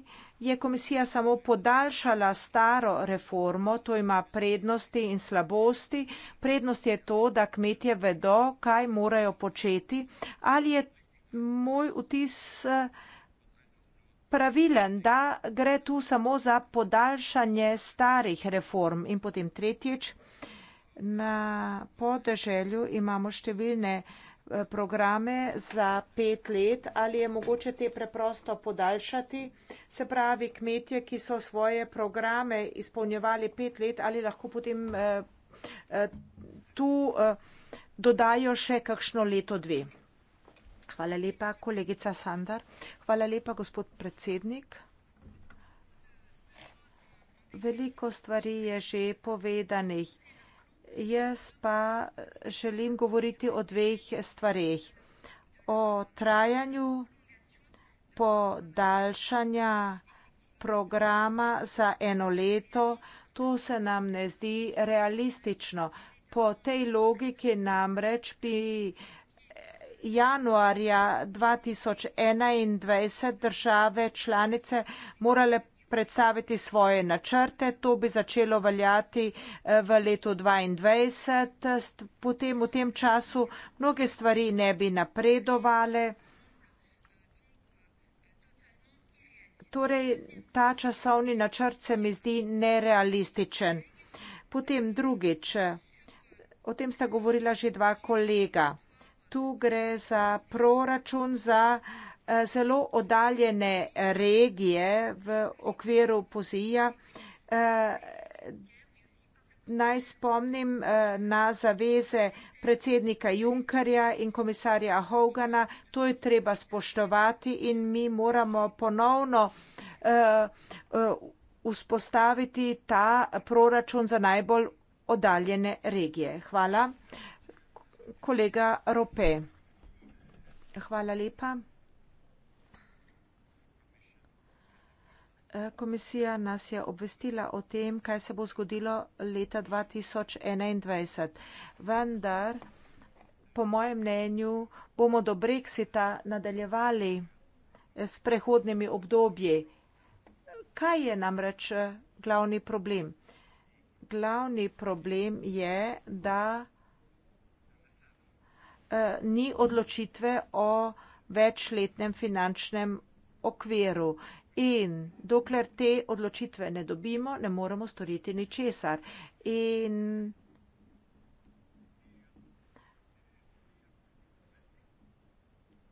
je komisija samo podaljšala staro reformo, to ima prednosti in slabosti. Prednost je to, da kmetje vedo, kaj morajo početi. Ali je moj vtis, pravilen, da gre tu samo za podaljšanje starih reform. In potem tretjič, na podeželju imamo številne eh, programe za pet let, ali je mogoče te preprosto podaljšati. Se pravi, kmetje, ki so svoje programe izpolnjevali pet let, ali lahko potem eh, eh tu eh, dodajo še kakšno leto dve. Hvala lepa, kolegica Sandar. Hvala lepa, gospod predsednik. Veliko stvari je že povedanih. Jaz pa želim govoriti o dveh stvarih. O trajanju podaljšanja programa za eno leto, to se nam ne zdi realistično. Po tej logiki namreč bi uh, januarja 2021 države članice morale predstaviti svoje načrte. To bi začelo veljati eh, v letu 2022. Potem v tem času mnoge stvari ne bi napredovale. Torej, ta časovni načrt se mi zdi nerealističen. Potem drugič, o tem sta govorila že dva kolega tu gre za proračun za eh, zelo oddaljene regije v okviru pozija. Eh, naj spomnim eh, na zaveze predsednika Junkerja in komisarja Hogana, to je treba spoštovati in mi moramo ponovno vzpostaviti ta proračun za najbolj oddaljene regije. Hvala kolega Rope. Hvala lepa. Eh, komisija nas je obvestila o tem, kaj se bo zgodilo leta 2021. Vendar, po mojem mnenju, bomo do Brexita nadaljevali eh, s prehodnimi obdobji. Kaj je namreč eh, glavni problem? Glavni problem je, da. Eh, ni odločitve o večletnem finančnem okviru. In dokler te odločitve ne dobimo, ne moremo storiti ničesar. In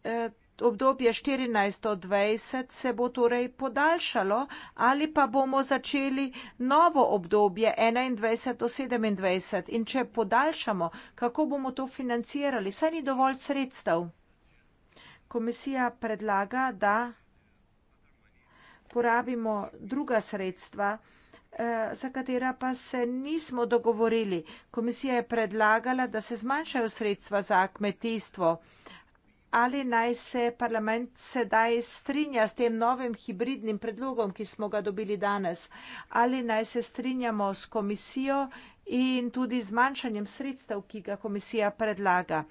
eh, obdobje 14-20 se bo torej podaljšalo ali pa bomo začeli novo obdobje 21-27 in če podaljšamo, kako bomo to financirali, saj ni dovolj sredstev. Komisija predlaga, da porabimo druga sredstva, eh, za katera pa se nismo dogovorili. Komisija je predlagala, da se zmanjšajo sredstva za kmetijstvo ali naj se parlament sedaj strinja s tem novim hibridnim predlogom, ki smo ga dobili danes, ali naj se strinjamo s komisijo in tudi z manjšanjem sredstev, ki ga komisija predlaga.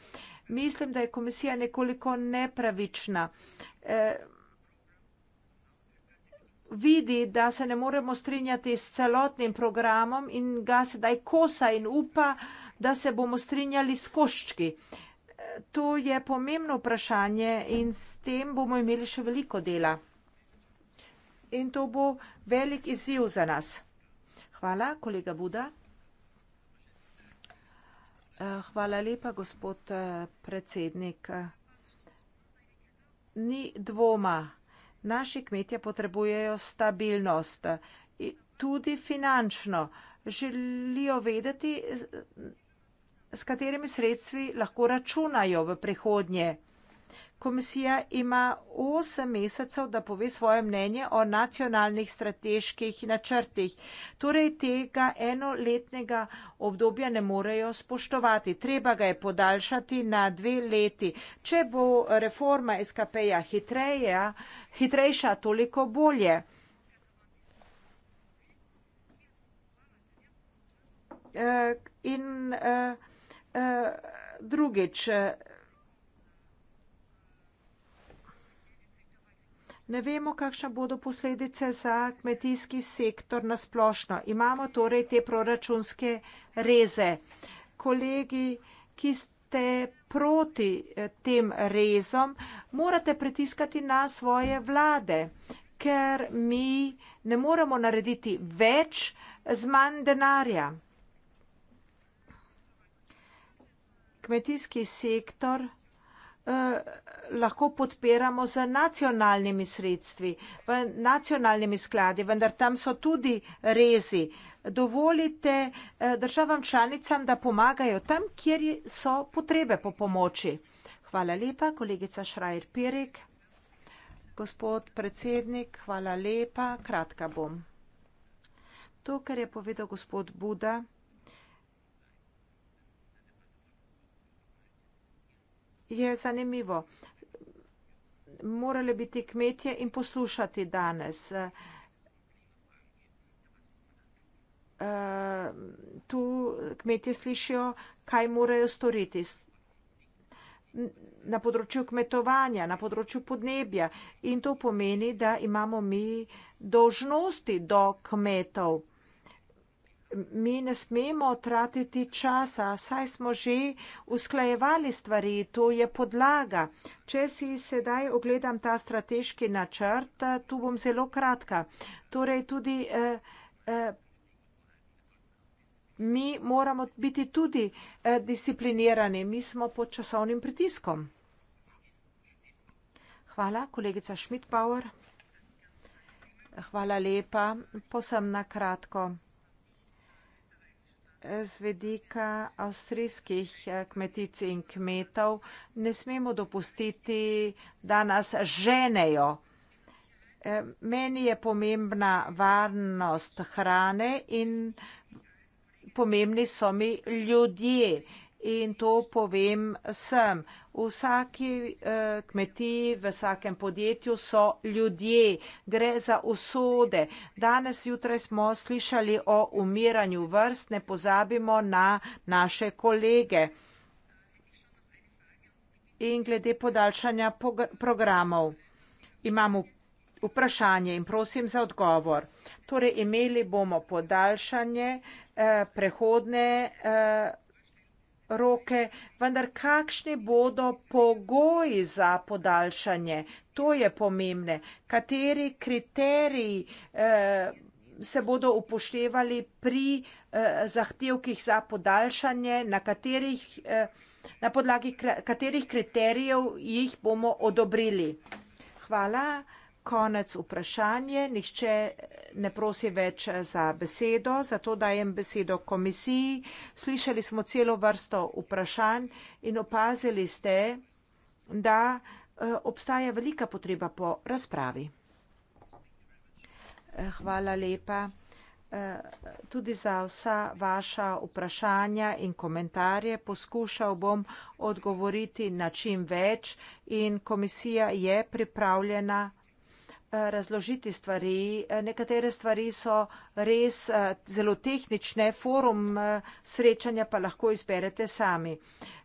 Mislim, da je komisija nekoliko nepravična. E, vidi, da se ne moremo strinjati s celotnim programom in ga sedaj kosa in upa, da se bomo strinjali s koščki. E, to je pomembno vprašanje in s tem bomo imeli še veliko dela. In to bo velik izziv za nas. Hvala, kolega Buda. Eh, hvala lepa, gospod eh, predsednik. Ni dvoma. Naši kmetje potrebujejo stabilnost, tudi finančno. Želijo vedeti, s katerimi sredstvi lahko računajo v prihodnje. Komisija ima 8 mesecev, da pove svoje mnenje o nacionalnih strateških načrtih. Torej tega enoletnega obdobja ne morejo spoštovati. Treba ga je podaljšati na dve leti. Če bo reforma SKP-ja hitrejša, toliko bolje. Eh, in, uh, drugič, ne vemo, kakšne bodo posledice za kmetijski sektor na splošno. Imamo torej te proračunske reze. Kolegi, ki ste proti eh, tem rezom, morate pritiskati na svoje vlade, ker mi ne moremo narediti več z manj denarja. kmetijski sektor eh, lahko podpiramo z nacionalnimi sredstvi, v nacionalnimi skladi, vendar tam so tudi rezi. Dovolite eh, državam članicam, da pomagajo tam, kjer so potrebe po pomoči. Hvala lepa, kolegica Šrajer Pirik. Gospod predsednik, hvala lepa, kratka bom. To, kar je povedal gospod Buda, je zanimivo. Morali biti kmetje in poslušati danes. Eh, tu kmetje slišijo, kaj morajo storiti na področju kmetovanja, na področju podnebja. In to pomeni, da imamo mi dožnosti do kmetov mi ne smemo tratiti časa, saj smo že usklajevali stvari, to je podlaga. Če si sedaj ogledam ta strateški načrt, tu bom zelo kratka. Torej tudi eh, eh, mi moramo biti tudi eh, disciplinirani, mi smo pod časovnim pritiskom. Hvala, kolegica Schmidt-Bauer. Hvala lepa, posem na kratko z vedika avstrijskih eh, kmetic in kmetov ne smemo dopustiti, da nas ženejo. Eh, meni je pomembna varnost hrane in pomembni so mi ljudje in to povem sem. V vsaki eh, kmetiji, v vsakem podjetju so ljudje, gre za usode. Danes jutraj smo slišali o umiranju vrst, ne pozabimo na naše kolege. In glede podaljšanja programov, imam vprašanje in prosim za odgovor. Torej, imeli bomo podaljšanje eh, prehodne eh, roke, vendar kakšni bodo pogoji za podaljšanje, to je pomembne, kateri kriteriji eh, se bodo upoštevali pri eh, zahtevkih za podaljšanje, na, katerih, eh, na podlagi katerih kriterijev jih bomo odobrili. Hvala konec vprašanje. Nihče ne prosi več za besedo, zato dajem besedo komisiji. Slišali smo celo vrsto vprašanj in opazili ste, da eh, obstaja velika potreba po razpravi. Eh, hvala lepa eh, tudi za vsa vaša vprašanja in komentarje. Poskušal bom odgovoriti na čim več in komisija je pripravljena razložiti stvari. Nekatere stvari so res eh, zelo tehnične, forum eh, srečanja pa lahko izberete sami.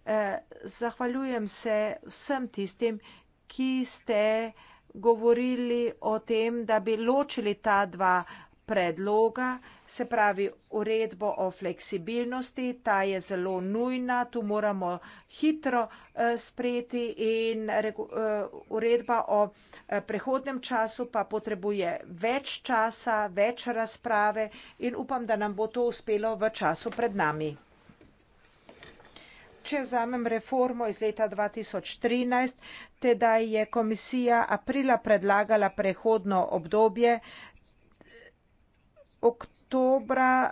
Eh, zahvaljujem se vsem tistim, ki ste govorili o tem, da bi ločili ta dva predloga se pravi uredbo o fleksibilnosti, ta je zelo nujna, tu moramo hitro eh, sprejeti in eh, uredba o eh, prehodnem času pa potrebuje več časa, več razprave in upam, da nam bo to uspelo v času pred nami. Če vzamem reformo iz leta 2013, teda je komisija aprila predlagala prehodno obdobje, oktobra eh,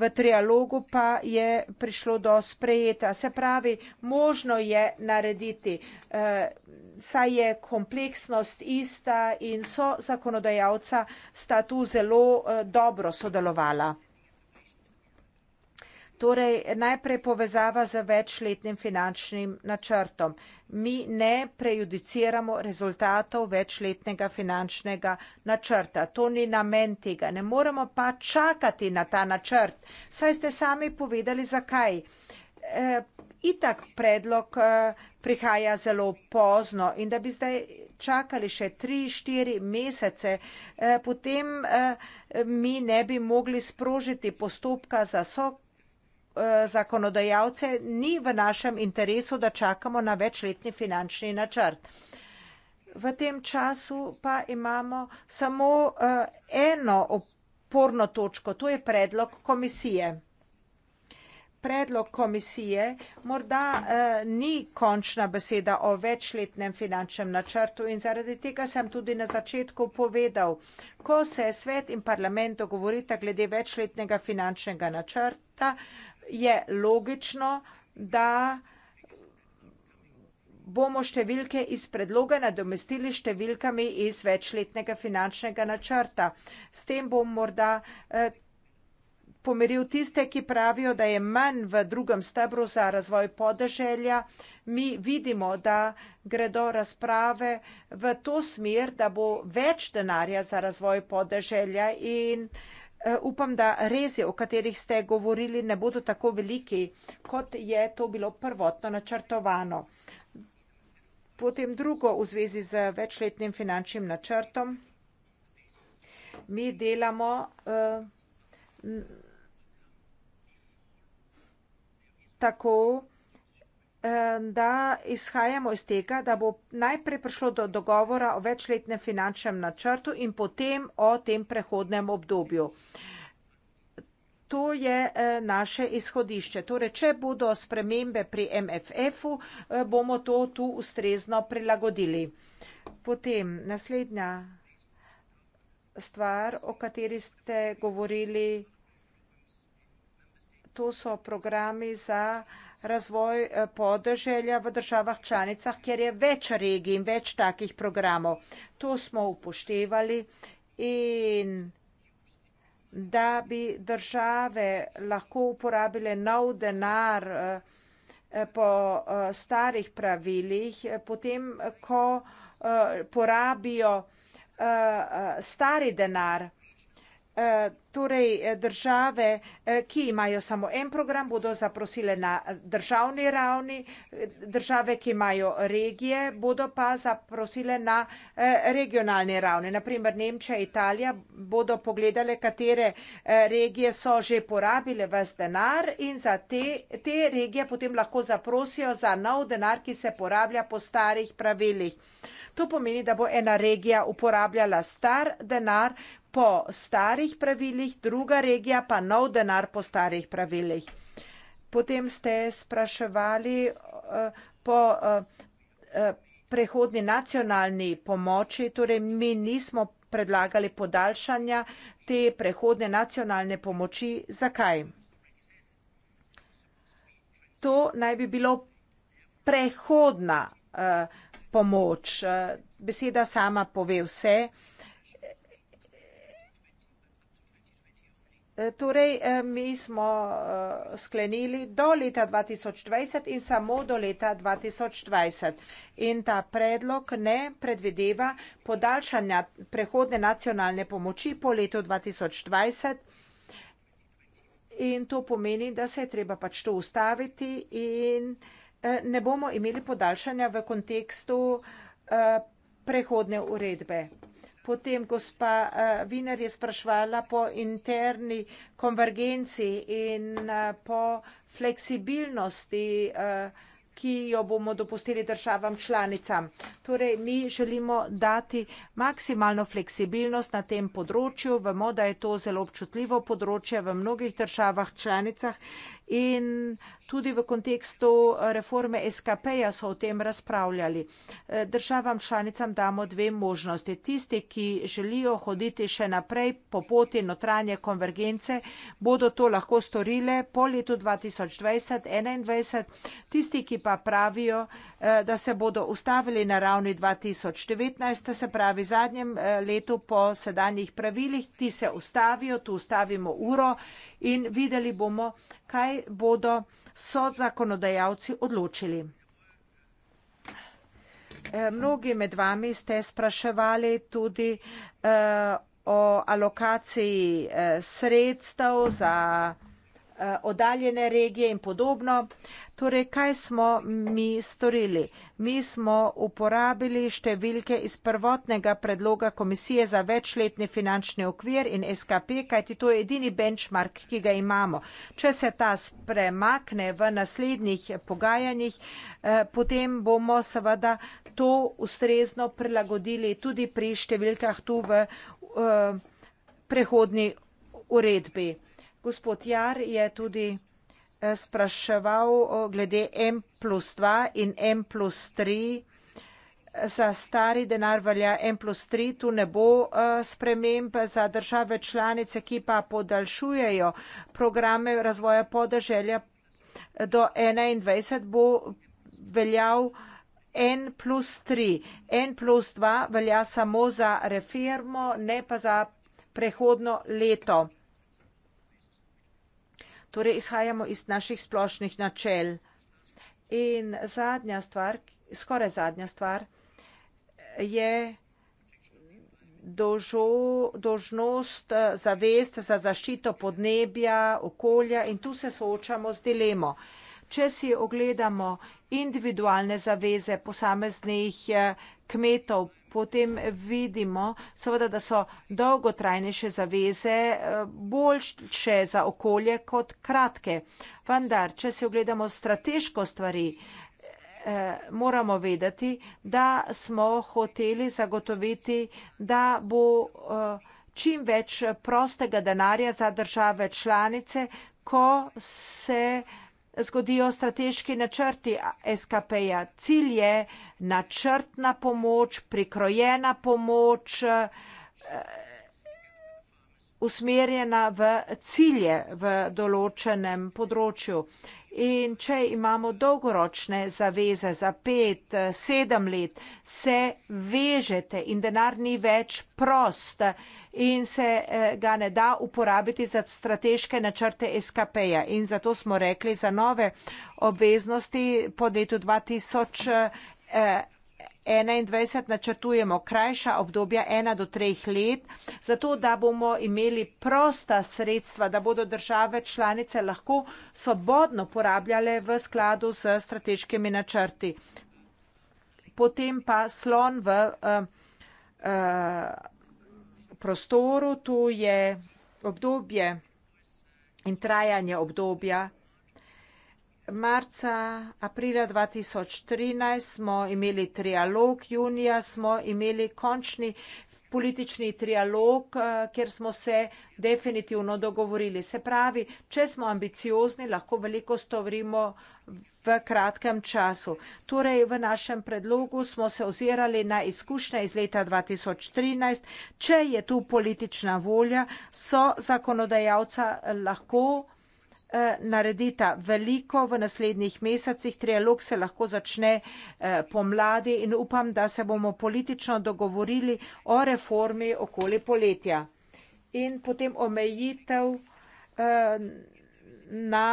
v trialogu pa je prišlo do sprejeta. Se pravi, možno je narediti, eh, saj je kompleksnost ista in so zakonodajalca sta tu zelo eh, dobro sodelovala. Torej, najprej povezava z večletnim finančnim načrtom. Mi ne prejudiciramo rezultatov večletnega finančnega načrta. To ni namen tega. Ne moremo pa čakati na ta načrt. Saj ste sami povedali, zakaj. E, itak predlog e, prihaja zelo pozno in da bi zdaj čakali še tri, štiri mesece, e, potem e, mi ne bi mogli sprožiti postopka za sok Eh, zakonodajalce ni v našem interesu, da čakamo na večletni finančni načrt. V tem času pa imamo samo eh, eno oporno točko, to je predlog komisije. Predlog komisije morda eh, ni končna beseda o večletnem finančnem načrtu in zaradi tega sem tudi na začetku povedal, ko se svet in parlament dogovorita glede večletnega finančnega načrta, je logično, da bomo številke iz predloga nadomestili številkami iz večletnega finančnega načrta. S tem bom morda eh, pomeril tiste, ki pravijo, da je manj v drugem stebru za razvoj podeželja. Mi vidimo, da gredo razprave v to smer, da bo več denarja za razvoj podeželja in Eh, upam, da rezi, o katerih ste govorili, ne bodo tako veliki, kot je to bilo prvotno načrtovano. Potem drugo v zvezi z večletnim finančnim načrtom. Mi delamo. Uh, Tako, Eh, da izhajamo iz tega, da bo najprej prišlo do dogovora o večletnem finančnem načrtu in potem o tem prehodnem obdobju. To je eh, naše izhodišče. Torej, če bodo spremembe pri MFF-u, eh, bomo to tu ustrezno prilagodili. Potem naslednja stvar, o kateri ste govorili, to so programi za razvoj eh, podeželja v državah članicah, kjer je več regij in več takih programov. To smo upoštevali in da bi države lahko uporabile nov denar eh, po eh, starih pravilih, potem, ko porabijo stari denar, Eh, torej eh, države, eh, ki imajo samo en program, bodo zaprosile na državni ravni, države, ki imajo regije, bodo pa zaprosile na regionalni ravni. Naprimer, Nemčija, Italija bodo pogledale, katere regije so že porabile vse denar in za te, te regije potem lahko zaprosijo za nov denar, ki se porablja po starih pravilih. To pomeni, da bo ena regija uporabljala star denar, po starih pravilih, druga regija pa nov denar po starih pravilih. Potem ste spraševali uh, po. Uh, prehodni nacionalni pomoči, torej mi nismo predlagali podaljšanja te prehodne nacionalne pomoči. Zakaj? To naj bi bilo prehodna uh, pomoč. Beseda sama pove vse. Uh, Torej, eh, mi smo eh, sklenili do leta 2020 in samo do leta 2020. In ta predlog ne predvideva podaljšanja prehodne nacionalne pomoči po letu 2020. In to pomeni, da se je treba pač to ustaviti in eh, ne bomo imeli podaljšanja v kontekstu prehodne uredbe. Potem gospa Viner eh, je sprašvala po interni konvergenci in eh, po fleksibilnosti, eh, ki jo bomo dopustili državam članicam. Torej, mi želimo dati maksimalno fleksibilnost na tem področju. Vemo, da je to zelo občutljivo področje v mnogih državah članicah in tudi v kontekstu eh, reforme SKP-ja so o tem razpravljali. Eh, državam članicam damo dve možnosti. Tisti, ki želijo hoditi še naprej po poti notranje konvergence, bodo to lahko storile po letu 2020-2021. Tisti, ki pa pravijo, eh, da se bodo ustavili na ravni 2019, se pravi zadnjem letu po sedanjih pravilih, ti se ustavijo, tu ustavimo uro in videli bomo, kaj bodo so zakonodajalci odločili. Eh, mnogi med vami ste spraševali tudi eh, o alokaciji eh, sredstev za odaljene regije in podobno. Torej, kaj smo mi storili? Mi smo uporabili številke iz prvotnega predloga komisije za večletni finančni okvir in SKP, kajti to je edini benchmark, ki ga imamo. Če se ta spremakne v naslednjih pogajanjih, eh, potem bomo seveda to ustrezno prilagodili tudi pri številkah tu v eh, prehodni uredbi. Gospod Jar je tudi spraševal glede M plus 2 in M plus 3. Za stari denar velja M plus 3, tu ne bo e, sprememb za države članice, ki pa podaljšujejo programe razvoja podeželja do 21, bo veljal N plus 3. N plus 2 velja samo za reformo, ne pa za prehodno leto. Torej, izhajamo iz naših splošnih načel. In zadnja stvar, skoraj zadnja stvar, je dožo, dožnost eh, zavest za zaščito podnebja, okolja in tu se soočamo z dilemo. Če si ogledamo individualne zaveze posameznih eh, kmetov, potem vidimo seveda, da so dolgotrajnejše zaveze eh, boljše za okolje kot kratke. Vendar, če si ogledamo strateško stvari, eh, moramo vedeti, da smo hoteli zagotoviti, da bo čim več prostega denarja za države članice, ko se vsega, zgodijo strateški načrti SKP-ja. Cilj je načrtna pomoč, prikrojena pomoč, eh, usmerjena v cilje v določenem področju. In če imamo dolgoročne zaveze za pet, sedem let, se vežete in denar ni več prost in se eh, ga ne da uporabiti za strateške načrte SKP-ja. In zato smo rekli za nove obveznosti po letu 2000. 2021 načrtujemo krajša obdobja 1 do 3 let, zato da bomo imeli prosta sredstva, da bodo države članice lahko svobodno porabljale v skladu z strateškimi načrti. Potem pa slon v uh, uh, prostoru, tu je obdobje in trajanje obdobja marca, aprila 2013 smo imeli trialog, junija smo imeli končni politični trialog, eh, kjer smo se definitivno dogovorili. Se pravi, če smo ambiciozni, lahko veliko stovrimo v kratkem času. Torej, v našem predlogu smo se ozirali na izkušnje iz leta 2013. Če je tu politična volja, so zakonodajalca lahko Eh, naredita veliko v naslednjih mesecih. Trialog se lahko začne eh, pomladi in upam, da se bomo politično dogovorili o reformi okoli poletja in potem omejitev eh, na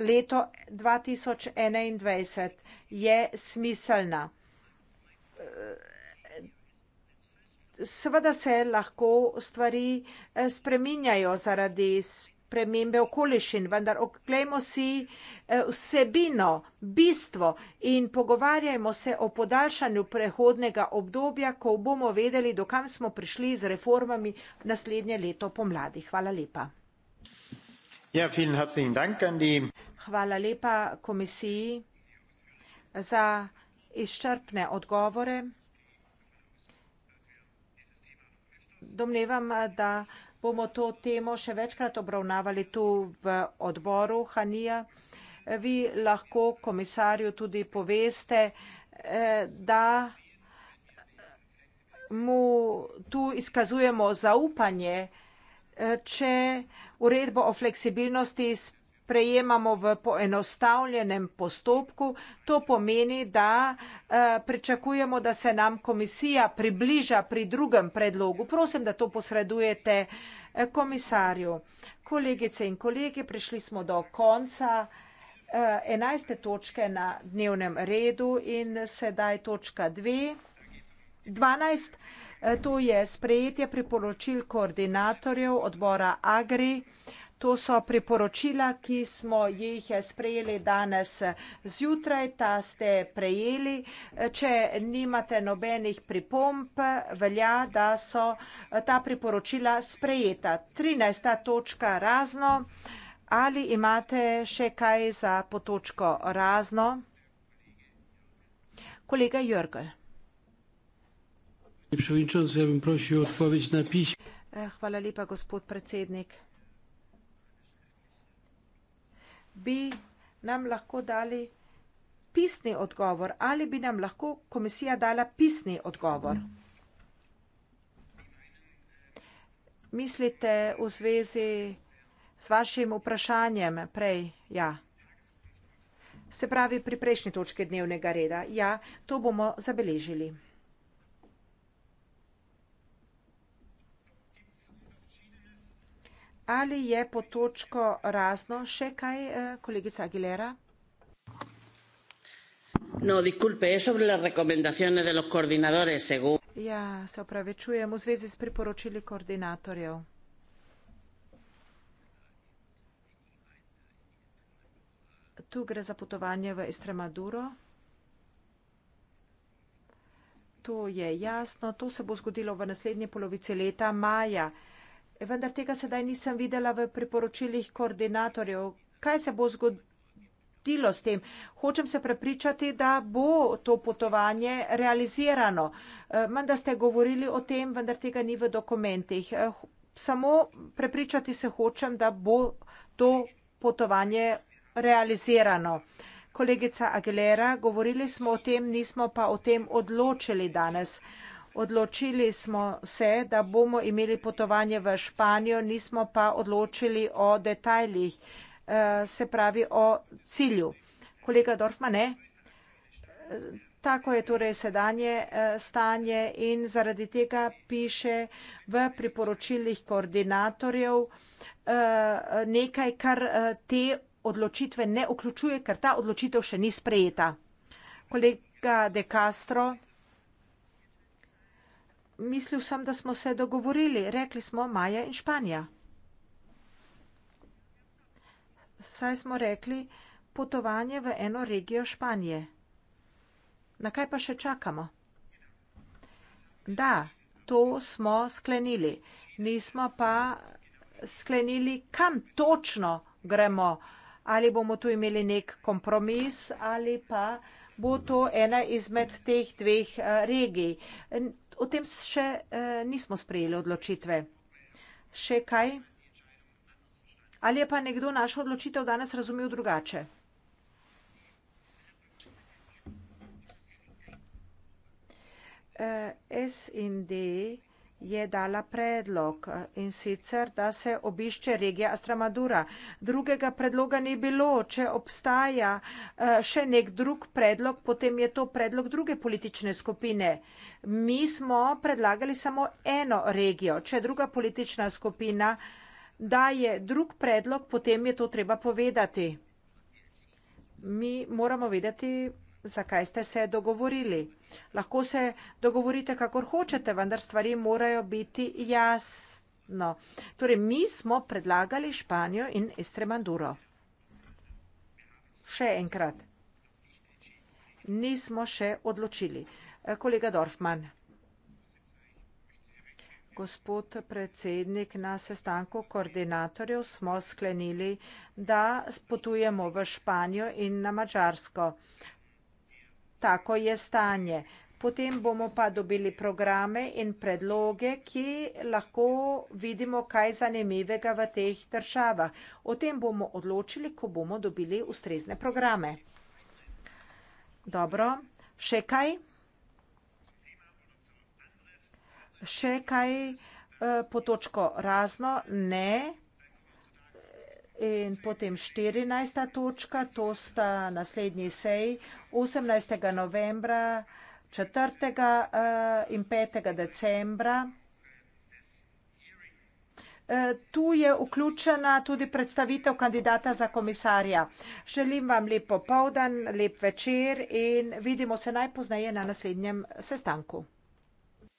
leto 2021 je smiselna. Seveda se lahko stvari spreminjajo zaradi premembe okoliščin, vendar oklejmo si eh, vsebino, bistvo in pogovarjajmo se o podaljšanju prehodnega obdobja, ko bomo vedeli, dokam smo prišli z reformami naslednje leto pomladi. Hvala lepa. Ja, Hvala lepa komisiji za izčrpne odgovore. Domnevam, da bomo to temo še večkrat obravnavali tu v odboru Hanija. Vi lahko komisarju tudi poveste, eh, da mu tu izkazujemo zaupanje, eh, če uredbo o fleksibilnosti sprejemo, prejemamo v poenostavljenem postopku. To pomeni, da eh, pričakujemo, da se nam komisija približa pri drugem predlogu. Prosim, da to posredujete eh, komisarju. Kolegice in kolege, prišli smo do konca. 11. Eh, točke na dnevnem redu in sedaj točka 2. 12. To je sprejetje priporočil koordinatorjev odbora Agri. To so priporočila, ki smo jih sprejeli danes zjutraj, ta ste prejeli. Če nimate nobenih pripomp, velja, da so eh, ta priporočila sprejeta. 13. točka razno. Ali imate še kaj za potočko razno? Kolega Jörgel. Ja eh, hvala lepa, gospod predsednik. bi nam lahko dali pisni odgovor, ali bi nam lahko komisija dala pisni odgovor. Mislite v zvezi s vašim vprašanjem prej? Ja. Se pravi pri prejšnji točki dnevnega reda? Ja, to bomo zabeležili. Ali je pod točko razno še kaj, eh, kolegica Aguilera? No, disculpe, es sobre las recomendaciones de los coordinadores, según. Ja, se opravičujem v zvezi s priporočili koordinatorjev. Tu gre za potovanje v Estremaduro. To je jasno, to se bo zgodilo v naslednji polovici leta, maja vendar tega sedaj nisem videla v priporočilih koordinatorjev. Kaj se bo zgodilo s tem? Hočem se prepričati, da bo to potovanje realizirano. Eh, Manda ste govorili o tem, vendar tega ni v dokumentih. Eh, samo prepričati se hočem, da bo to potovanje realizirano. Kolegica Aguilera, govorili smo o tem, nismo pa o tem odločili danes. Uh, Odločili smo se, da bomo imeli potovanje v Španijo, nismo pa odločili o detajljih, eh, se pravi o cilju. Kolega Dorfman, ne? Tako je torej sedanje eh, stanje in zaradi tega piše v priporočilih koordinatorjev eh, nekaj, kar te odločitve ne vključuje, ker ta odločitev še ni sprejeta. Kolega De Castro, mislil sem, da smo se dogovorili. Rekli smo Maja in Španija. Saj smo rekli potovanje v eno regijo Španije. Na kaj pa še čakamo? Da, to smo sklenili. Nismo pa sklenili, kam točno gremo. Ali bomo tu imeli nek kompromis ali pa bo to ena izmed teh dveh eh, regij. O tem še eh, nismo sprejeli odločitve. Še kaj? Ali je pa nekdo našo odločitev danes razumel drugače? Eh, S in D je dala predlog eh, in sicer, da se obišče regija Astramadura. Drugega predloga ni bilo. Če obstaja eh, še nek drug predlog, potem je to predlog druge politične skupine. Mi smo predlagali samo eno regijo. Če druga politična skupina daje drug predlog, potem je to treba povedati. Mi moramo vedeti, zakaj ste se dogovorili. Lahko se dogovorite, kako hočete, vendar stvari morajo biti jasno. Torej, mi smo predlagali Španijo in Estremaduro. Še enkrat. Nismo še odločili. Eh, kolega Dorfman. Gospod predsednik, na sestanku koordinatorjev smo sklenili, da potujemo v Španijo in na Mačarsko. Tako je stanje. Potem bomo pa dobili programe in predloge, ki lahko vidimo, kaj zanimivega v teh državah. O tem bomo odločili, ko bomo dobili ustrezne programe. Dobro, še kaj? Še kaj eh, po točko razno? Ne. In potem 14. točka, to sta naslednji sej 18. novembra, 4. Eh, in 5. decembra. Eh, tu je vključena tudi predstavitev kandidata za komisarja. Želim vam lep popovdan, lep večer in vidimo se najpoznaje na naslednjem sestanku.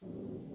Thank you.